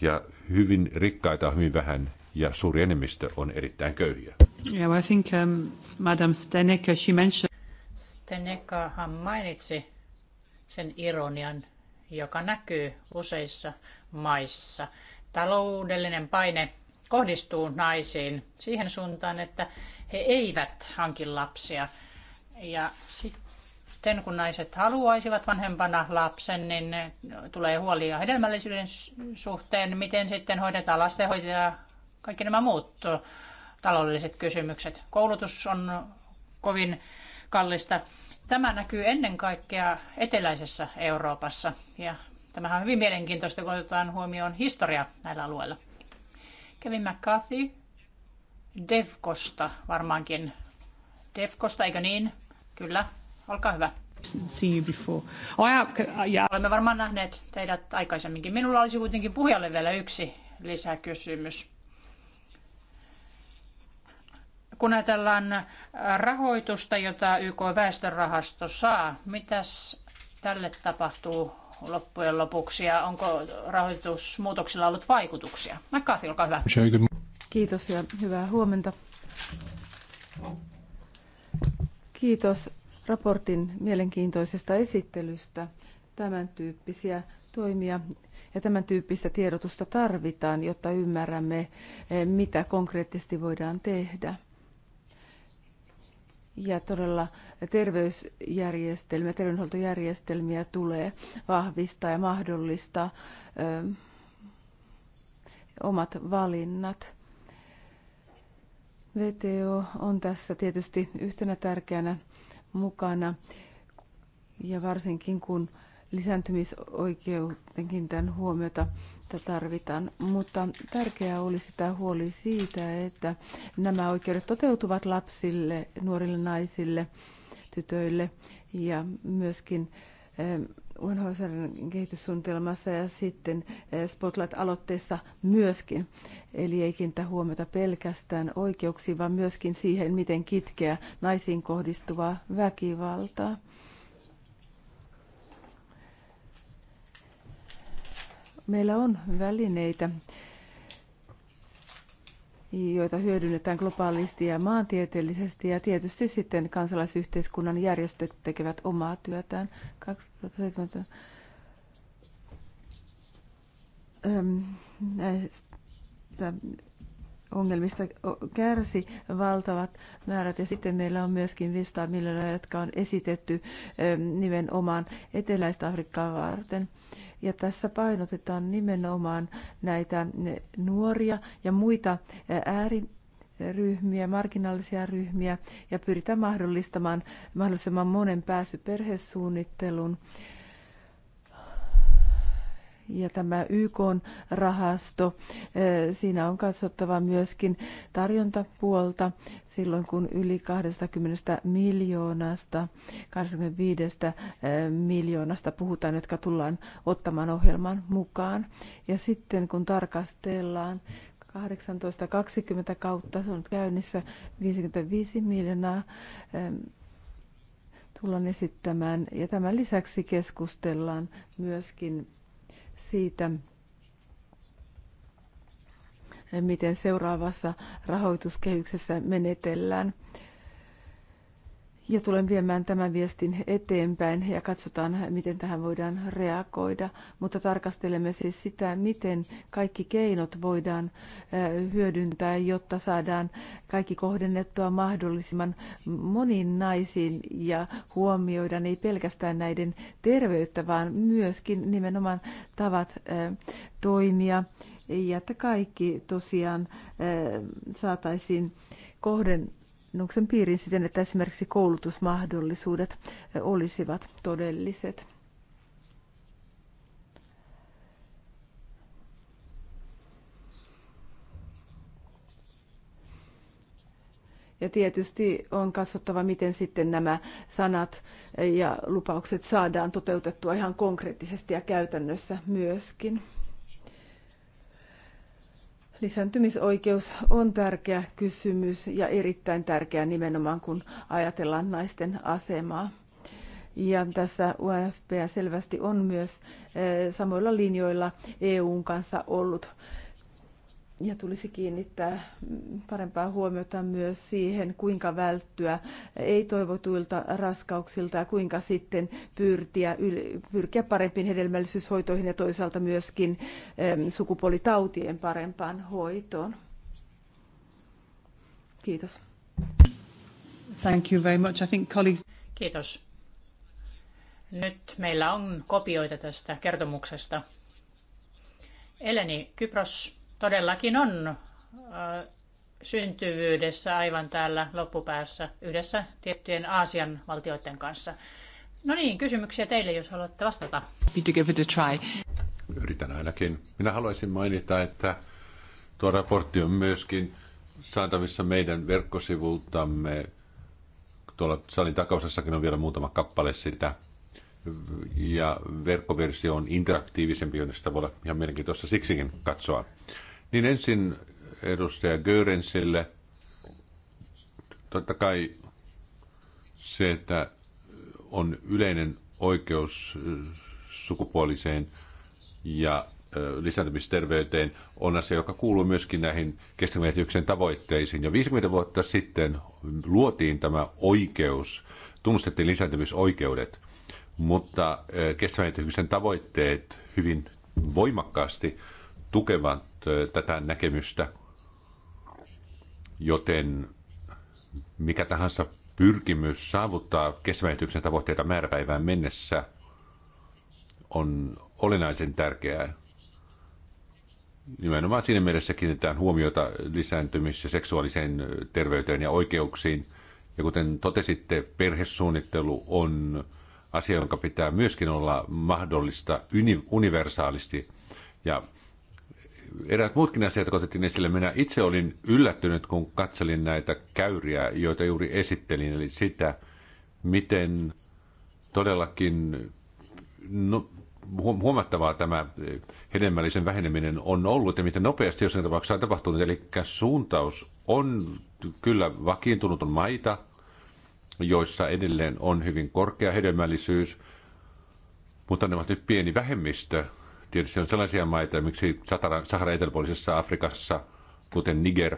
Ja hyvin rikkaita on hyvin vähän ja suuri enemmistö on erittäin köyhiä. Yeah, well, I think um, Madam Steneka, she mentioned... Stenekahan mainitsi sen ironian, joka näkyy useissa maissa. Taloudellinen paine kohdistuu naisiin siihen suuntaan, että he eivät hanki lapsia. Ja sitten kun naiset haluaisivat vanhempana lapsen, niin tulee huolia hedelmällisyyden suhteen, miten sitten hoidetaan lastenhoitaja ja kaikki nämä muut taloudelliset kysymykset. Koulutus on kovin kallista. Tämä näkyy ennen kaikkea eteläisessä Euroopassa ja tämähän on hyvin mielenkiintoista, kun otetaan huomioon historia näillä alueilla. Kevin McCarthy Devkosta varmaankin. Devkosta, eikö niin? Kyllä, olkaa hyvä. See you before. Oh, yeah. Uh, yeah. Olemme varmaan nähneet teidät aikaisemminkin. Minulla olisi kuitenkin puhujalle vielä yksi lisäkysymys. Kun ajatellaan äh, rahoitusta, jota YK väestörahasto saa, mitäs tälle tapahtuu loppujen lopuksi ja onko rahoitusmuutoksilla ollut vaikutuksia? McCarthy, olkaa hyvä. Kiitos ja hyvää huomenta. Kiitos raportin mielenkiintoisesta esittelystä. Tämän tyyppisiä toimia ja tämän tyyppistä tiedotusta tarvitaan, jotta ymmärrämme, eh, mitä konkreettisesti voidaan tehdä ja todella terveysjärjestelmiä, terveydenhuoltojärjestelmiä tulee vahvistaa ja mahdollistaa ö, omat valinnat. VTO on tässä tietysti yhtenä tärkeänä mukana ja varsinkin kun lisääntymisoikeutenkin tämän huomiota että tarvitaan, mutta tärkeää olisi tämä huoli siitä, että nämä oikeudet toteutuvat lapsille, nuorille naisille, tytöille ja myöskin eh, UNHCRn kehityssuunnitelmassa ja sitten eh, Spotlight-aloitteessa myöskin. Eli ei kiinnitä huomiota pelkästään oikeuksiin, vaan myöskin siihen, miten kitkeä naisiin kohdistuvaa väkivaltaa. Meillä on välineitä, joita hyödynnetään globaalisti ja maantieteellisesti ja tietysti sitten kansalaisyhteiskunnan järjestöt tekevät omaa työtään. 2017 ähm, näistä ongelmista kärsi valtavat määrät. Ja sitten meillä on myöskin 500 miljoonaa, jotka on esitetty ähm, nimenomaan eteläistä Afrikkaa varten. Ja tässä painotetaan nimenomaan näitä nuoria ja muita ääri ryhmiä, marginaalisia ryhmiä ja pyritään mahdollistamaan mahdollisimman monen pääsy perhesuunnitteluun ja tämä YK-rahasto, eh, siinä on katsottava myöskin tarjontapuolta silloin, kun yli 20 miljoonasta, 25 eh, miljoonasta puhutaan, jotka tullaan ottamaan ohjelman mukaan. Ja sitten kun tarkastellaan 18-20 kautta, se on käynnissä 55 miljoonaa, eh, tullaan esittämään. Ja tämän lisäksi keskustellaan myöskin siitä, miten seuraavassa rahoituskehyksessä menetellään. Ja tulen viemään tämän viestin eteenpäin ja katsotaan, miten tähän voidaan reagoida. Mutta tarkastelemme siis sitä, miten kaikki keinot voidaan hyödyntää, jotta saadaan kaikki kohdennettua mahdollisimman monin naisiin ja huomioida ei pelkästään näiden terveyttä, vaan myöskin nimenomaan tavat toimia. Ja että kaikki tosiaan saataisiin kohden ohjauksen piiriin siten, että esimerkiksi koulutusmahdollisuudet eh, olisivat todelliset. Ja tietysti on katsottava, miten sitten nämä sanat eh, ja lupaukset saadaan toteutettua ihan konkreettisesti ja käytännössä myöskin. Lisääntymisoikeus on tärkeä kysymys ja erittäin tärkeä nimenomaan, kun ajatellaan naisten asemaa. Ja tässä UFP selvästi on myös eh, samoilla linjoilla EUn kanssa ollut ja tulisi kiinnittää parempaa huomiota myös siihen, kuinka välttyä ei-toivotuilta raskauksilta ja kuinka sitten pyrkiä, pyrkiä parempiin hedelmällisyyshoitoihin ja toisaalta myöskin sukupuolitautien parempaan hoitoon. Kiitos. Thank you very much. I think colleagues... Kiitos. Nyt meillä on kopioita tästä kertomuksesta. Eleni Kypros todellakin on syntyvyydessä aivan täällä loppupäässä yhdessä tiettyjen Aasian valtioiden kanssa. No niin, kysymyksiä teille, jos haluatte vastata. to give it a try. Yritän ainakin. Minä haluaisin mainita, että tuo raportti on myöskin saatavissa meidän verkkosivultamme. Tuolla salin takaosassakin on vielä muutama kappale sitä. Ja verkkoversio on interaktiivisempi, joten sitä voi olla ihan mielenkiintoista siksikin katsoa. Niin ensin edustaja Görensille. Totta kai se, että on yleinen oikeus äh, sukupuoliseen ja äh, lisääntymisterveyteen on asia, joka kuuluu myöskin näihin kestävän tavoitteisiin. Jo 50 vuotta sitten luotiin tämä oikeus, tunnustettiin lisääntymisoikeudet, mutta äh, kestävän tavoitteet hyvin voimakkaasti tukevat tätä näkemystä, joten mikä tahansa pyrkimys saavuttaa kestävän tavoitteita määräpäivään mennessä on olennaisen tärkeää. Nimenomaan siinä mielessä kiinnitetään huomiota lisääntymis- ja seksuaaliseen terveyteen ja oikeuksiin. Ja kuten totesitte, perhesuunnittelu on asia, jonka pitää myöskin olla mahdollista universaalisti. Ja eräät muutkin asiat otettiin esille. Minä itse olin yllättynyt, kun katselin näitä käyriä, joita juuri esittelin, eli sitä, miten todellakin no, huomattavaa tämä eh, hedelmällisen väheneminen on ollut ja miten nopeasti jossain tapauksessa on tapahtunut. Eli suuntaus on kyllä vakiintunut on maita, joissa edelleen on hyvin korkea hedelmällisyys, mutta ne ovat nyt pieni vähemmistö Tietysti on sellaisia maita, miksi Sahara, eteläpuolisessa Afrikassa, kuten Niger,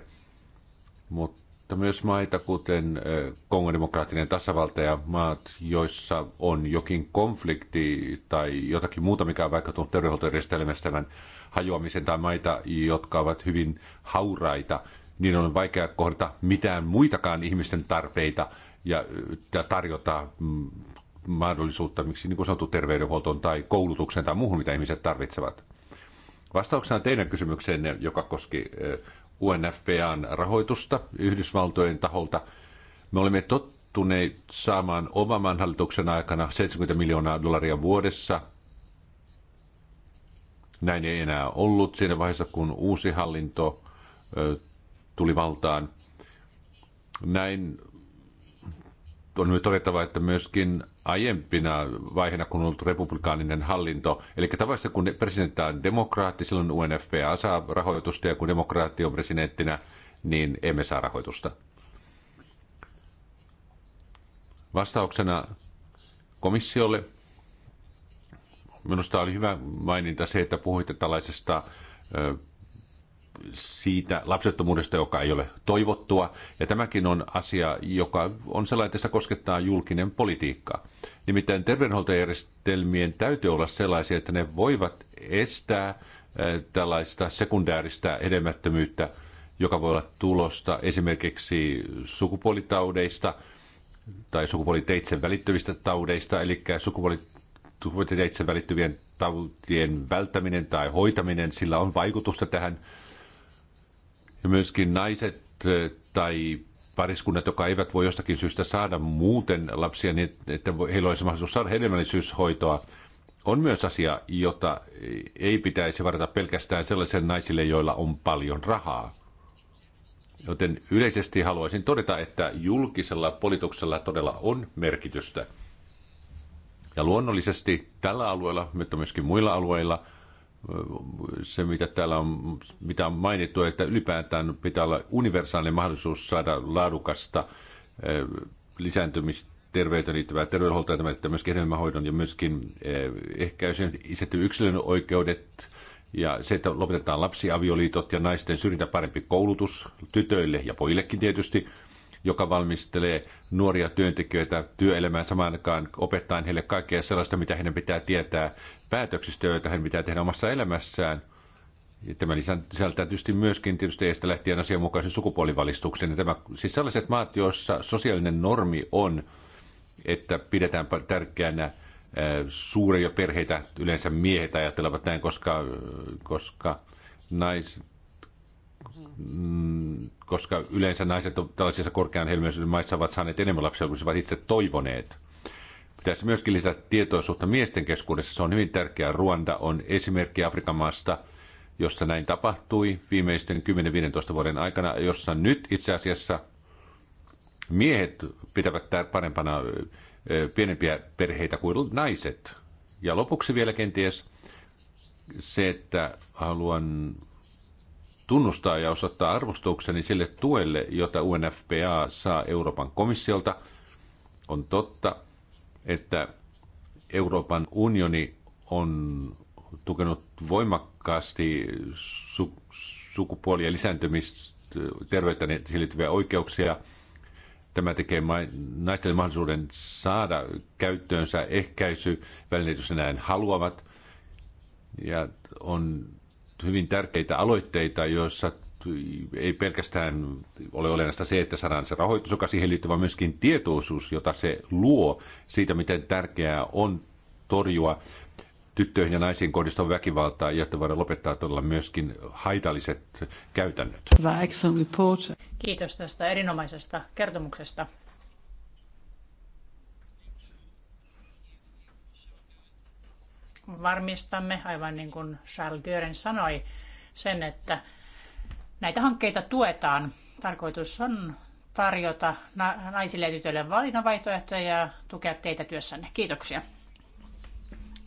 mutta myös maita, kuten Kongon demokraattinen tasavalta ja maat, joissa on jokin konflikti tai jotakin muuta, mikä on vaikuttanut terveydenhuoltojärjestelmästämän hajoamisen tai maita, jotka ovat hyvin hauraita, niin on vaikea kohdata mitään muitakaan ihmisten tarpeita ja tarjota mm, mahdollisuutta, miksi niin kuin sanottu, terveydenhuoltoon tai koulutukseen tai muuhun, mitä ihmiset tarvitsevat. Vastauksena teidän kysymykseenne, joka koski UNFPAn rahoitusta Yhdysvaltojen taholta, me olemme tottuneet saamaan Obaman hallituksen aikana 70 miljoonaa dollaria vuodessa. Näin ei enää ollut siinä vaiheessa, kun uusi hallinto tuli valtaan. Näin on nyt todettava, että myöskin aiempina vaiheina, kun on ollut republikaaninen hallinto. Eli tavallisesti kun presidentti on demokraatti, silloin UNFPA saa rahoitusta, ja kun demokraatti on presidenttinä, niin emme saa rahoitusta. Vastauksena komissiolle. Minusta oli hyvä maininta se, että puhuitte tällaisesta siitä lapsettomuudesta, joka ei ole toivottua. Ja tämäkin on asia, joka on sellainen, että sitä koskettaa julkinen politiikka. Nimittäin terveydenhuoltojärjestelmien täytyy olla sellaisia, että ne voivat estää eh, tällaista sekundääristä hedelmättömyyttä, joka voi olla tulosta esimerkiksi sukupuolitaudeista tai sukupuoliteitse välittyvistä taudeista, eli sukupuoliteitse välittyvien tautien välttäminen tai hoitaminen, sillä on vaikutusta tähän ja myöskin naiset eh, tai pariskunnat, jotka eivät voi jostakin syystä saada muuten lapsia, niin että heillä olisi mahdollisuus saada hedelmällisyyshoitoa, on myös asia, jota ei pitäisi varata pelkästään sellaisille naisille, joilla on paljon rahaa. Joten yleisesti haluaisin todeta, että julkisella politiksella todella on merkitystä. Ja luonnollisesti tällä alueella, mutta myöskin muilla alueilla, se, mitä täällä on, mitä on mainittu, että ylipäätään pitää olla universaalinen mahdollisuus saada laadukasta eh, lisääntymistä terveyteen liittyvää terveydenhuoltoa, että myöskin hedelmähoidon ja myöskin eh, isätty yksilön oikeudet ja se, että lopetetaan lapsiavioliitot ja naisten syrjintä parempi koulutus tytöille ja pojillekin tietysti – joka valmistelee nuoria työntekijöitä työelämään samaan aikaan opettaen heille kaikkea sellaista, mitä heidän pitää tietää päätöksistä, joita heidän pitää tehdä omassa elämässään. Ja tämä sisältää tietysti myöskin tietysti eistä lähtien asianmukaisen sukupuolivalistuksen. Ja tämä, siis sellaiset maat, joissa sosiaalinen normi on, että pidetään tärkeänä suuria perheitä, yleensä miehet ajattelevat näin, koska, koska naiset Mm, koska yleensä naiset tällaisissa korkean helmiöisyyden maissa ovat saaneet enemmän lapsia kuin ovat itse toivoneet. Pitäisi myöskin lisätä tietoisuutta miesten keskuudessa. Se on hyvin tärkeää. Ruanda on esimerkki Afrikan maasta, jossa näin tapahtui viimeisten 10-15 vuoden aikana, jossa nyt itse asiassa miehet pitävät parempana pienempiä perheitä kuin naiset. Ja lopuksi vielä kenties se, että haluan tunnustaa ja osoittaa arvostukseni sille tuelle, jota UNFPA saa Euroopan komissiolta. On totta, että Euroopan unioni on tukenut voimakkaasti su- sukupuoli- ja lisääntymisterveyttä niin liittyviä oikeuksia. Tämä tekee naisten mahdollisuuden saada käyttöönsä välineet, jos näin haluavat. Ja on hyvin tärkeitä aloitteita, joissa ei pelkästään ole olennaista se, että saadaan se rahoitus, joka siihen liittyy, vaan myöskin tietoisuus, jota se luo siitä, miten tärkeää on torjua tyttöihin ja naisiin kohdistuvaa väkivaltaa, jotta voidaan lopettaa todella myöskin haitalliset käytännöt. Kiitos tästä erinomaisesta kertomuksesta. varmistamme, aivan niin kuin Charles Gören sanoi, sen, että näitä hankkeita tuetaan. Tarkoitus on tarjota naisille ja tytöille valinnanvaihtoehtoja ja tukea teitä työssänne. Kiitoksia.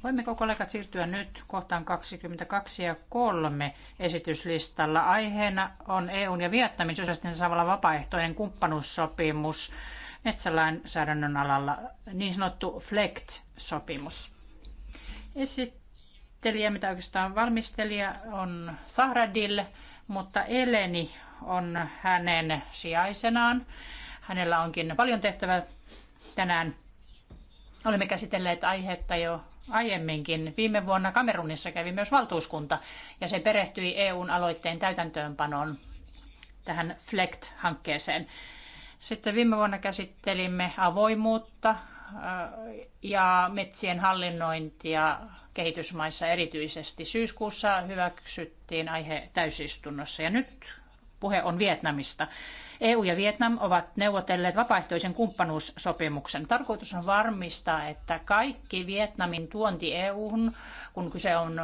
Voimme kollegat siirtyä nyt kohtaan 22 ja 3 esityslistalla. Aiheena on EUn ja Vietnamin sosiaalisten saavalla vapaaehtoinen kumppanuussopimus metsälainsäädännön alalla, niin sanottu FLECT-sopimus. Esittelijä, mitä oikeastaan valmistelija, on Sahradil, mutta Eleni on hänen sijaisenaan. Hänellä onkin paljon tehtävää tänään. Olemme käsitelleet aihetta jo aiemminkin. Viime vuonna Kamerunissa kävi myös valtuuskunta ja se perehtyi EUn aloitteen täytäntöönpanoon tähän FLECT-hankkeeseen. Sitten viime vuonna käsittelimme avoimuutta, ja metsien hallinnointia kehitysmaissa erityisesti. Syyskuussa hyväksyttiin aihe täysistunnossa ja nyt puhe on Vietnamista. EU ja Vietnam ovat neuvotelleet vapaaehtoisen kumppanuussopimuksen. Tarkoitus on varmistaa, että kaikki Vietnamin tuonti EU-hun, kun kyse on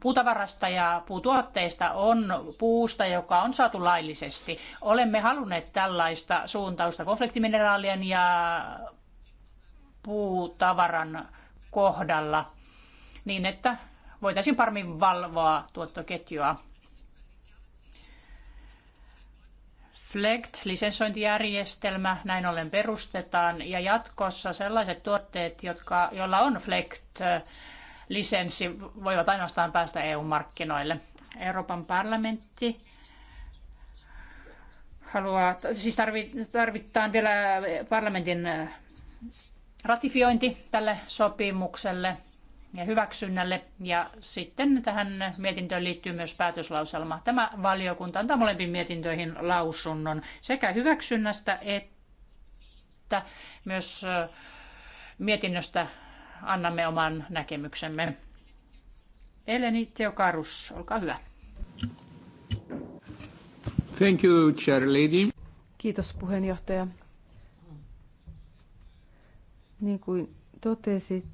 puutavarasta ja puutuotteista, on puusta, joka on saatu laillisesti. Olemme halunneet tällaista suuntausta konfliktimineraalien ja puutavaran kohdalla niin, että voitaisiin paremmin valvoa tuottoketjua. FLECT, lisensointijärjestelmä, näin ollen perustetaan ja jatkossa sellaiset tuotteet, jotka, joilla on FLECT, lisenssi voivat ainoastaan päästä EU-markkinoille. Euroopan parlamentti haluaa, siis tarvitaan vielä parlamentin ratifiointi tälle sopimukselle ja hyväksynnälle. Ja sitten tähän mietintöön liittyy myös päätöslauselma. Tämä valiokunta antaa molempiin mietintöihin lausunnon sekä hyväksynnästä että myös mietinnöstä annamme oman näkemyksemme. Eleni Teokarus, olkaa hyvä. Thank you, Chair Lady. Kiitos puheenjohtaja. Niin kuin totesit,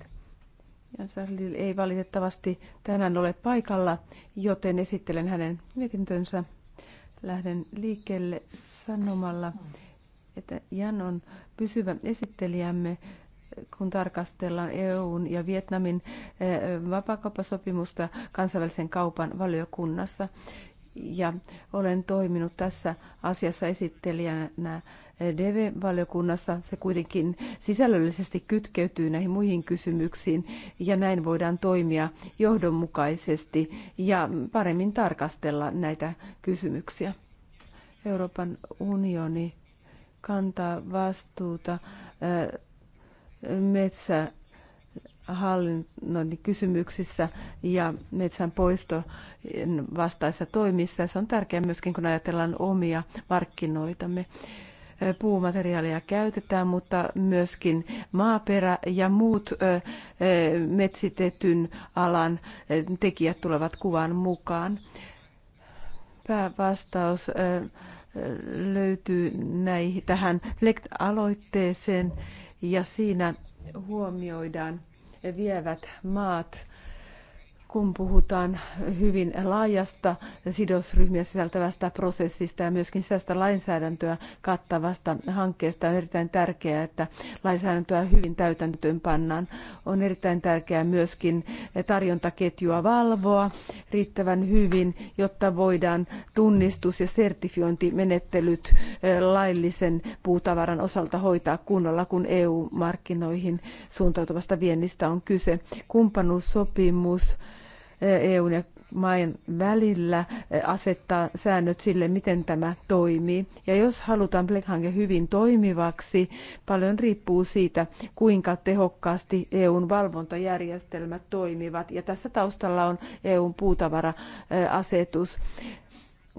Sarlil ei valitettavasti tänään ole paikalla, joten esittelen hänen mietintönsä. Lähden liikkeelle sanomalla, että Jan on pysyvä esittelijämme, kun tarkastellaan EUn ja Vietnamin eh, vapaakauppasopimusta kansainvälisen kaupan valiokunnassa. Ja olen toiminut tässä asiassa esittelijänä DV-valiokunnassa se kuitenkin sisällöllisesti kytkeytyy näihin muihin kysymyksiin ja näin voidaan toimia johdonmukaisesti ja paremmin tarkastella näitä kysymyksiä. Euroopan unioni kantaa vastuuta äh, metsä hallinnoinnin kysymyksissä ja metsän poiston vastaissa toimissa. Se on tärkeää myöskin, kun ajatellaan omia markkinoitamme puumateriaalia käytetään, mutta myöskin maaperä ja muut metsitetyn alan tekijät tulevat kuvan mukaan. Päävastaus löytyy näihin, tähän FLECT-aloitteeseen ja siinä huomioidaan vievät maat kun puhutaan hyvin laajasta sidosryhmiä sisältävästä prosessista ja myöskin sisäistä lainsäädäntöä kattavasta hankkeesta, on erittäin tärkeää, että lainsäädäntöä hyvin täytäntöön pannaan. On erittäin tärkeää myöskin tarjontaketjua valvoa riittävän hyvin, jotta voidaan tunnistus- ja sertifiointimenettelyt eh, laillisen puutavaran osalta hoitaa kunnolla, kun EU-markkinoihin suuntautuvasta viennistä on kyse. Kumppanuussopimus EUn ja maiden välillä e, asettaa säännöt sille, miten tämä toimii. Ja jos halutaan Black hyvin toimivaksi, paljon riippuu siitä, kuinka tehokkaasti EUn valvontajärjestelmät toimivat. Ja tässä taustalla on EUn puutavara-asetus. E,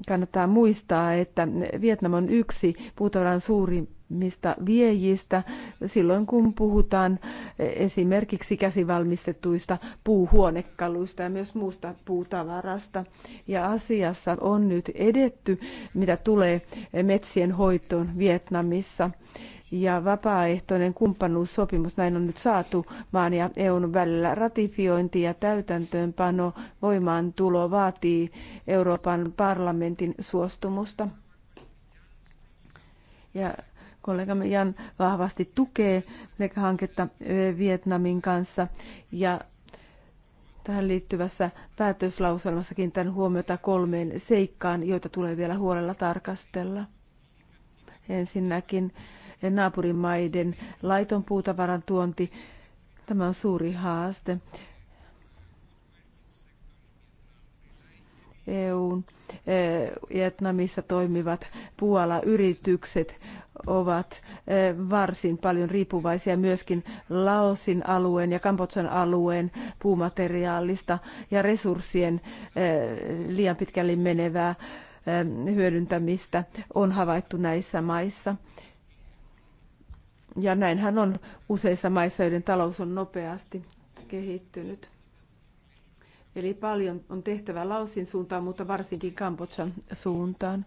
kannattaa muistaa, että Vietnam on yksi puutavaran suurimmista viejistä silloin, kun puhutaan esimerkiksi käsivalmistetuista puuhuonekaluista ja myös muusta puutavarasta. Ja asiassa on nyt edetty, mitä tulee metsien hoitoon Vietnamissa ja vapaaehtoinen kumppanuussopimus, näin on nyt saatu maan ja EUn välillä. Ratifiointi ja täytäntöönpano voimaantulo vaatii Euroopan parlamentin suostumusta. Ja kollegamme Jan vahvasti tukee hanketta Vietnamin kanssa ja tähän liittyvässä päätöslauselmassa kiinnitän huomiota kolmeen seikkaan, joita tulee vielä huolella tarkastella. Ensinnäkin naapurimaiden laiton puutavaran tuonti. Tämä on suuri haaste. EUn e, Vietnamissa toimivat yritykset ovat e, varsin paljon riippuvaisia myöskin Laosin alueen ja Kambotsan alueen puumateriaalista ja resurssien e, liian pitkälle menevää hyödyntämistä on havaittu näissä maissa. Ja näinhän on useissa maissa, joiden talous on nopeasti kehittynyt. Eli paljon on tehtävä Laosin suuntaan, mutta varsinkin Kambodjan suuntaan.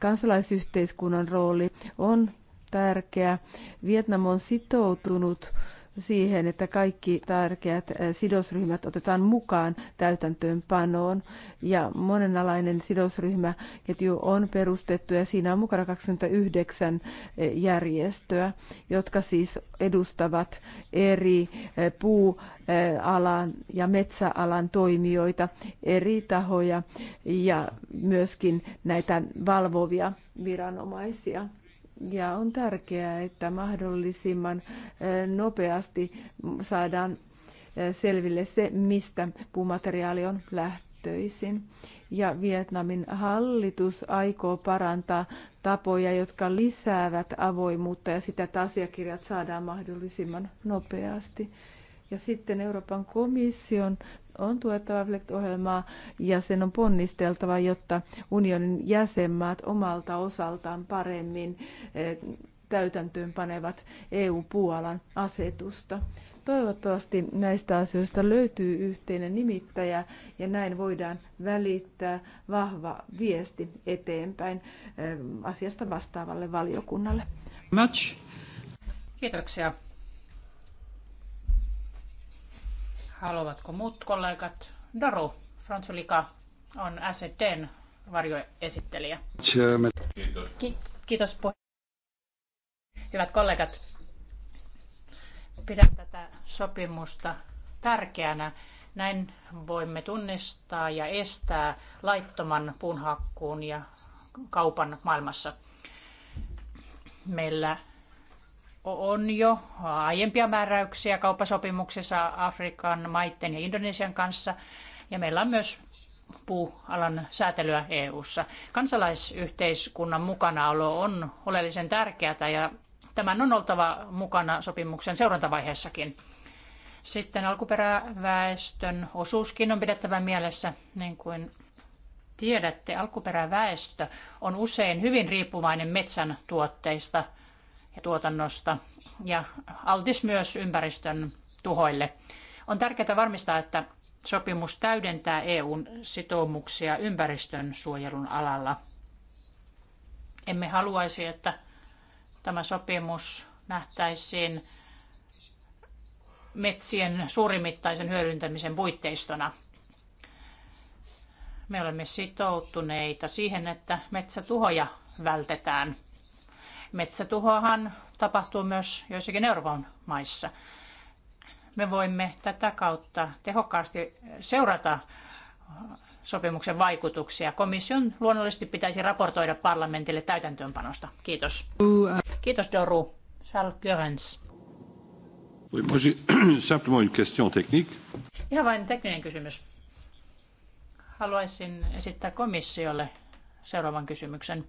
Kansalaisyhteiskunnan rooli on tärkeä. Vietnam on sitoutunut siihen, että kaikki tärkeät eh, sidosryhmät otetaan mukaan täytäntöönpanoon. Ja monenalainen sidosryhmäketju on perustettu ja siinä on mukana 29 eh, järjestöä, jotka siis edustavat eri eh, puualan ja metsäalan toimijoita, eri tahoja ja myöskin näitä valvovia viranomaisia. Ja on tärkeää, että mahdollisimman nopeasti saadaan selville se, mistä puumateriaali on lähtöisin. Ja Vietnamin hallitus aikoo parantaa tapoja, jotka lisäävät avoimuutta ja sitä, että asiakirjat saadaan mahdollisimman nopeasti. Ja sitten Euroopan komission on tuettava FLECT-ohjelmaa ja sen on ponnisteltava, jotta unionin jäsenmaat omalta osaltaan paremmin eh, täytäntöön panevat EU-Puolan asetusta. Toivottavasti näistä asioista löytyy yhteinen nimittäjä ja näin voidaan välittää vahva viesti eteenpäin eh, asiasta vastaavalle valiokunnalle. Much. Kiitoksia Haluavatko muut kollegat? Doru, Fransulika on SDn varjoesittelijä. Kiitos. Ki- kiitos Hyvät kollegat, pidän tätä sopimusta tärkeänä. Näin voimme tunnistaa ja estää laittoman puunhakkuun ja kaupan maailmassa. Meillä on jo aiempia määräyksiä kauppasopimuksessa Afrikan maiden ja Indonesian kanssa. Ja meillä on myös puualan säätelyä EU:ssa. Kansalaisyhteiskunnan mukanaolo on oleellisen tärkeää ja tämän on oltava mukana sopimuksen seurantavaiheessakin. Sitten alkuperäväestön osuuskin on pidettävä mielessä, niin kuin tiedätte, alkuperäväestö on usein hyvin riippuvainen metsän tuotteista – ja tuotannosta ja altis myös ympäristön tuhoille. On tärkeää varmistaa, että sopimus täydentää EUn sitoumuksia ympäristön suojelun alalla. Emme haluaisi, että tämä sopimus nähtäisiin metsien suurimittaisen hyödyntämisen puitteistona. Me olemme sitoutuneita siihen, että metsätuhoja vältetään. Metsätuhoahan tapahtuu myös joissakin Euroopan maissa. Me voimme tätä kautta tehokkaasti seurata sopimuksen vaikutuksia. Komission luonnollisesti pitäisi raportoida parlamentille täytäntöönpanosta. Kiitos. Kiitos Doru. Charles Görens. Oui, moi j'ai simplement une question technique. Ihan vain tekninen kysymys. Haluaisin esittää komissiolle seuraavan kysymyksen.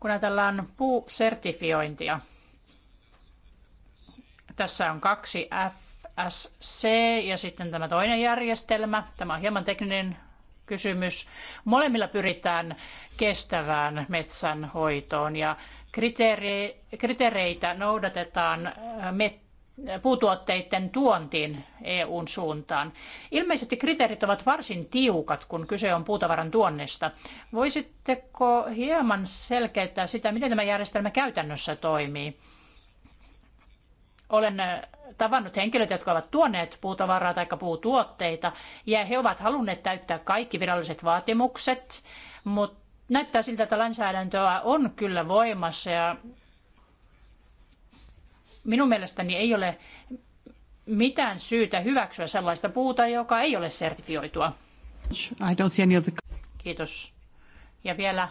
Kun ajatellaan puusertifiointia, tässä on kaksi FSC ja sitten tämä toinen järjestelmä. Tämä on hieman tekninen kysymys. Molemmilla pyritään kestävään metsänhoitoon ja kriteereitä noudatetaan met- puutuotteiden tuontiin EUn suuntaan. Ilmeisesti kriteerit ovat varsin tiukat, kun kyse on puutavaran tuonnista. Voisitteko hieman selkeyttää sitä, miten tämä järjestelmä käytännössä toimii? Olen äh, tavannut henkilöt, jotka ovat tuoneet puutavaraa tai puutuotteita, ja he ovat halunneet täyttää kaikki viralliset vaatimukset, mutta näyttää siltä, että lainsäädäntöä on kyllä voimassa ja Minun mielestäni ei ole mitään syytä hyväksyä sellaista puuta, joka ei ole sertifioitua. I don't see any other... Kiitos. Ja vielä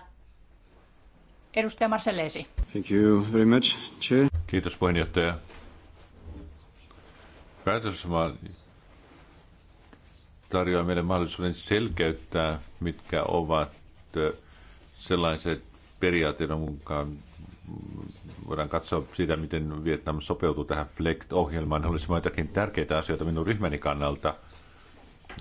edustaja Marcellesi. Thank you very much, Chair. Kiitos puheenjohtaja. Päätösmaa tarjoaa meille mahdollisuuden selkeyttää, mitkä ovat sellaiset periaatteet, mukaan voidaan katsoa siitä, miten Vietnam sopeutuu tähän FLECT-ohjelmaan. Ne olisivat jotakin tärkeitä asioita minun ryhmäni kannalta.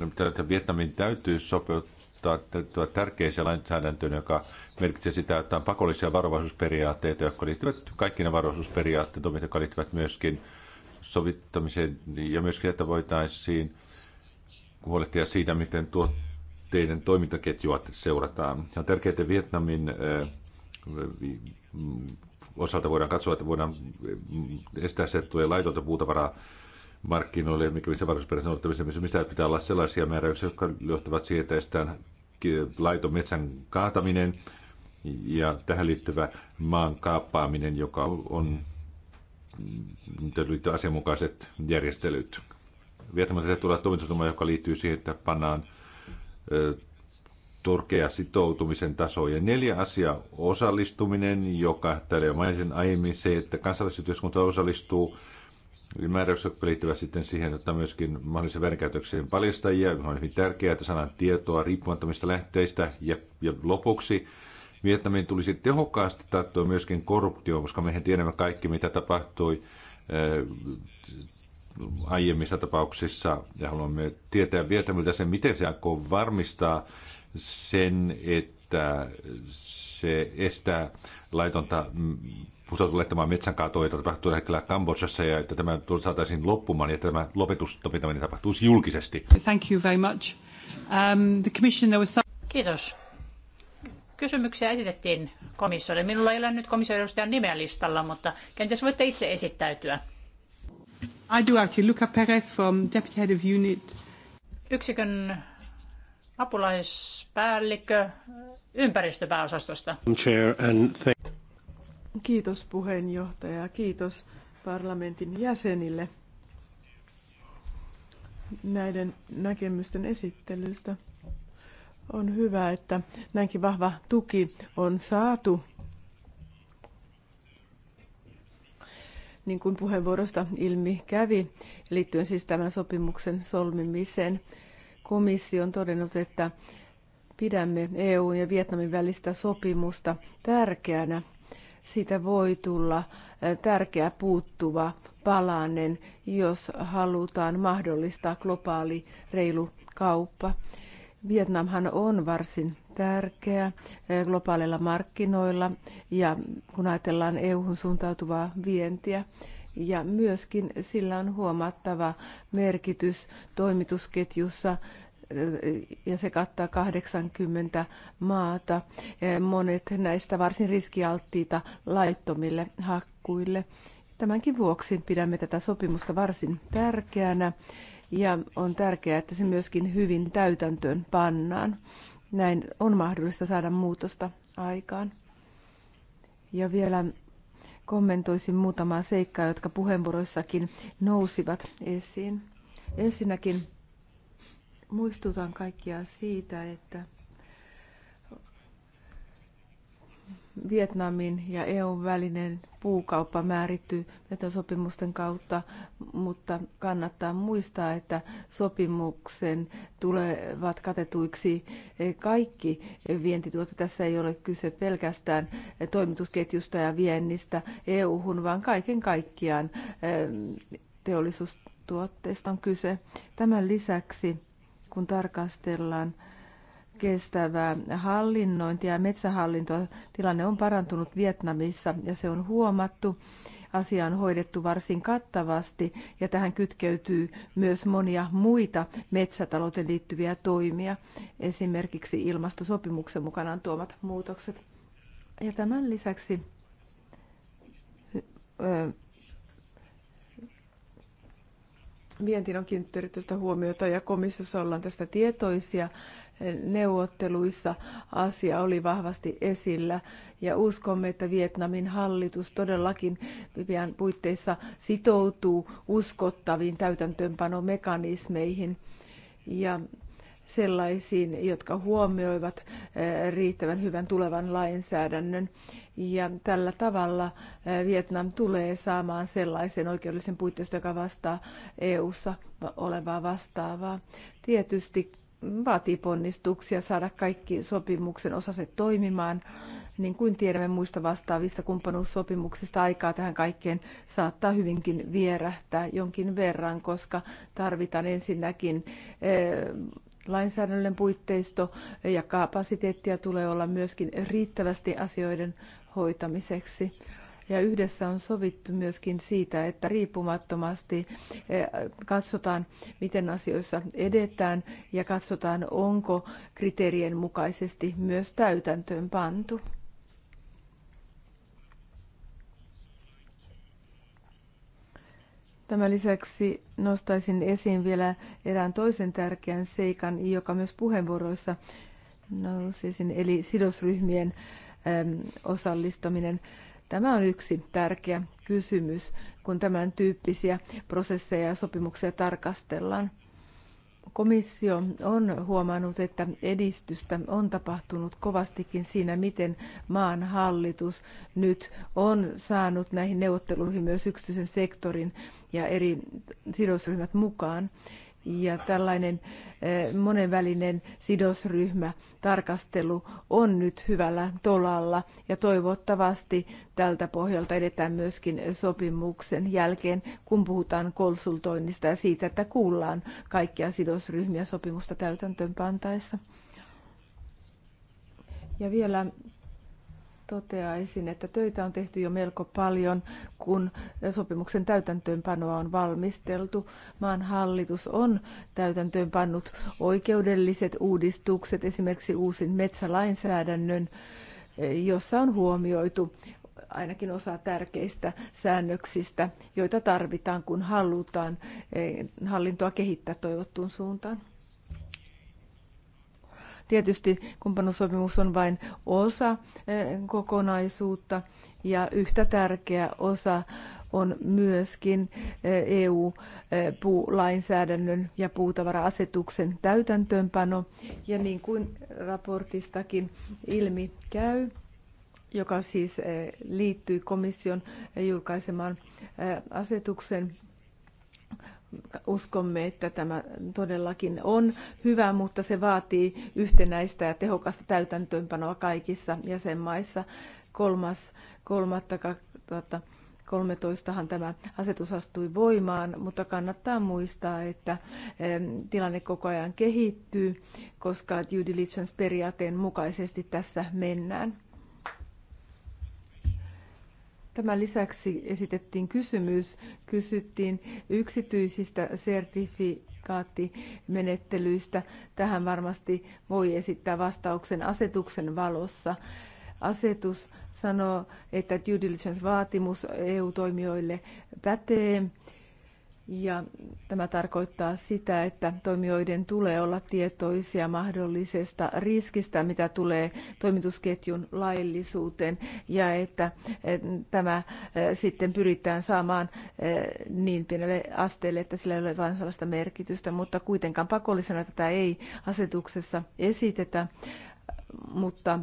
No, että Vietnamin täytyy sopeuttaa tuota tärkeisiä lainsäädäntöön, joka merkitsee sitä, että on pakollisia varovaisuusperiaatteita, jotka liittyvät kaikki ne varovaisuusperiaatteet, jotka liittyvät myöskin sovittamiseen ja myöskin, että voitaisiin huolehtia siitä, miten teidän toimintaketjua seurataan. On tärkeää, että Vietnamin osalta voidaan katsoa, että voidaan mm, estää se, että tulee laitonta puutavaraa markkinoille, mikä missä varallisuusperäisen noudattamisessa, mistä pitää olla sellaisia määräyksiä, jotka johtavat siihen, että estetään laiton metsän kaataminen ja tähän liittyvä maan kaappaaminen, joka on liittyy asianmukaiset järjestelyt. Vietämättä tulee tuomitustumaa, joka liittyy siihen, että pannaan Turkea sitoutumisen taso. Ja neljä asia osallistuminen, joka täällä jo mainitsin aiemmin, se, että kansalaisyhteiskunta osallistuu, määräykset liittyvät sitten siihen, että myöskin mahdollisen väärinkäytöksien paljastajia, on hyvin tärkeää, että saadaan tietoa riippumattomista lähteistä, ja, ja lopuksi Vietnamin tulisi tehokkaasti tarttua myöskin korruptioon, koska mehän tiedämme kaikki, mitä tapahtui äh, aiemmissa tapauksissa ja haluamme tietää Vietnamilta sen, miten se aikoo varmistaa sen, että se estää laitonta mm, puhtaalta laittamaan kaatoa, jota tapahtuu hetkellä Kambodsassa, ja että tämä saataisiin loppumaan, ja että tämä lopetus tapahtuu tapahtuisi julkisesti. Thank you very much. Um, the commission, there was some... Kiitos. Kysymyksiä esitettiin komissiolle. Minulla ei ole nyt komission edustajan nimeä listalla, mutta kenties voitte itse esittäytyä. I do actually. Luca Perez from Deputy Head of Unit. Yksikön apulaispäällikkö ympäristöpääosastosta. Kiitos puheenjohtaja, kiitos parlamentin jäsenille näiden näkemysten esittelystä. On hyvä, että näinkin vahva tuki on saatu. Niin kuin puheenvuorosta ilmi kävi, liittyen siis tämän sopimuksen solmimiseen, komissio on todennut, että pidämme EU ja Vietnamin välistä sopimusta tärkeänä. Siitä voi tulla tärkeä puuttuva palanen, jos halutaan mahdollistaa globaali reilu kauppa. Vietnamhan on varsin tärkeä globaaleilla markkinoilla ja kun ajatellaan EU-hun suuntautuvaa vientiä, ja myöskin sillä on huomattava merkitys toimitusketjussa eh, ja se kattaa 80 maata. Eh, monet näistä varsin riskialttiita laittomille hakkuille. Tämänkin vuoksi pidämme tätä sopimusta varsin tärkeänä ja on tärkeää, että se myöskin hyvin täytäntöön pannaan. Näin on mahdollista saada muutosta aikaan. Ja vielä kommentoisin muutamaa seikkaa, jotka puheenvuoroissakin nousivat esiin. Ensinnäkin muistutan kaikkia siitä, että Vietnamin ja EUn välinen puukauppa määrittyy sopimusten kautta, mutta kannattaa muistaa, että sopimuksen tulevat katetuiksi kaikki vientituotteet. Tässä ei ole kyse pelkästään toimitusketjusta ja viennistä EU-hun, vaan kaiken kaikkiaan ehm, teollisuustuotteista on kyse. Tämän lisäksi, kun tarkastellaan kestävää hallinnointia ja metsähallintoa. Tilanne on parantunut Vietnamissa ja se on huomattu. Asia on hoidettu varsin kattavasti ja tähän kytkeytyy myös monia muita metsätalouteen liittyviä toimia, esimerkiksi ilmastosopimuksen mukanaan tuomat muutokset. Ja tämän lisäksi vientiin on kiinnitetty erityistä huomiota ja komissiossa ollaan tästä tietoisia. Neuvotteluissa asia oli vahvasti esillä ja uskomme, että Vietnamin hallitus todellakin pian puitteissa sitoutuu uskottaviin täytäntöönpanomekanismeihin. Ja sellaisiin, jotka huomioivat eh, riittävän hyvän tulevan lainsäädännön. Ja tällä tavalla eh, Vietnam tulee saamaan sellaisen oikeudellisen puitteista, joka vastaa EU-ssa olevaa vastaavaa. Tietysti vaatii ponnistuksia saada kaikki sopimuksen osaset toimimaan. Niin kuin tiedämme muista vastaavista kumppanuussopimuksista, aikaa tähän kaikkeen saattaa hyvinkin vierähtää jonkin verran, koska tarvitaan ensinnäkin eh, lainsäädännöllinen puitteisto ja kapasiteettia tulee olla myöskin riittävästi asioiden hoitamiseksi. Ja yhdessä on sovittu myöskin siitä, että riippumattomasti eh, katsotaan, miten asioissa edetään ja katsotaan, onko kriteerien mukaisesti myös täytäntöön pantu. Tämän lisäksi nostaisin esiin vielä erään toisen tärkeän seikan, joka myös puheenvuoroissa nousi esiin, eli sidosryhmien osallistaminen. Tämä on yksi tärkeä kysymys, kun tämän tyyppisiä prosesseja ja sopimuksia tarkastellaan. Komissio on huomannut, että edistystä on tapahtunut kovastikin siinä, miten maan hallitus nyt on saanut näihin neuvotteluihin myös yksityisen sektorin ja eri sidosryhmät mukaan ja tällainen eh, monenvälinen sidosryhmä tarkastelu on nyt hyvällä tolalla ja toivottavasti tältä pohjalta edetään myöskin sopimuksen jälkeen, kun puhutaan konsultoinnista ja siitä, että kuullaan kaikkia sidosryhmiä sopimusta täytäntöönpantaessa. Ja vielä toteaisin, että töitä on tehty jo melko paljon, kun sopimuksen täytäntöönpanoa on valmisteltu. Maan hallitus on täytäntöönpannut oikeudelliset uudistukset, esimerkiksi uusin metsälainsäädännön, jossa on huomioitu ainakin osa tärkeistä säännöksistä, joita tarvitaan, kun halutaan eh, hallintoa kehittää toivottuun suuntaan. Tietysti kumppanuussopimus on vain osa eh, kokonaisuutta ja yhtä tärkeä osa on myöskin EU-puulainsäädännön eh, e eh, ja puutavara-asetuksen täytäntöönpano. Ja niin kuin raportistakin ilmi käy, joka siis liittyy komission julkaisemaan asetuksen uskomme, että tämä todellakin on hyvä, mutta se vaatii yhtenäistä ja tehokasta täytäntöönpanoa kaikissa jäsenmaissa. Kolmas, kolmatta 2013han tämä asetus astui voimaan, mutta kannattaa muistaa, että tilanne koko ajan kehittyy, koska due diligence-periaatteen mukaisesti tässä mennään. Tämän lisäksi esitettiin kysymys, kysyttiin yksityisistä sertifikaattimenettelyistä. Tähän varmasti voi esittää vastauksen asetuksen valossa. Asetus sanoo, että due diligence-vaatimus EU-toimijoille pätee ja tämä tarkoittaa sitä, että toimijoiden tulee olla tietoisia mahdollisesta riskistä, mitä tulee toimitusketjun laillisuuteen, ja että tämä sitten pyritään saamaan niin pienelle asteelle, että sillä ei ole vain sellaista merkitystä, mutta kuitenkaan pakollisena tätä ei asetuksessa esitetä, mutta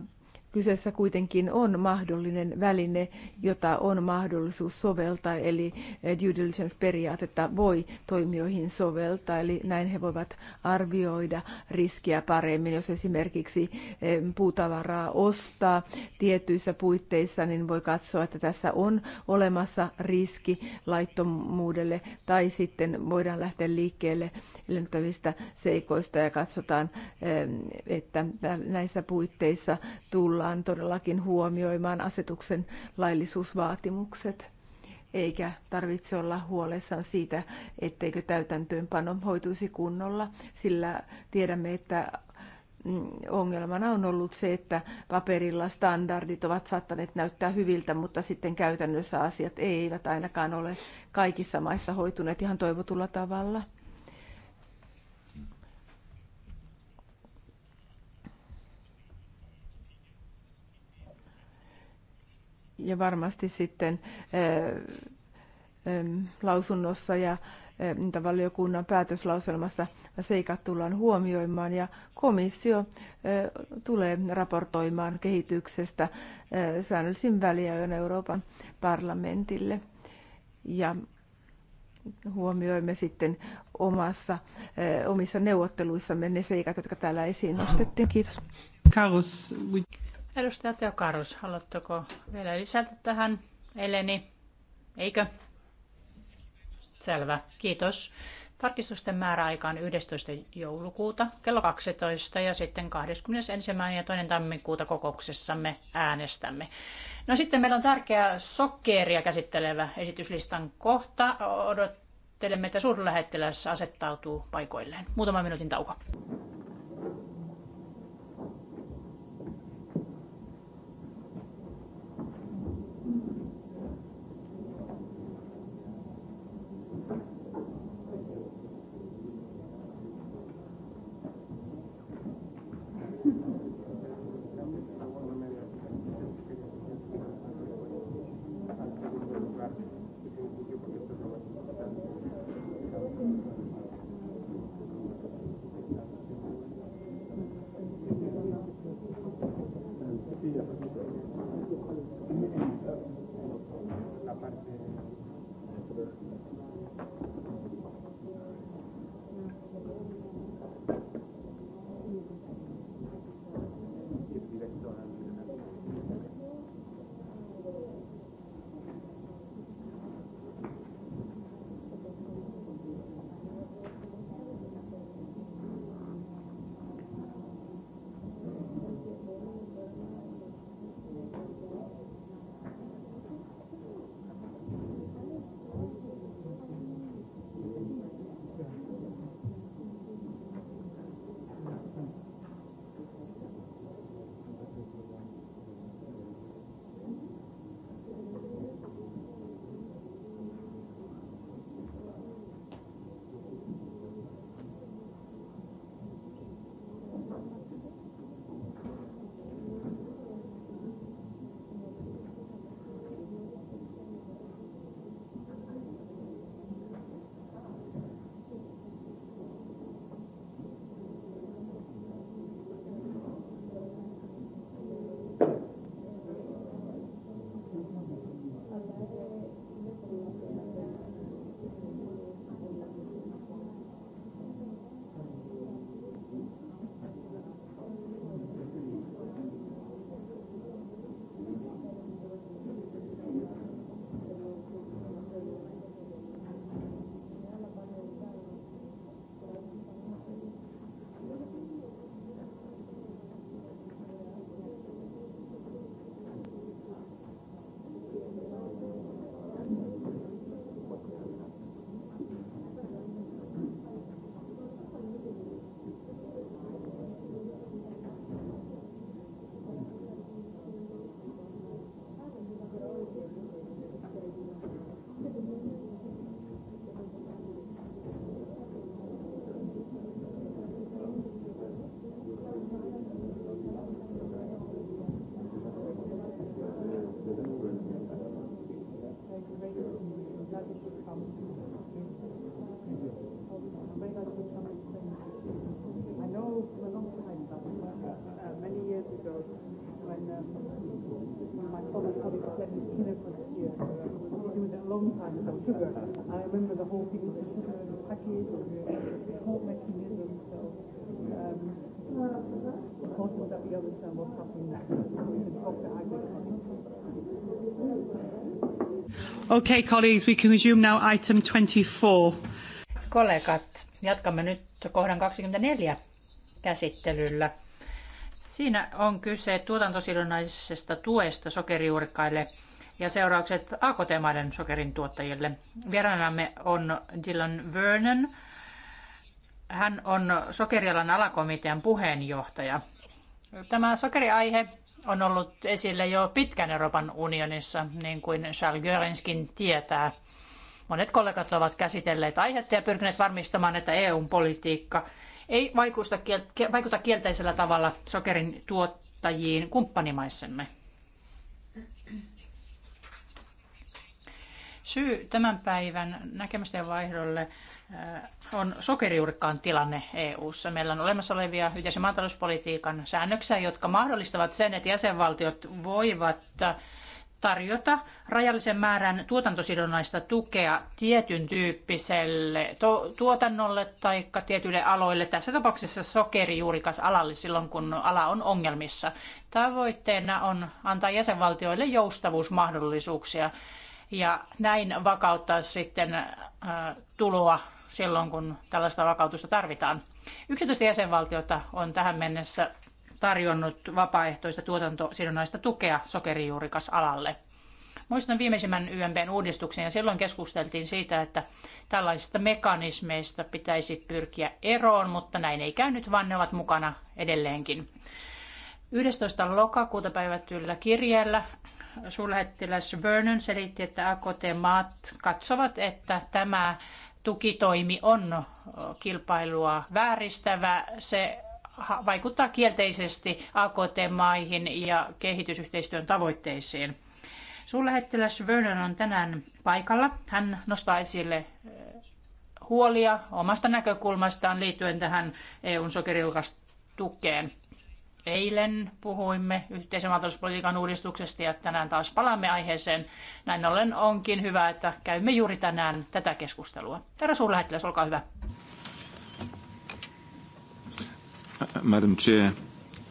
Kyseessä kuitenkin on mahdollinen väline, jota on mahdollisuus soveltaa, eli eh, due diligence-periaatetta voi toimijoihin soveltaa, eli näin he voivat arvioida riskiä paremmin. Jos esimerkiksi eh, puutavaraa ostaa tietyissä puitteissa, niin voi katsoa, että tässä on olemassa riski laittomuudelle, tai sitten voidaan lähteä liikkeelle lentävistä seikoista ja katsotaan, eh, että näissä puitteissa tullaan tullaan todellakin huomioimaan asetuksen laillisuusvaatimukset, eikä tarvitse olla huolessaan siitä, etteikö täytäntöönpano hoituisi kunnolla, sillä tiedämme, että mm, ongelmana on ollut se, että paperilla standardit ovat saattaneet näyttää hyviltä, mutta sitten käytännössä asiat eivät ainakaan ole kaikissa maissa hoituneet ihan toivotulla tavalla. ja varmasti sitten eh, lausunnossa ja valiokunnan päätöslauselmassa seikat tullaan huomioimaan ja komissio eh, tulee raportoimaan kehityksestä eh, säännöllisin väliajoin Euroopan parlamentille. Ja huomioimme sitten omassa, omissa neuvotteluissamme ne seikat, jotka täällä esiin nostettiin. Kiitos. Karus. Edustaja Teokarus, haluatteko vielä lisätä tähän, Eleni? Eikö? Selvä, kiitos. Tarkistusten määräaika on 11. joulukuuta kello 12 ja sitten 21. ja 2. tammikuuta kokouksessamme äänestämme. No sitten meillä on tärkeä sokkeeria käsittelevä esityslistan kohta. Odottelemme, että suurlähettiläs asettautuu paikoilleen. Muutama minuutin tauko. Okay, colleagues, we can resume now item 24. Kollegat, jatkamme nyt kohdan 24 käsittelyllä. Siinä on kyse tuotantosidonnaisesta tuesta sokerijuurikkaille ja seuraukset AKT-maiden sokerin tuottajille. Vieraanamme on Dylan Vernon. Hän on sokerialan alakomitean puheenjohtaja. Tämä sokeriaihe on ollut esillä jo pitkän Euroopan unionissa, niin kuin Charles Görenskin tietää. Monet kollegat ovat käsitelleet aihetta ja pyrkineet varmistamaan, että EU-politiikka ei vaikuta kielteisellä tavalla sokerin tuottajiin kumppanimaissamme. Syy tämän päivän näkemysten vaihdolle äh, on sokerijuurikkaan tilanne EU:ssa. Meillä on olemassa olevia yhteisen maatalouspolitiikan säännöksiä, jotka mahdollistavat sen, että jäsenvaltiot voivat tarjota rajallisen määrän tuotantosidonnaista tukea tietyn tyyppiselle tuotannolle tai tietyille aloille. Tässä tapauksessa sokerijuurikas alalle silloin, kun ala on ongelmissa. Tavoitteena on antaa jäsenvaltioille joustavuusmahdollisuuksia ja näin vakauttaa sitten äh, tuloa silloin, kun tällaista vakautusta tarvitaan. 11 jäsenvaltiota on tähän mennessä tarjonnut vapaaehtoista tuotantosidonnaista tukea sokerijuurikasalalle. Muistan viimeisimmän YMBn uudistuksen ja silloin keskusteltiin siitä, että tällaisista mekanismeista pitäisi pyrkiä eroon, mutta näin ei käynyt, vaan ne ovat mukana edelleenkin. 11. lokakuuta päivätyllä kirjeellä suurlähettiläs Vernon selitti, että AKT-maat katsovat, että tämä tukitoimi on kilpailua vääristävä. Se vaikuttaa kielteisesti AKT-maihin ja kehitysyhteistyön tavoitteisiin. Suurlähettiläs Vernon on tänään paikalla. Hän nostaa esille eh, huolia omasta näkökulmastaan liittyen tähän EUn sokerilkastukeen. tukeen. Eilen puhuimme yhteisen maatalouspolitiikan uudistuksesta ja tänään taas palaamme aiheeseen. Näin ollen onkin hyvä, että käymme juuri tänään tätä keskustelua. Herra suurlähettiläs, olkaa hyvä. Madam Chair,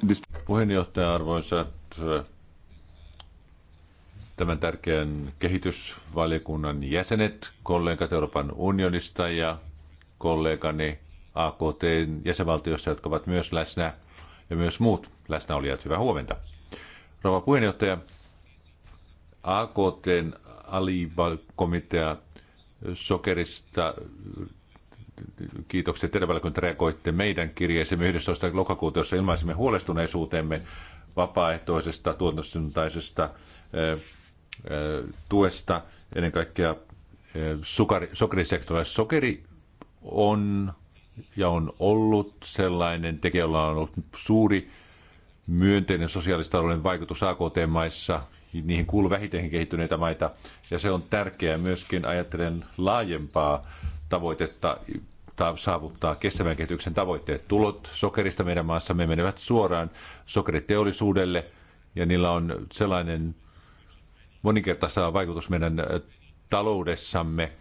this... Puheenjohtaja, arvoisat tämän tärkeän kehitysvaliokunnan jäsenet, kollegat Euroopan unionista ja kollegani AKT jäsenvaltioista, jotka ovat myös läsnä – ja myös muut läsnäolijat, hyvää huomenta. Rouva puheenjohtaja, AKT alival-komitea sokerista kiitoksia te reagoitte meidän kirjeeseemme 11. lokakuuta, jossa ilmaisimme huolestuneisuutemme vapaaehtoisesta tuotantosyntaisesta tuesta, ennen kaikkea sokerisektorilla. Sokeri on ja on ollut sellainen tekijä, jolla on ollut suuri myönteinen sosiaalistalouden vaikutus AKT-maissa. Niihin kuuluu vähiten kehittyneitä maita ja se on tärkeää myöskin ajattelen laajempaa tavoitetta saavuttaa kestävän kehityksen tavoitteet. Tulot sokerista meidän maassa me menevät suoraan sokeriteollisuudelle ja niillä on sellainen moninkertaista vaikutus meidän taloudessamme,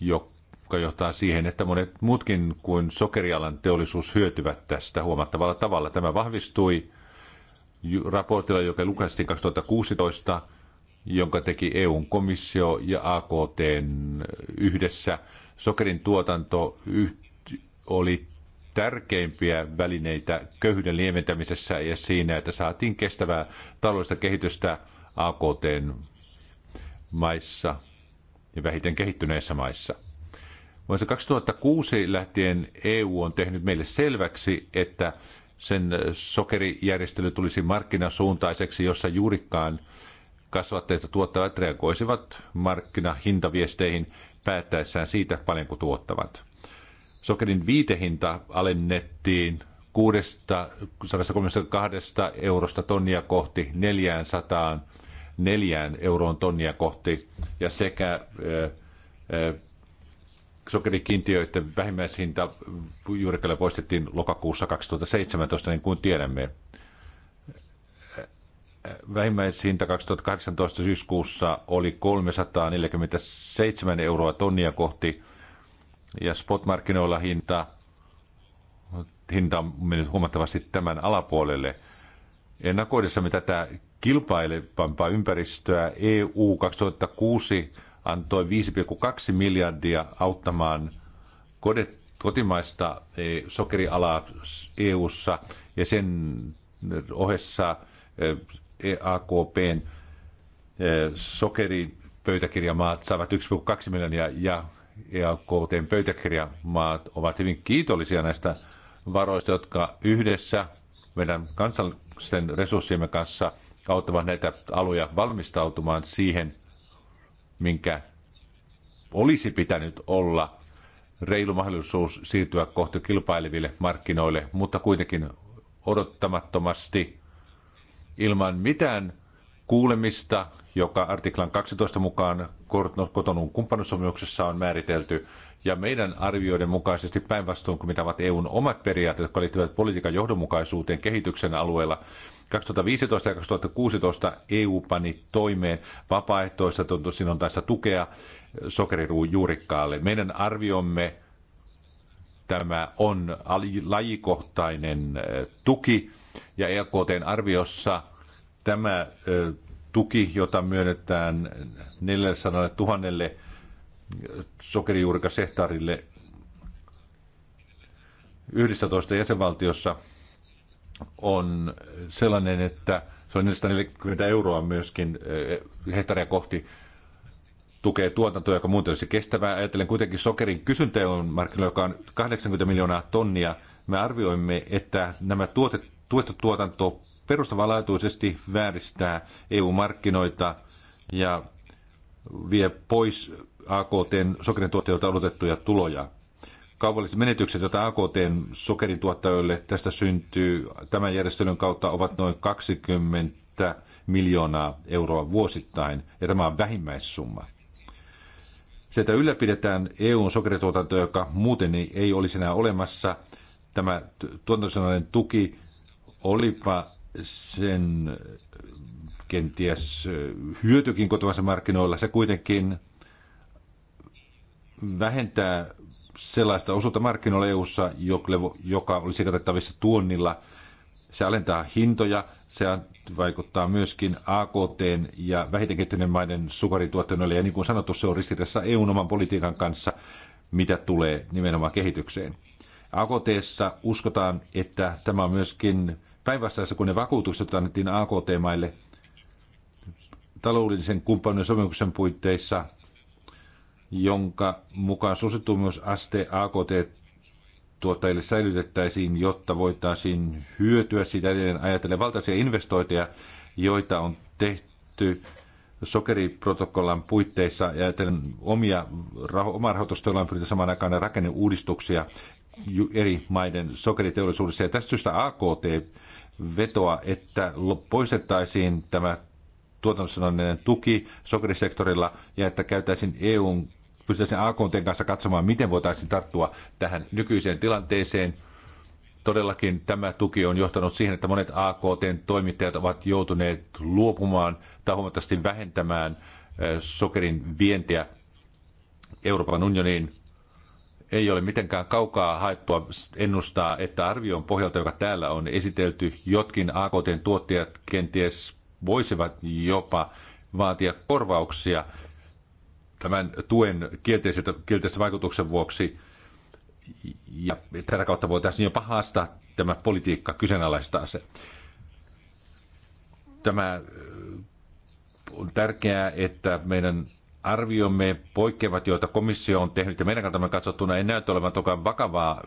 joka joka johtaa siihen, että monet muutkin kuin sokerialan teollisuus hyötyvät tästä huomattavalla tavalla. Tämä vahvistui raportilla, joka julkaistiin 2016, jonka teki EUn komissio ja AKT yhdessä. Sokerin tuotanto oli tärkeimpiä välineitä köyhyyden lieventämisessä ja siinä, että saatiin kestävää taloudellista kehitystä AKT maissa ja vähiten kehittyneissä maissa. Vuodesta 2006 lähtien EU on tehnyt meille selväksi, että sen sokerijärjestely tulisi markkinasuuntaiseksi, jossa juurikkaan kasvattajat ja tuottavat reagoisivat markkinahintaviesteihin päättäessään siitä, paljonko tuottavat. Sokerin viitehinta alennettiin 632 eurosta tonnia kohti 404 euroon tonnia kohti ja sekä sokerikiintiöiden vähimmäishinta juurikalle poistettiin lokakuussa 2017, niin kuin tiedämme. Vähimmäishinta 2018 syyskuussa oli 347 euroa tonnia kohti ja spotmarkkinoilla hinta, hinta on mennyt huomattavasti tämän alapuolelle. Ennakoidessamme tätä kilpailevampaa ympäristöä EU 2006 antoi 5,2 miljardia auttamaan kotimaista eh, sokerialaa EU:ssa ja sen eh, ohessa EAKPn eh, e sokeripöytäkirjamaat saavat 1,2 miljardia ja EAKTn pöytäkirjamaat ovat hyvin kiitollisia näistä varoista, jotka yhdessä meidän kansallisten resurssiemme kanssa auttavat näitä aluja valmistautumaan siihen, minkä olisi pitänyt olla reilu mahdollisuus siirtyä kohti kilpaileville markkinoille, mutta kuitenkin odottamattomasti ilman mitään kuulemista, joka artiklan 12 mukaan kotonun kumppanuussopimuksessa on määritelty, ja meidän arvioiden mukaisesti päinvastoin kuin mitä ovat EUn omat periaatteet, jotka liittyvät politiikan johdonmukaisuuteen kehityksen alueella, 2015 ja 2016 EU pani toimeen vapaaehtoista tässä tukea sokeriruujuurikkaalle. Meidän arviomme tämä on lajikohtainen tuki ja EKTn arviossa tämä tuki, jota myönnetään 400 000 sokerijuurikasehtaarille 11 jäsenvaltiossa on sellainen, että se on 440 euroa myöskin eh, hehtaaria kohti tukee tuotantoa, joka muuten olisi kestävää. Ajattelen kuitenkin sokerin kysyntä on markkinoilla, joka on 80 miljoonaa tonnia. Me arvioimme, että nämä tuotet, tuettu tuotanto perustavanlaatuisesti vääristää EU-markkinoita ja vie pois AKTn sokerin tuottajilta odotettuja tuloja kaupalliset menetykset, joita AKT sokerituottajille tästä syntyy tämän järjestelyn kautta, ovat noin 20 miljoonaa euroa vuosittain, ja tämä on vähimmäissumma. Se, että ylläpidetään EUn sokerituotantoa, joka muuten ei olisi enää olemassa, tämä tuotantosanainen tuki, olipa sen kenties hyötykin kotimaisen markkinoilla, se kuitenkin vähentää sellaista osuutta markkinoilla eu joka olisi katettavissa tuonnilla. Se alentaa hintoja, se vaikuttaa myöskin AKT ja vähiten maiden sukarituotannolle. Ja niin kuin sanottu, se on ristiriidassa EUn oman politiikan kanssa, mitä tulee nimenomaan kehitykseen. akt uskotaan, että tämä on myöskin päinvastaisessa, kun ne vakuutukset annettiin AKT-maille taloudellisen kumppanuuden sopimuksen puitteissa – jonka mukaan suosittuimmuusaste AKT tuottajille säilytettäisiin, jotta voitaisiin hyötyä siitä edelleen ajatellen valtaisia investointeja, joita on tehty sokeriprotokollan puitteissa ja ajatellen omia, oma rahoitusta, joilla on pyritty samaan aikaan rakenneuudistuksia eri maiden sokeriteollisuudessa. Ja tästä syystä AKT vetoa, että poistettaisiin tämä tuotannonsanoinen tuki sokerisektorilla ja että käytäisiin EUn pystyttäisiin AKT kanssa katsomaan, miten voitaisiin tarttua tähän nykyiseen tilanteeseen. Todellakin tämä tuki on johtanut siihen, että monet akt toimittajat ovat joutuneet luopumaan tai huomattavasti vähentämään sokerin vientiä Euroopan unioniin. Ei ole mitenkään kaukaa haettua ennustaa, että arvion pohjalta, joka täällä on esitelty, jotkin akt tuottajat kenties voisivat jopa vaatia korvauksia tämän tuen kielteisen vaikutuksen vuoksi. Ja tätä kautta voitaisiin jopa haastaa tämä politiikka, kyseenalaistaa se. Tämä äh, on tärkeää, että meidän arviomme poikkeavat, joita komissio on tehnyt, ja meidän kantamme katsottuna ei näytä olevan tokaan vakavaa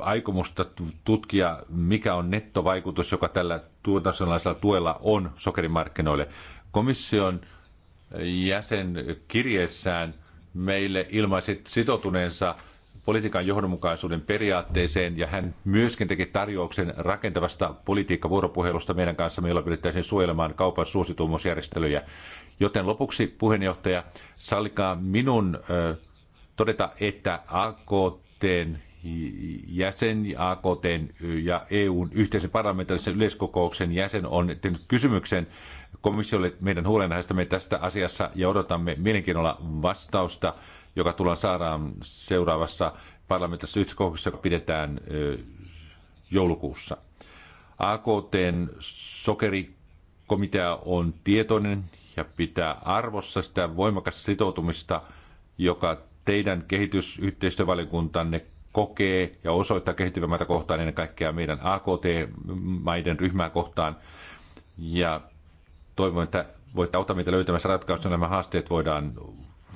aikomusta tutkia, mikä on nettovaikutus, joka tällä tuotantosanallisella tuella on sokerimarkkinoille. Komission jäsenkirjeessään meille ilmaisi sitoutuneensa politiikan johdonmukaisuuden periaatteeseen ja hän myöskin teki tarjouksen rakentavasta politiikkavuoropuhelusta meidän kanssamme, jolla pyrittäisiin suojelemaan kaupan suosituimmuusjärjestelyjä. Joten lopuksi puheenjohtaja, sallikaa minun ö, todeta, että AKTn jäsen ja AKTn ja EUn yhteisen parlamentaarisen yleiskokouksen jäsen on tehnyt kysymyksen komissiolle meidän huolenaiheistamme tästä asiassa ja odotamme mielenkiinnolla vastausta, joka tullaan saadaan seuraavassa parlamentissa yhdiskokouksessa, joka pidetään joulukuussa. AKTn sokerikomitea on tietoinen ja pitää arvossa sitä voimakasta sitoutumista, joka teidän kehitysyhteistyövaliokuntanne kokee ja osoittaa kehittyvämmätä kohtaan ennen kaikkea meidän AKT-maiden ryhmää kohtaan. Ja Toivon, että voitte auttaa meitä löytämässä ratkaisuja, Nämä haasteet voidaan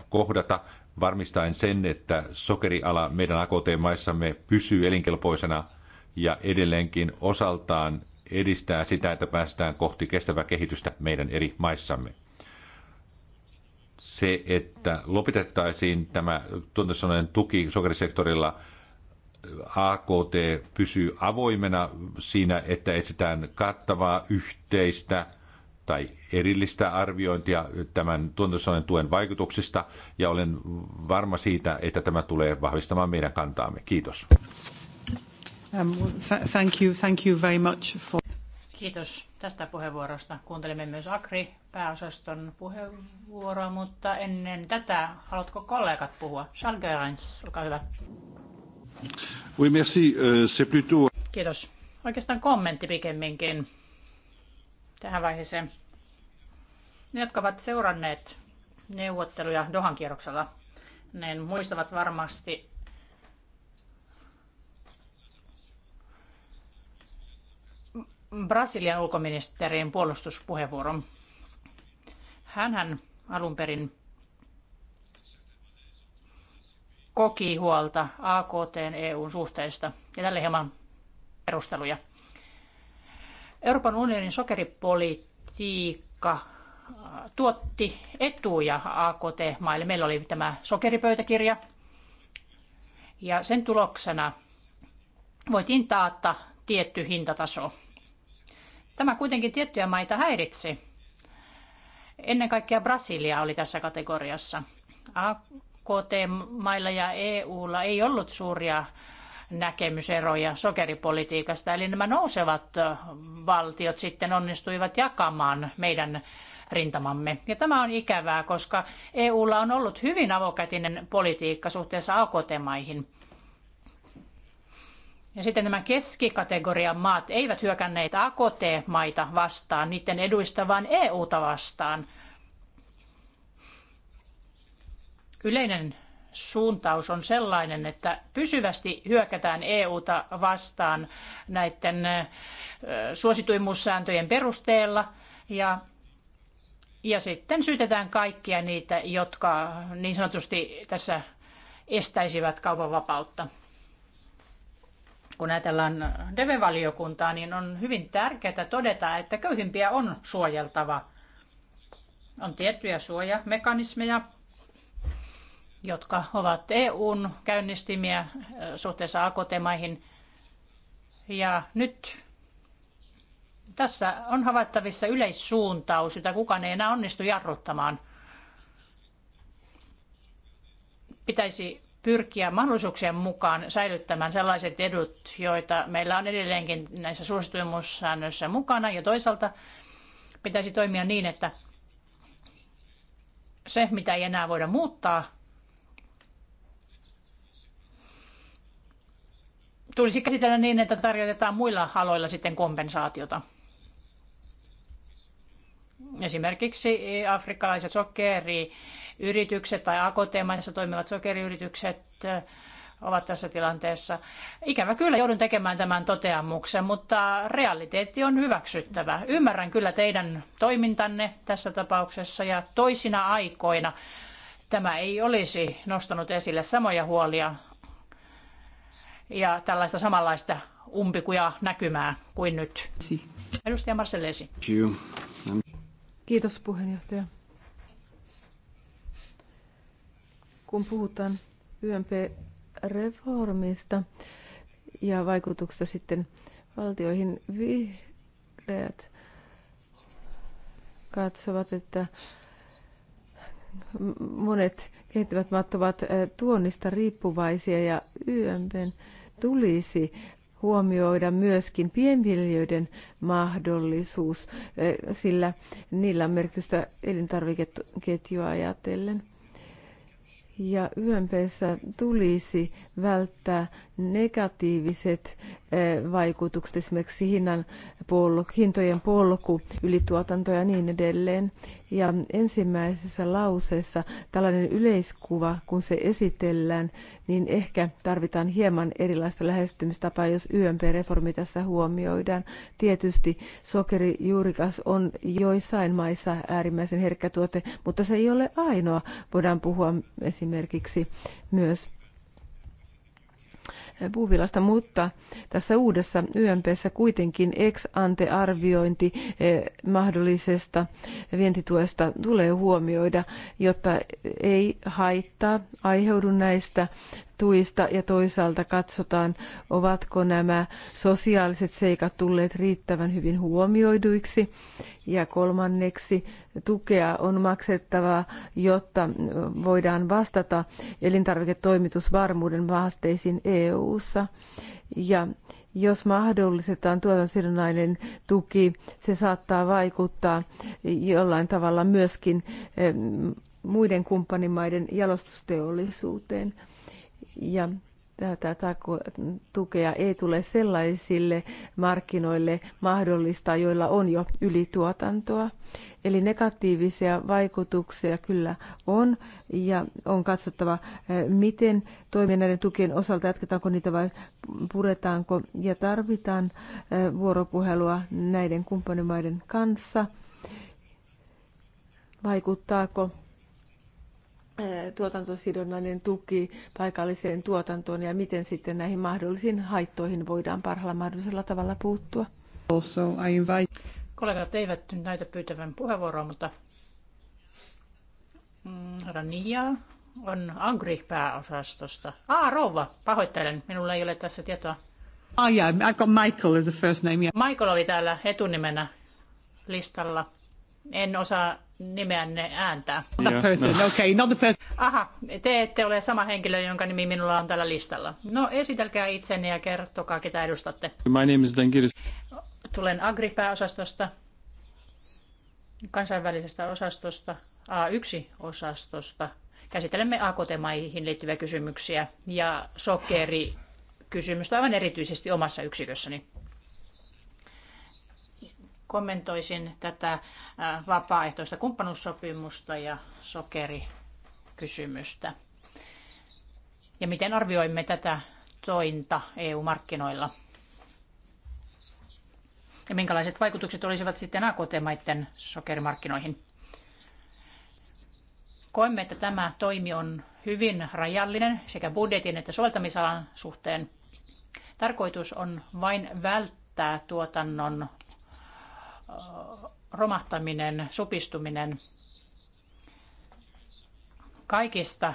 kohdata varmistaen sen, että sokeriala meidän AKT-maissamme pysyy elinkelpoisena ja edelleenkin osaltaan edistää sitä, että päästään kohti kestävää kehitystä meidän eri maissamme. Se, että lopetettaisiin tämä tuntosanojen tuki sokerisektorilla, AKT pysyy avoimena siinä, että etsitään kattavaa yhteistä – tai erillistä arviointia tämän tuotantosonen tuen vaikutuksista, ja olen varma siitä, että tämä tulee vahvistamaan meidän kantaamme. Kiitos. Um, thank you, thank you very much for... Kiitos tästä puheenvuorosta. Kuuntelimme myös Agri-pääosaston puheenvuoroa, mutta ennen tätä, haluatko kollegat puhua? Charles Gerens, olkaa hyvä. Oui, merci. Euh, c'est plutôt... Kiitos. Oikeastaan kommentti pikemminkin tähän vaiheeseen. Ne, jotka ovat seuranneet neuvotteluja Dohan kierroksella, ne muistavat varmasti Brasilian ulkoministerin puolustuspuheenvuoron. Hänhän alun perin koki huolta AKT EUn suhteista ja tälle hieman perusteluja – Euroopan unionin sokeripolitiikka äh, tuotti etuja AKT-maille. Meillä oli tämä sokeripöytäkirja ja sen tuloksena voitiin taata tietty hintataso. Tämä kuitenkin tiettyjä maita häiritsi. Ennen kaikkea Brasilia oli tässä kategoriassa. AKT-mailla ja EUlla ei ollut suuria näkemyseroja sokeripolitiikasta. Eli nämä nousevat valtiot sitten onnistuivat jakamaan meidän rintamamme. Ja tämä on ikävää, koska EUlla on ollut hyvin avokätinen politiikka suhteessa AKT-maihin. Ja sitten nämä keskikategorian maat eivät hyökänneet AKT-maita vastaan, niiden eduista, vaan EUta vastaan. Yleinen suuntaus on sellainen, että pysyvästi hyökätään EUta vastaan näiden suosituimmuussääntöjen perusteella ja ja sitten syytetään kaikkia niitä, jotka niin sanotusti tässä estäisivät kaupan vapautta. Kun ajatellaan DEVE-valiokuntaa, niin on hyvin tärkeää todeta, että köyhimpiä on suojeltava. On tiettyjä suojamekanismeja, jotka ovat EUn käynnistimiä suhteessa AKT-maihin. Ja nyt tässä on havaittavissa yleissuuntaus, jota kukaan ei enää onnistu jarruttamaan. Pitäisi pyrkiä mahdollisuuksien mukaan säilyttämään sellaiset edut, joita meillä on edelleenkin näissä suosituimussäännöissä mukana. Ja toisaalta pitäisi toimia niin, että se, mitä ei enää voida muuttaa, tulisi käsitellä niin, että tarjotetaan muilla aloilla sitten kompensaatiota. Esimerkiksi afrikkalaiset sokeriyritykset tai AKT-maissa toimivat sokeriyritykset äh, ovat tässä tilanteessa. Ikävä kyllä joudun tekemään tämän toteamuksen, mutta realiteetti on hyväksyttävä. Ymmärrän kyllä teidän toimintanne tässä tapauksessa ja toisina aikoina tämä ei olisi nostanut esille samoja huolia ja tällaista samanlaista umpikuja näkymää kuin nyt. Edustaja Marcellesi. Kiitos puheenjohtaja. Kun puhutaan YMP-reformista ja vaikutuksesta sitten valtioihin, vihreät katsovat, että monet kehittyvät maat ovat eh, tuonnista riippuvaisia ja YMPn tulisi huomioida myöskin pienviljelijöiden mahdollisuus, eh, sillä niillä on merkitystä elintarvikeketjua ajatellen. Ja YMPssä tulisi välttää negatiiviset eh, vaikutukset, esimerkiksi hinnan polku, hintojen polku, ylituotanto ja niin edelleen. Ja ensimmäisessä lauseessa tällainen yleiskuva, kun se esitellään, niin ehkä tarvitaan hieman erilaista lähestymistapaa, jos YMP-reformi tässä huomioidaan. Tietysti sokerijuurikas on joissain maissa äärimmäisen herkkä tuote, mutta se ei ole ainoa. Voidaan puhua esimerkiksi myös puuvilasta, mutta tässä uudessa YMPssä kuitenkin ex-ante-arviointi eh, mahdollisesta vientituesta tulee huomioida, jotta ei haittaa aiheudu näistä tuista ja toisaalta katsotaan, ovatko nämä sosiaaliset seikat tulleet riittävän hyvin huomioiduiksi. Ja kolmanneksi tukea on maksettava, jotta voidaan vastata elintarviketoimitusvarmuuden haasteisiin EU-ssa. Ja jos mahdollistetaan tuotantosidonnainen tuki, se saattaa vaikuttaa jollain tavalla myöskin eh, muiden kumppanimaiden jalostusteollisuuteen. Ja tätä tukea ei tule sellaisille markkinoille mahdollista, joilla on jo ylituotantoa. Eli negatiivisia vaikutuksia kyllä on ja on katsottava, eh, miten toimia näiden tukien osalta, jatketaanko niitä vai puretaanko ja tarvitaan eh, vuoropuhelua näiden kumppanimaiden kanssa. Vaikuttaako tuotantosidonnainen tuki paikalliseen tuotantoon ja miten sitten näihin mahdollisiin haittoihin voidaan parhaalla mahdollisella tavalla puuttua. Also, I invite... Kollegat eivät nyt näytä pyytävän puheenvuoroa, mutta mm, Rania on Agri-pääosastosta. Ah, rouva, pahoittelen, minulla ei ole tässä tietoa. Ah, oh, yeah, I got Michael as a first name. Yeah. Michael oli täällä etunimenä listalla. En osaa nimeänne ääntää? Yeah, person, no. okay, not the person. Aha, te ette ole sama henkilö, jonka nimi minulla on tällä listalla. No esitelkää itsenne ja kertokaa, ketä edustatte. My name is Dan Kiris. Tulen Agri-pääosastosta, kansainvälisestä osastosta, A1-osastosta. Käsittelemme AKT-maihin liittyviä kysymyksiä ja sokeri kysymystä aivan erityisesti omassa yksikössäni kommentoisin tätä äh, vapaaehtoista kumppanuussopimusta ja sokerikysymystä. Ja miten arvioimme tätä tointa EU-markkinoilla? Ja minkälaiset vaikutukset olisivat sitten AKT-maiden sokerimarkkinoihin? Koemme, että tämä toimi on hyvin rajallinen sekä budjetin että soveltamisalan suhteen. Tarkoitus on vain välttää tuotannon romahtaminen, supistuminen kaikista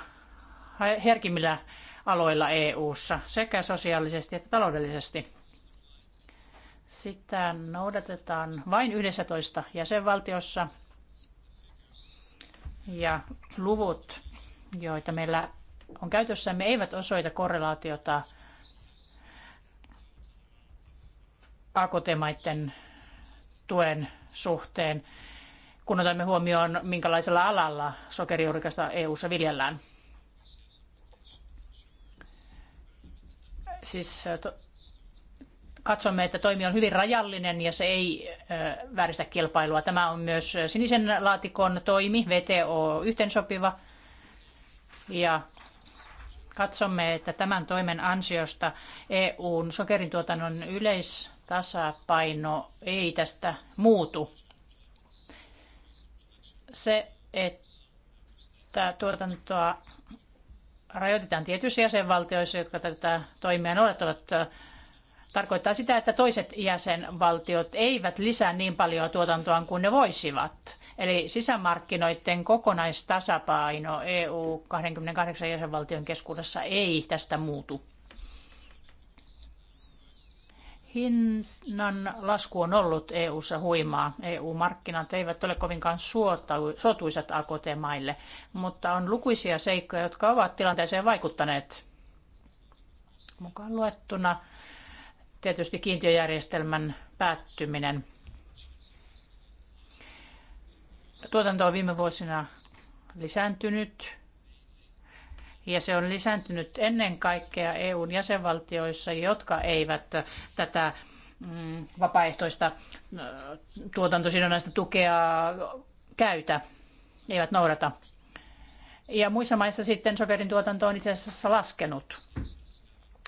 herkimmillä aloilla EU:ssa sekä sosiaalisesti että taloudellisesti. Sitä noudatetaan vain 11 jäsenvaltiossa ja luvut, joita meillä on käytössämme, eivät osoita korrelaatiota AKT-maiden tuen suhteen, kun otamme huomioon, minkälaisella alalla sokerijuurikasta EU-ssa viljellään. Siis katsomme, että toimi on hyvin rajallinen ja se ei vääristä kilpailua. Tämä on myös sinisen laatikon toimi, VTO yhteensopiva. Ja katsomme, että tämän toimen ansiosta EUn sokerintuotannon yleis tasapaino ei tästä muutu. Se, että tuotantoa rajoitetaan tietyissä jäsenvaltioissa, jotka tätä toimia noudattavat, tarkoittaa sitä, että toiset jäsenvaltiot eivät lisää niin paljon tuotantoa kuin ne voisivat. Eli sisämarkkinoiden kokonaistasapaino EU 28 jäsenvaltion keskuudessa ei tästä muutu. Hinnan lasku on ollut EU-ssa huimaa. EU-markkinat eivät ole kovinkaan suotuisat AKT-maille, mutta on lukuisia seikkoja, jotka ovat tilanteeseen vaikuttaneet mukaan luettuna. Tietysti kiintiöjärjestelmän päättyminen. Tuotanto on viime vuosina lisääntynyt ja se on lisääntynyt ennen kaikkea EUn jäsenvaltioissa, jotka eivät tätä mm, vapaaehtoista tuotantosidonnaista tukea käytä, eivät noudata. Ja muissa maissa sitten sokerin tuotanto on itse asiassa laskenut.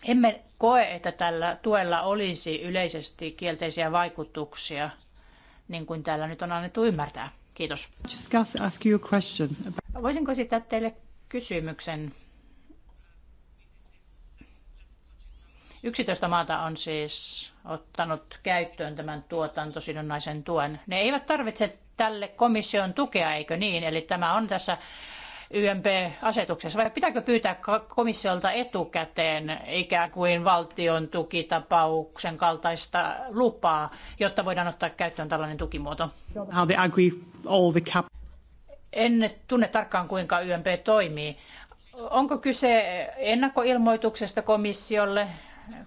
Emme koe, että tällä tuella olisi yleisesti kielteisiä vaikutuksia, niin kuin täällä nyt on annettu ymmärtää. Kiitos. Voisinko esittää teille kysymyksen 11 maata on siis ottanut käyttöön tämän tuotantosidonnaisen tuen. Ne eivät tarvitse tälle komission tukea, eikö niin? Eli tämä on tässä YMP-asetuksessa, vai pitääkö pyytää komissiolta etukäteen ikään kuin valtion tukitapauksen kaltaista lupaa, jotta voidaan ottaa käyttöön tällainen tukimuoto? En tunne tarkkaan, kuinka YMP toimii. Onko kyse ennakkoilmoituksesta komissiolle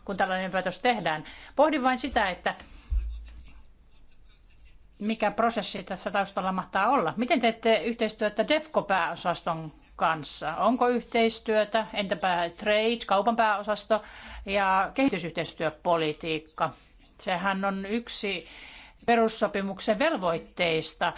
kun tällainen päätös tehdään. Pohdin vain sitä, että mikä prosessi tässä taustalla mahtaa olla. Miten teette yhteistyötä DEFCO-pääosaston kanssa? Onko yhteistyötä? Entäpä trade, kaupan pääosasto ja kehitysyhteistyöpolitiikka? Sehän on yksi perussopimuksen velvoitteista.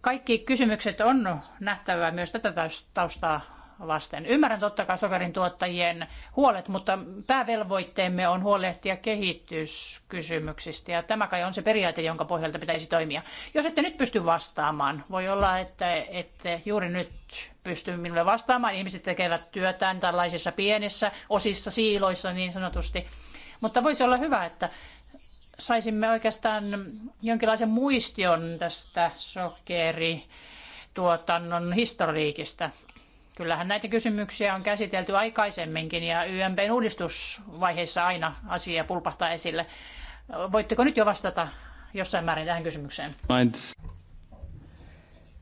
Kaikki kysymykset on nähtävä myös tätä taustaa vasten. Ymmärrän totta kai sokerin tuottajien huolet, mutta päävelvoitteemme on huolehtia kehityskysymyksistä ja tämä kai on se periaate, jonka pohjalta pitäisi toimia. Jos ette nyt pysty vastaamaan, voi olla, että ette juuri nyt pysty minulle vastaamaan. Ihmiset tekevät työtään tällaisissa pienissä osissa, siiloissa niin sanotusti. Mutta voisi olla hyvä, että saisimme oikeastaan jonkinlaisen muistion tästä sokeri tuotannon historiikista. Kyllähän näitä kysymyksiä on käsitelty aikaisemminkin ja YMPn uudistusvaiheessa aina asia pulpahtaa esille. Voitteko nyt jo vastata jossain määrin tähän kysymykseen?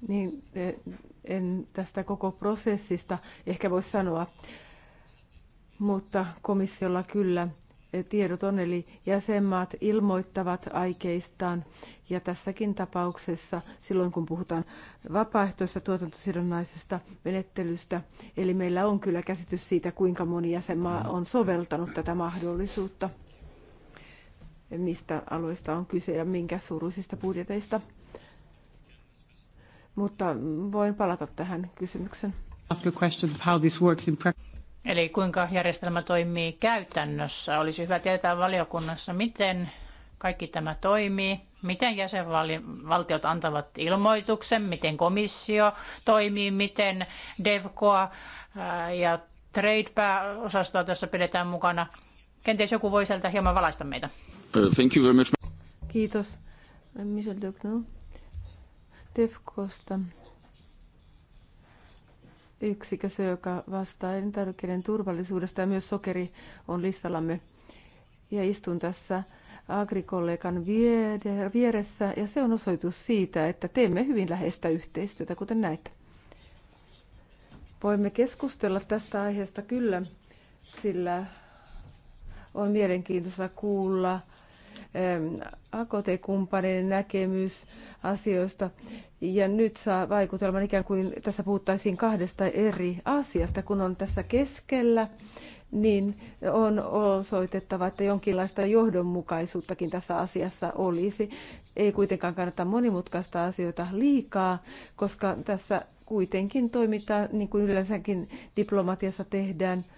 Niin, en tästä koko prosessista ehkä voi sanoa, mutta komissiolla kyllä tiedot on, eli jäsenmaat ilmoittavat aikeistaan. Ja tässäkin tapauksessa, silloin kun puhutaan vapaaehtoisesta tuotantosidonnaisesta menettelystä, eli meillä on kyllä käsitys siitä, kuinka moni jäsenmaa on soveltanut tätä mahdollisuutta, mistä alueista on kyse ja minkä suuruisista budjeteista. Mutta voin palata tähän kysymykseen. Ask a question of how this works in practice Eli kuinka järjestelmä toimii käytännössä. Olisi hyvä tietää valiokunnassa, miten kaikki tämä toimii, miten jäsenvaltiot antavat ilmoituksen, miten komissio toimii, miten DevCoa ja tradepa osastoa tässä pidetään mukana. Kenties joku voi sieltä hieman valaista meitä. Uh, thank you very much. Kiitos. Michel Dogno. DevCosta yksikössä, joka vastaa elintarvikkeiden turvallisuudesta ja myös sokeri on listallamme. Ja istun tässä agrikollegan vieressä ja se on osoitus siitä, että teemme hyvin läheistä yhteistyötä, kuten näitä. Voimme keskustella tästä aiheesta kyllä, sillä on mielenkiintoista kuulla AKT-kumppaneiden näkemys asioista. Ja nyt saa vaikutelman ikään kuin tässä puhuttaisiin kahdesta eri asiasta, kun on tässä keskellä niin on osoitettava, että jonkinlaista johdonmukaisuuttakin tässä asiassa olisi. Ei kuitenkaan kannata monimutkaista asioita liikaa, koska tässä kuitenkin toimitaan, niin kuin yleensäkin diplomatiassa tehdään –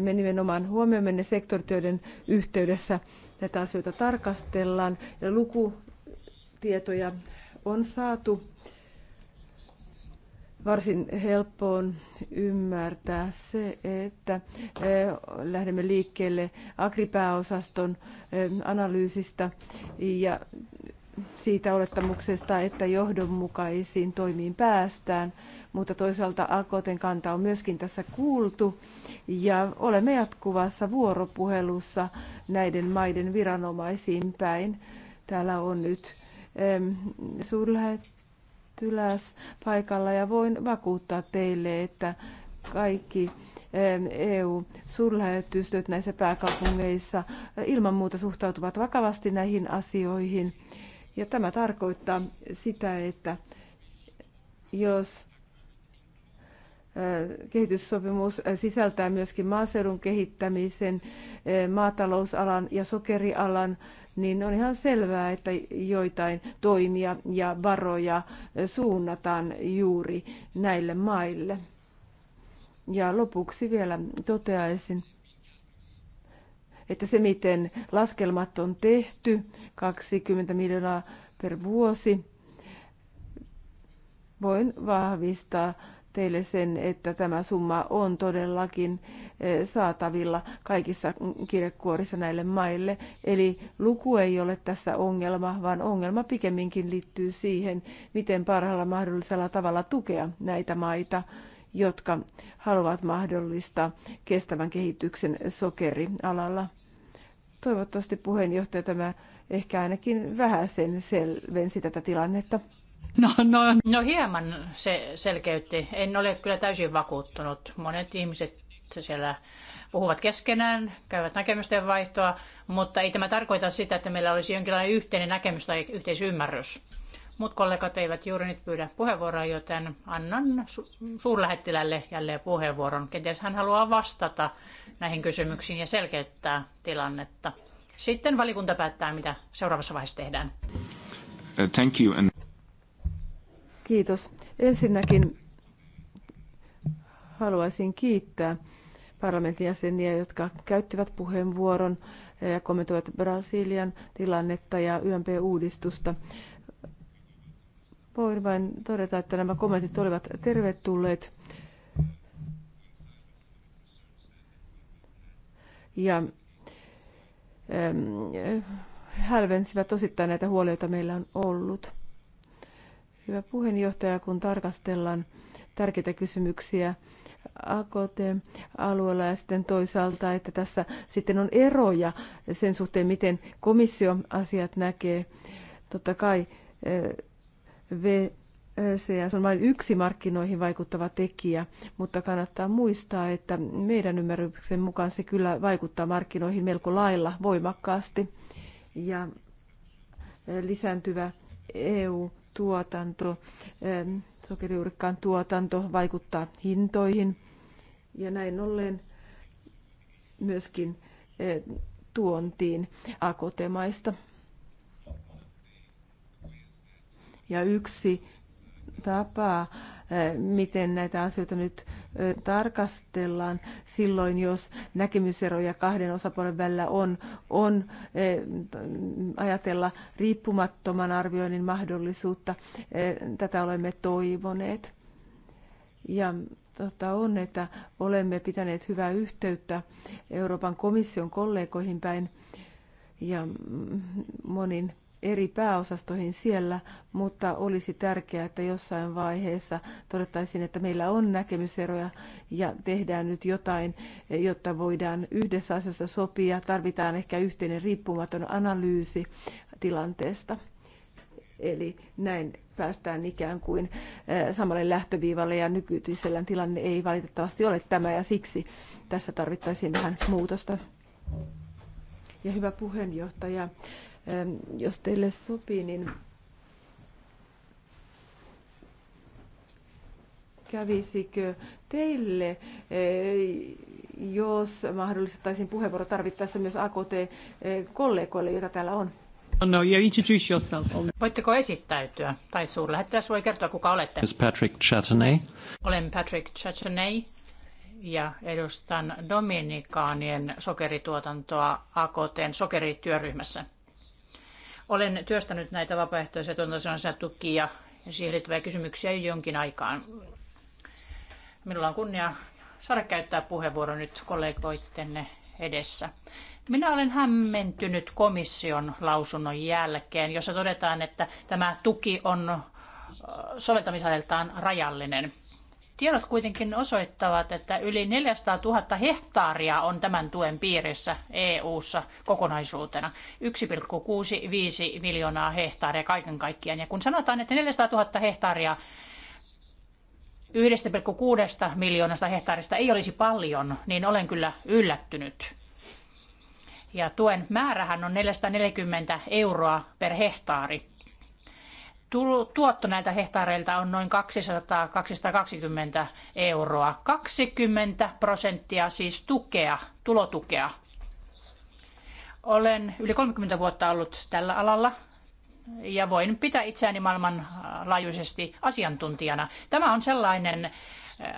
me nimenomaan huomioimme ne sektorit, joiden yhteydessä näitä asioita tarkastellaan. Ja lukutietoja on saatu. Varsin helppoon ymmärtää se, että eh, lähdemme liikkeelle agripääosaston eh, analyysistä ja siitä olettamuksesta, että johdonmukaisiin toimiin päästään mutta toisaalta AKTn kanta on myöskin tässä kuultu ja olemme jatkuvassa vuoropuhelussa näiden maiden viranomaisiin päin. Täällä on nyt ähm, suurlähettiläs paikalla ja voin vakuuttaa teille, että kaikki EU-suurlähetystöt e näissä pääkaupungeissa eh, ilman muuta suhtautuvat vakavasti näihin asioihin. Ja tämä tarkoittaa sitä, että jos kehityssopimus sisältää myöskin maaseudun kehittämisen, maatalousalan ja sokerialan, niin on ihan selvää, että joitain toimia ja varoja suunnataan juuri näille maille. Ja lopuksi vielä toteaisin, että se miten laskelmat on tehty, 20 miljoonaa per vuosi, voin vahvistaa teille sen, että tämä summa on todellakin eh, saatavilla kaikissa kirjekuorissa näille maille. Eli luku ei ole tässä ongelma, vaan ongelma pikemminkin liittyy siihen, miten parhaalla mahdollisella tavalla tukea näitä maita jotka haluavat mahdollistaa kestävän kehityksen sokerialalla. Toivottavasti puheenjohtaja tämä ehkä ainakin vähän sen selvensi tätä tilannetta. No, no. no hieman se selkeytti. En ole kyllä täysin vakuuttunut. Monet ihmiset siellä puhuvat keskenään, käyvät näkemysten vaihtoa, mutta ei tämä tarkoita sitä, että meillä olisi jonkinlainen yhteinen näkemys tai yhteisymmärrys. Mut kollegat eivät juuri nyt pyydä puheenvuoroa, joten annan su- suurlähettilälle jälleen puheenvuoron. Kenties hän haluaa vastata näihin kysymyksiin ja selkeyttää tilannetta. Sitten valikunta päättää, mitä seuraavassa vaiheessa tehdään. Uh, thank you and Kiitos. Ensinnäkin haluaisin kiittää parlamentin jäseniä, jotka käyttivät puheenvuoron ja kommentoivat Brasilian tilannetta ja YMP-uudistusta. Voin vain todeta, että nämä kommentit olivat tervetulleet. Ja ähm, hälvensivät osittain näitä huolia, joita meillä on ollut. Hyvä puheenjohtaja, kun tarkastellaan tärkeitä kysymyksiä AKT-alueella ja sitten toisaalta, että tässä sitten on eroja sen suhteen, miten komissio asiat näkee. Totta kai eh, VCS on vain yksi markkinoihin vaikuttava tekijä, mutta kannattaa muistaa, että meidän ymmärryksen mukaan se kyllä vaikuttaa markkinoihin melko lailla voimakkaasti. Ja eh, lisääntyvä EU tuotanto, sokeriurikkaan tuotanto vaikuttaa hintoihin ja näin ollen myöskin tuontiin akotemaista. Ja yksi tapa miten näitä asioita nyt tarkastellaan silloin, jos näkemyseroja kahden osapuolen välillä on, on ajatella riippumattoman arvioinnin mahdollisuutta. Tätä olemme toivoneet. Ja totta on, että olemme pitäneet hyvää yhteyttä Euroopan komission kollegoihin päin ja monin eri pääosastoihin siellä, mutta olisi tärkeää, että jossain vaiheessa todettaisiin, että meillä on näkemyseroja ja tehdään nyt jotain, jotta voidaan yhdessä asiassa sopia. Tarvitaan ehkä yhteinen riippumaton analyysi tilanteesta. Eli näin päästään ikään kuin eh, samalle lähtöviivalle ja nykyisellään tilanne ei valitettavasti ole tämä ja siksi tässä tarvittaisiin vähän muutosta. Ja hyvä puheenjohtaja, Ähm, jos teille sopii, niin kävisikö teille, äh, jos mahdollistettaisiin puheenvuoro tarvittaessa myös AKT-kollegoille, äh, joita täällä on? No, you introduce yourself. Voitteko esittäytyä? Tai suurlähettäjäs voi kertoa, kuka olette. It's Patrick Chatterney. Olen Patrick Chatterney ja edustan Dominikaanien sokerituotantoa AKTn sokerityöryhmässä. Olen työstänyt näitä vapaaehtoisia tuotantosanansa tukia ja siihen liittyviä kysymyksiä jo jonkin aikaan. Minulla on kunnia saada käyttää puheenvuoro nyt kollegoittenne edessä. Minä olen hämmentynyt komission lausunnon jälkeen, jossa todetaan, että tämä tuki on soveltamisajaltaan rajallinen. Tiedot kuitenkin osoittavat, että yli 400 000 hehtaaria on tämän tuen piirissä EU-ssa kokonaisuutena. 1,65 miljoonaa hehtaaria kaiken kaikkiaan. Ja kun sanotaan, että 400 000 hehtaaria 1,6 miljoonasta hehtaarista ei olisi paljon, niin olen kyllä yllättynyt. Ja tuen määrähän on 440 euroa per hehtaari tuotto näiltä hehtaareilta on noin 200-220 euroa. 20 prosenttia siis tukea, tulotukea. Olen yli 30 vuotta ollut tällä alalla ja voin pitää itseäni maailmanlaajuisesti asiantuntijana. Tämä on sellainen äh,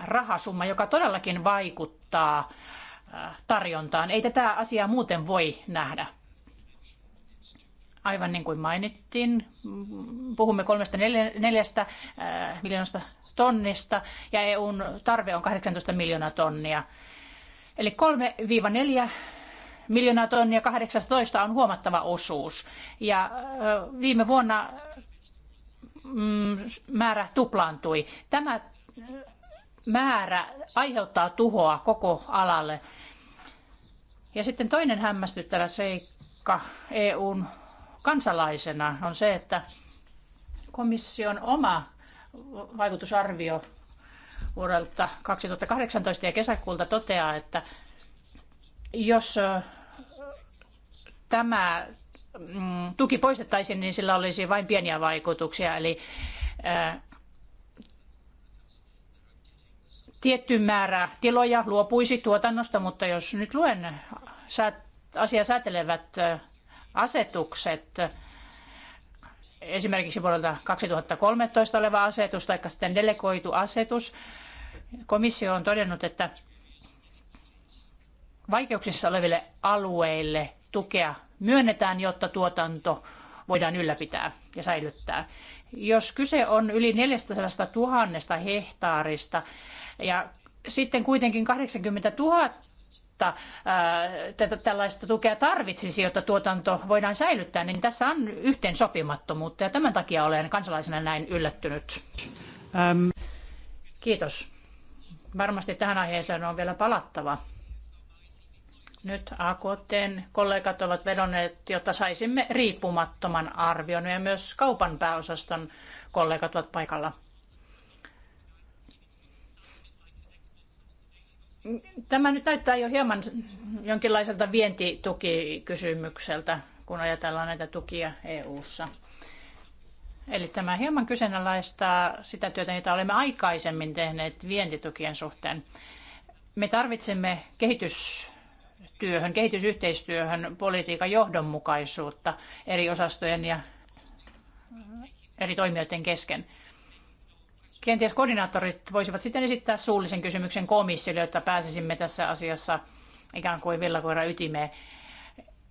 rahasumma, joka todellakin vaikuttaa äh, tarjontaan. Ei tätä asiaa muuten voi nähdä. Aivan niin kuin mainittiin, puhumme kolmesta neljästä äh, miljoonasta tonnista ja EUn tarve on 18 miljoonaa tonnia. Eli 3-4 miljoonaa tonnia 18 on huomattava osuus. Ja äh, viime vuonna mm, määrä tuplaantui. Tämä äh, määrä aiheuttaa tuhoa koko alalle. Ja sitten toinen hämmästyttävä seikka EUn kansalaisena on se, että komission oma vaikutusarvio vuodelta 2018 ja kesäkuulta toteaa, että jos tämä mm, tuki poistettaisiin, niin sillä olisi vain pieniä vaikutuksia. Eli tietty määrä tiloja luopuisi tuotannosta, mutta jos nyt luen asiaa säätelevät asetukset, esimerkiksi vuodelta 2013 oleva asetus tai sitten delegoitu asetus, komissio on todennut, että vaikeuksissa oleville alueille tukea myönnetään, jotta tuotanto voidaan ylläpitää ja säilyttää. Jos kyse on yli 400 000 hehtaarista ja sitten kuitenkin 80 000 jotta tätä, tällaista tukea tarvitsisi, jotta tuotanto voidaan säilyttää, niin tässä on yhteen sopimattomuutta ja tämän takia olen kansalaisena näin yllättynyt. Äm. Kiitos. Varmasti tähän aiheeseen on vielä palattava. Nyt AKTn kollegat ovat vedonneet, jotta saisimme riippumattoman arvion ja myös kaupan pääosaston kollegat ovat paikalla. Tämä nyt näyttää jo hieman jonkinlaiselta vientitukikysymykseltä, kun ajatellaan näitä tukia EU:ssa. Eli tämä hieman kyseenalaistaa sitä työtä, jota olemme aikaisemmin tehneet vientitukien suhteen. Me tarvitsemme kehitystyöhön, kehitysyhteistyöhön politiikan johdonmukaisuutta eri osastojen ja eri toimijoiden kesken – Kenties koordinaattorit voisivat sitten esittää suullisen kysymyksen komissiolle, jotta pääsisimme tässä asiassa ikään kuin villakoira ytimeen.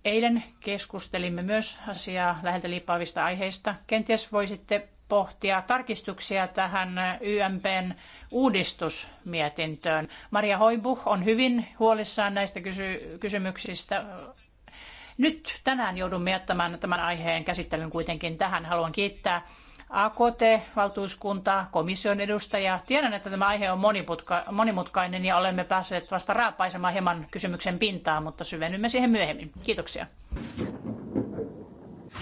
Eilen keskustelimme myös asiaa läheltä liippaavista aiheista. Kenties voisitte pohtia tarkistuksia tähän YMPn uudistusmietintöön. Maria Hoibuh on hyvin huolissaan näistä kysy- kysymyksistä. Nyt tänään joudumme jättämään tämän aiheen käsittelyn kuitenkin tähän. Haluan kiittää akt valtuuskunta, komission edustaja Tiedän, että tämä aihe on monimutkainen ja olemme päässeet vasta raapaisemaan hieman kysymyksen pintaa, mutta syvennymme siihen myöhemmin. Kiitoksia.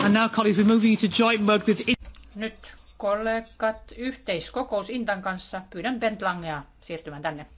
And now, colleagues, we're moving to joint mode with... Nyt kollegat, yhteiskokous Intan kanssa. Pyydän Bent Langea siirtymään tänne.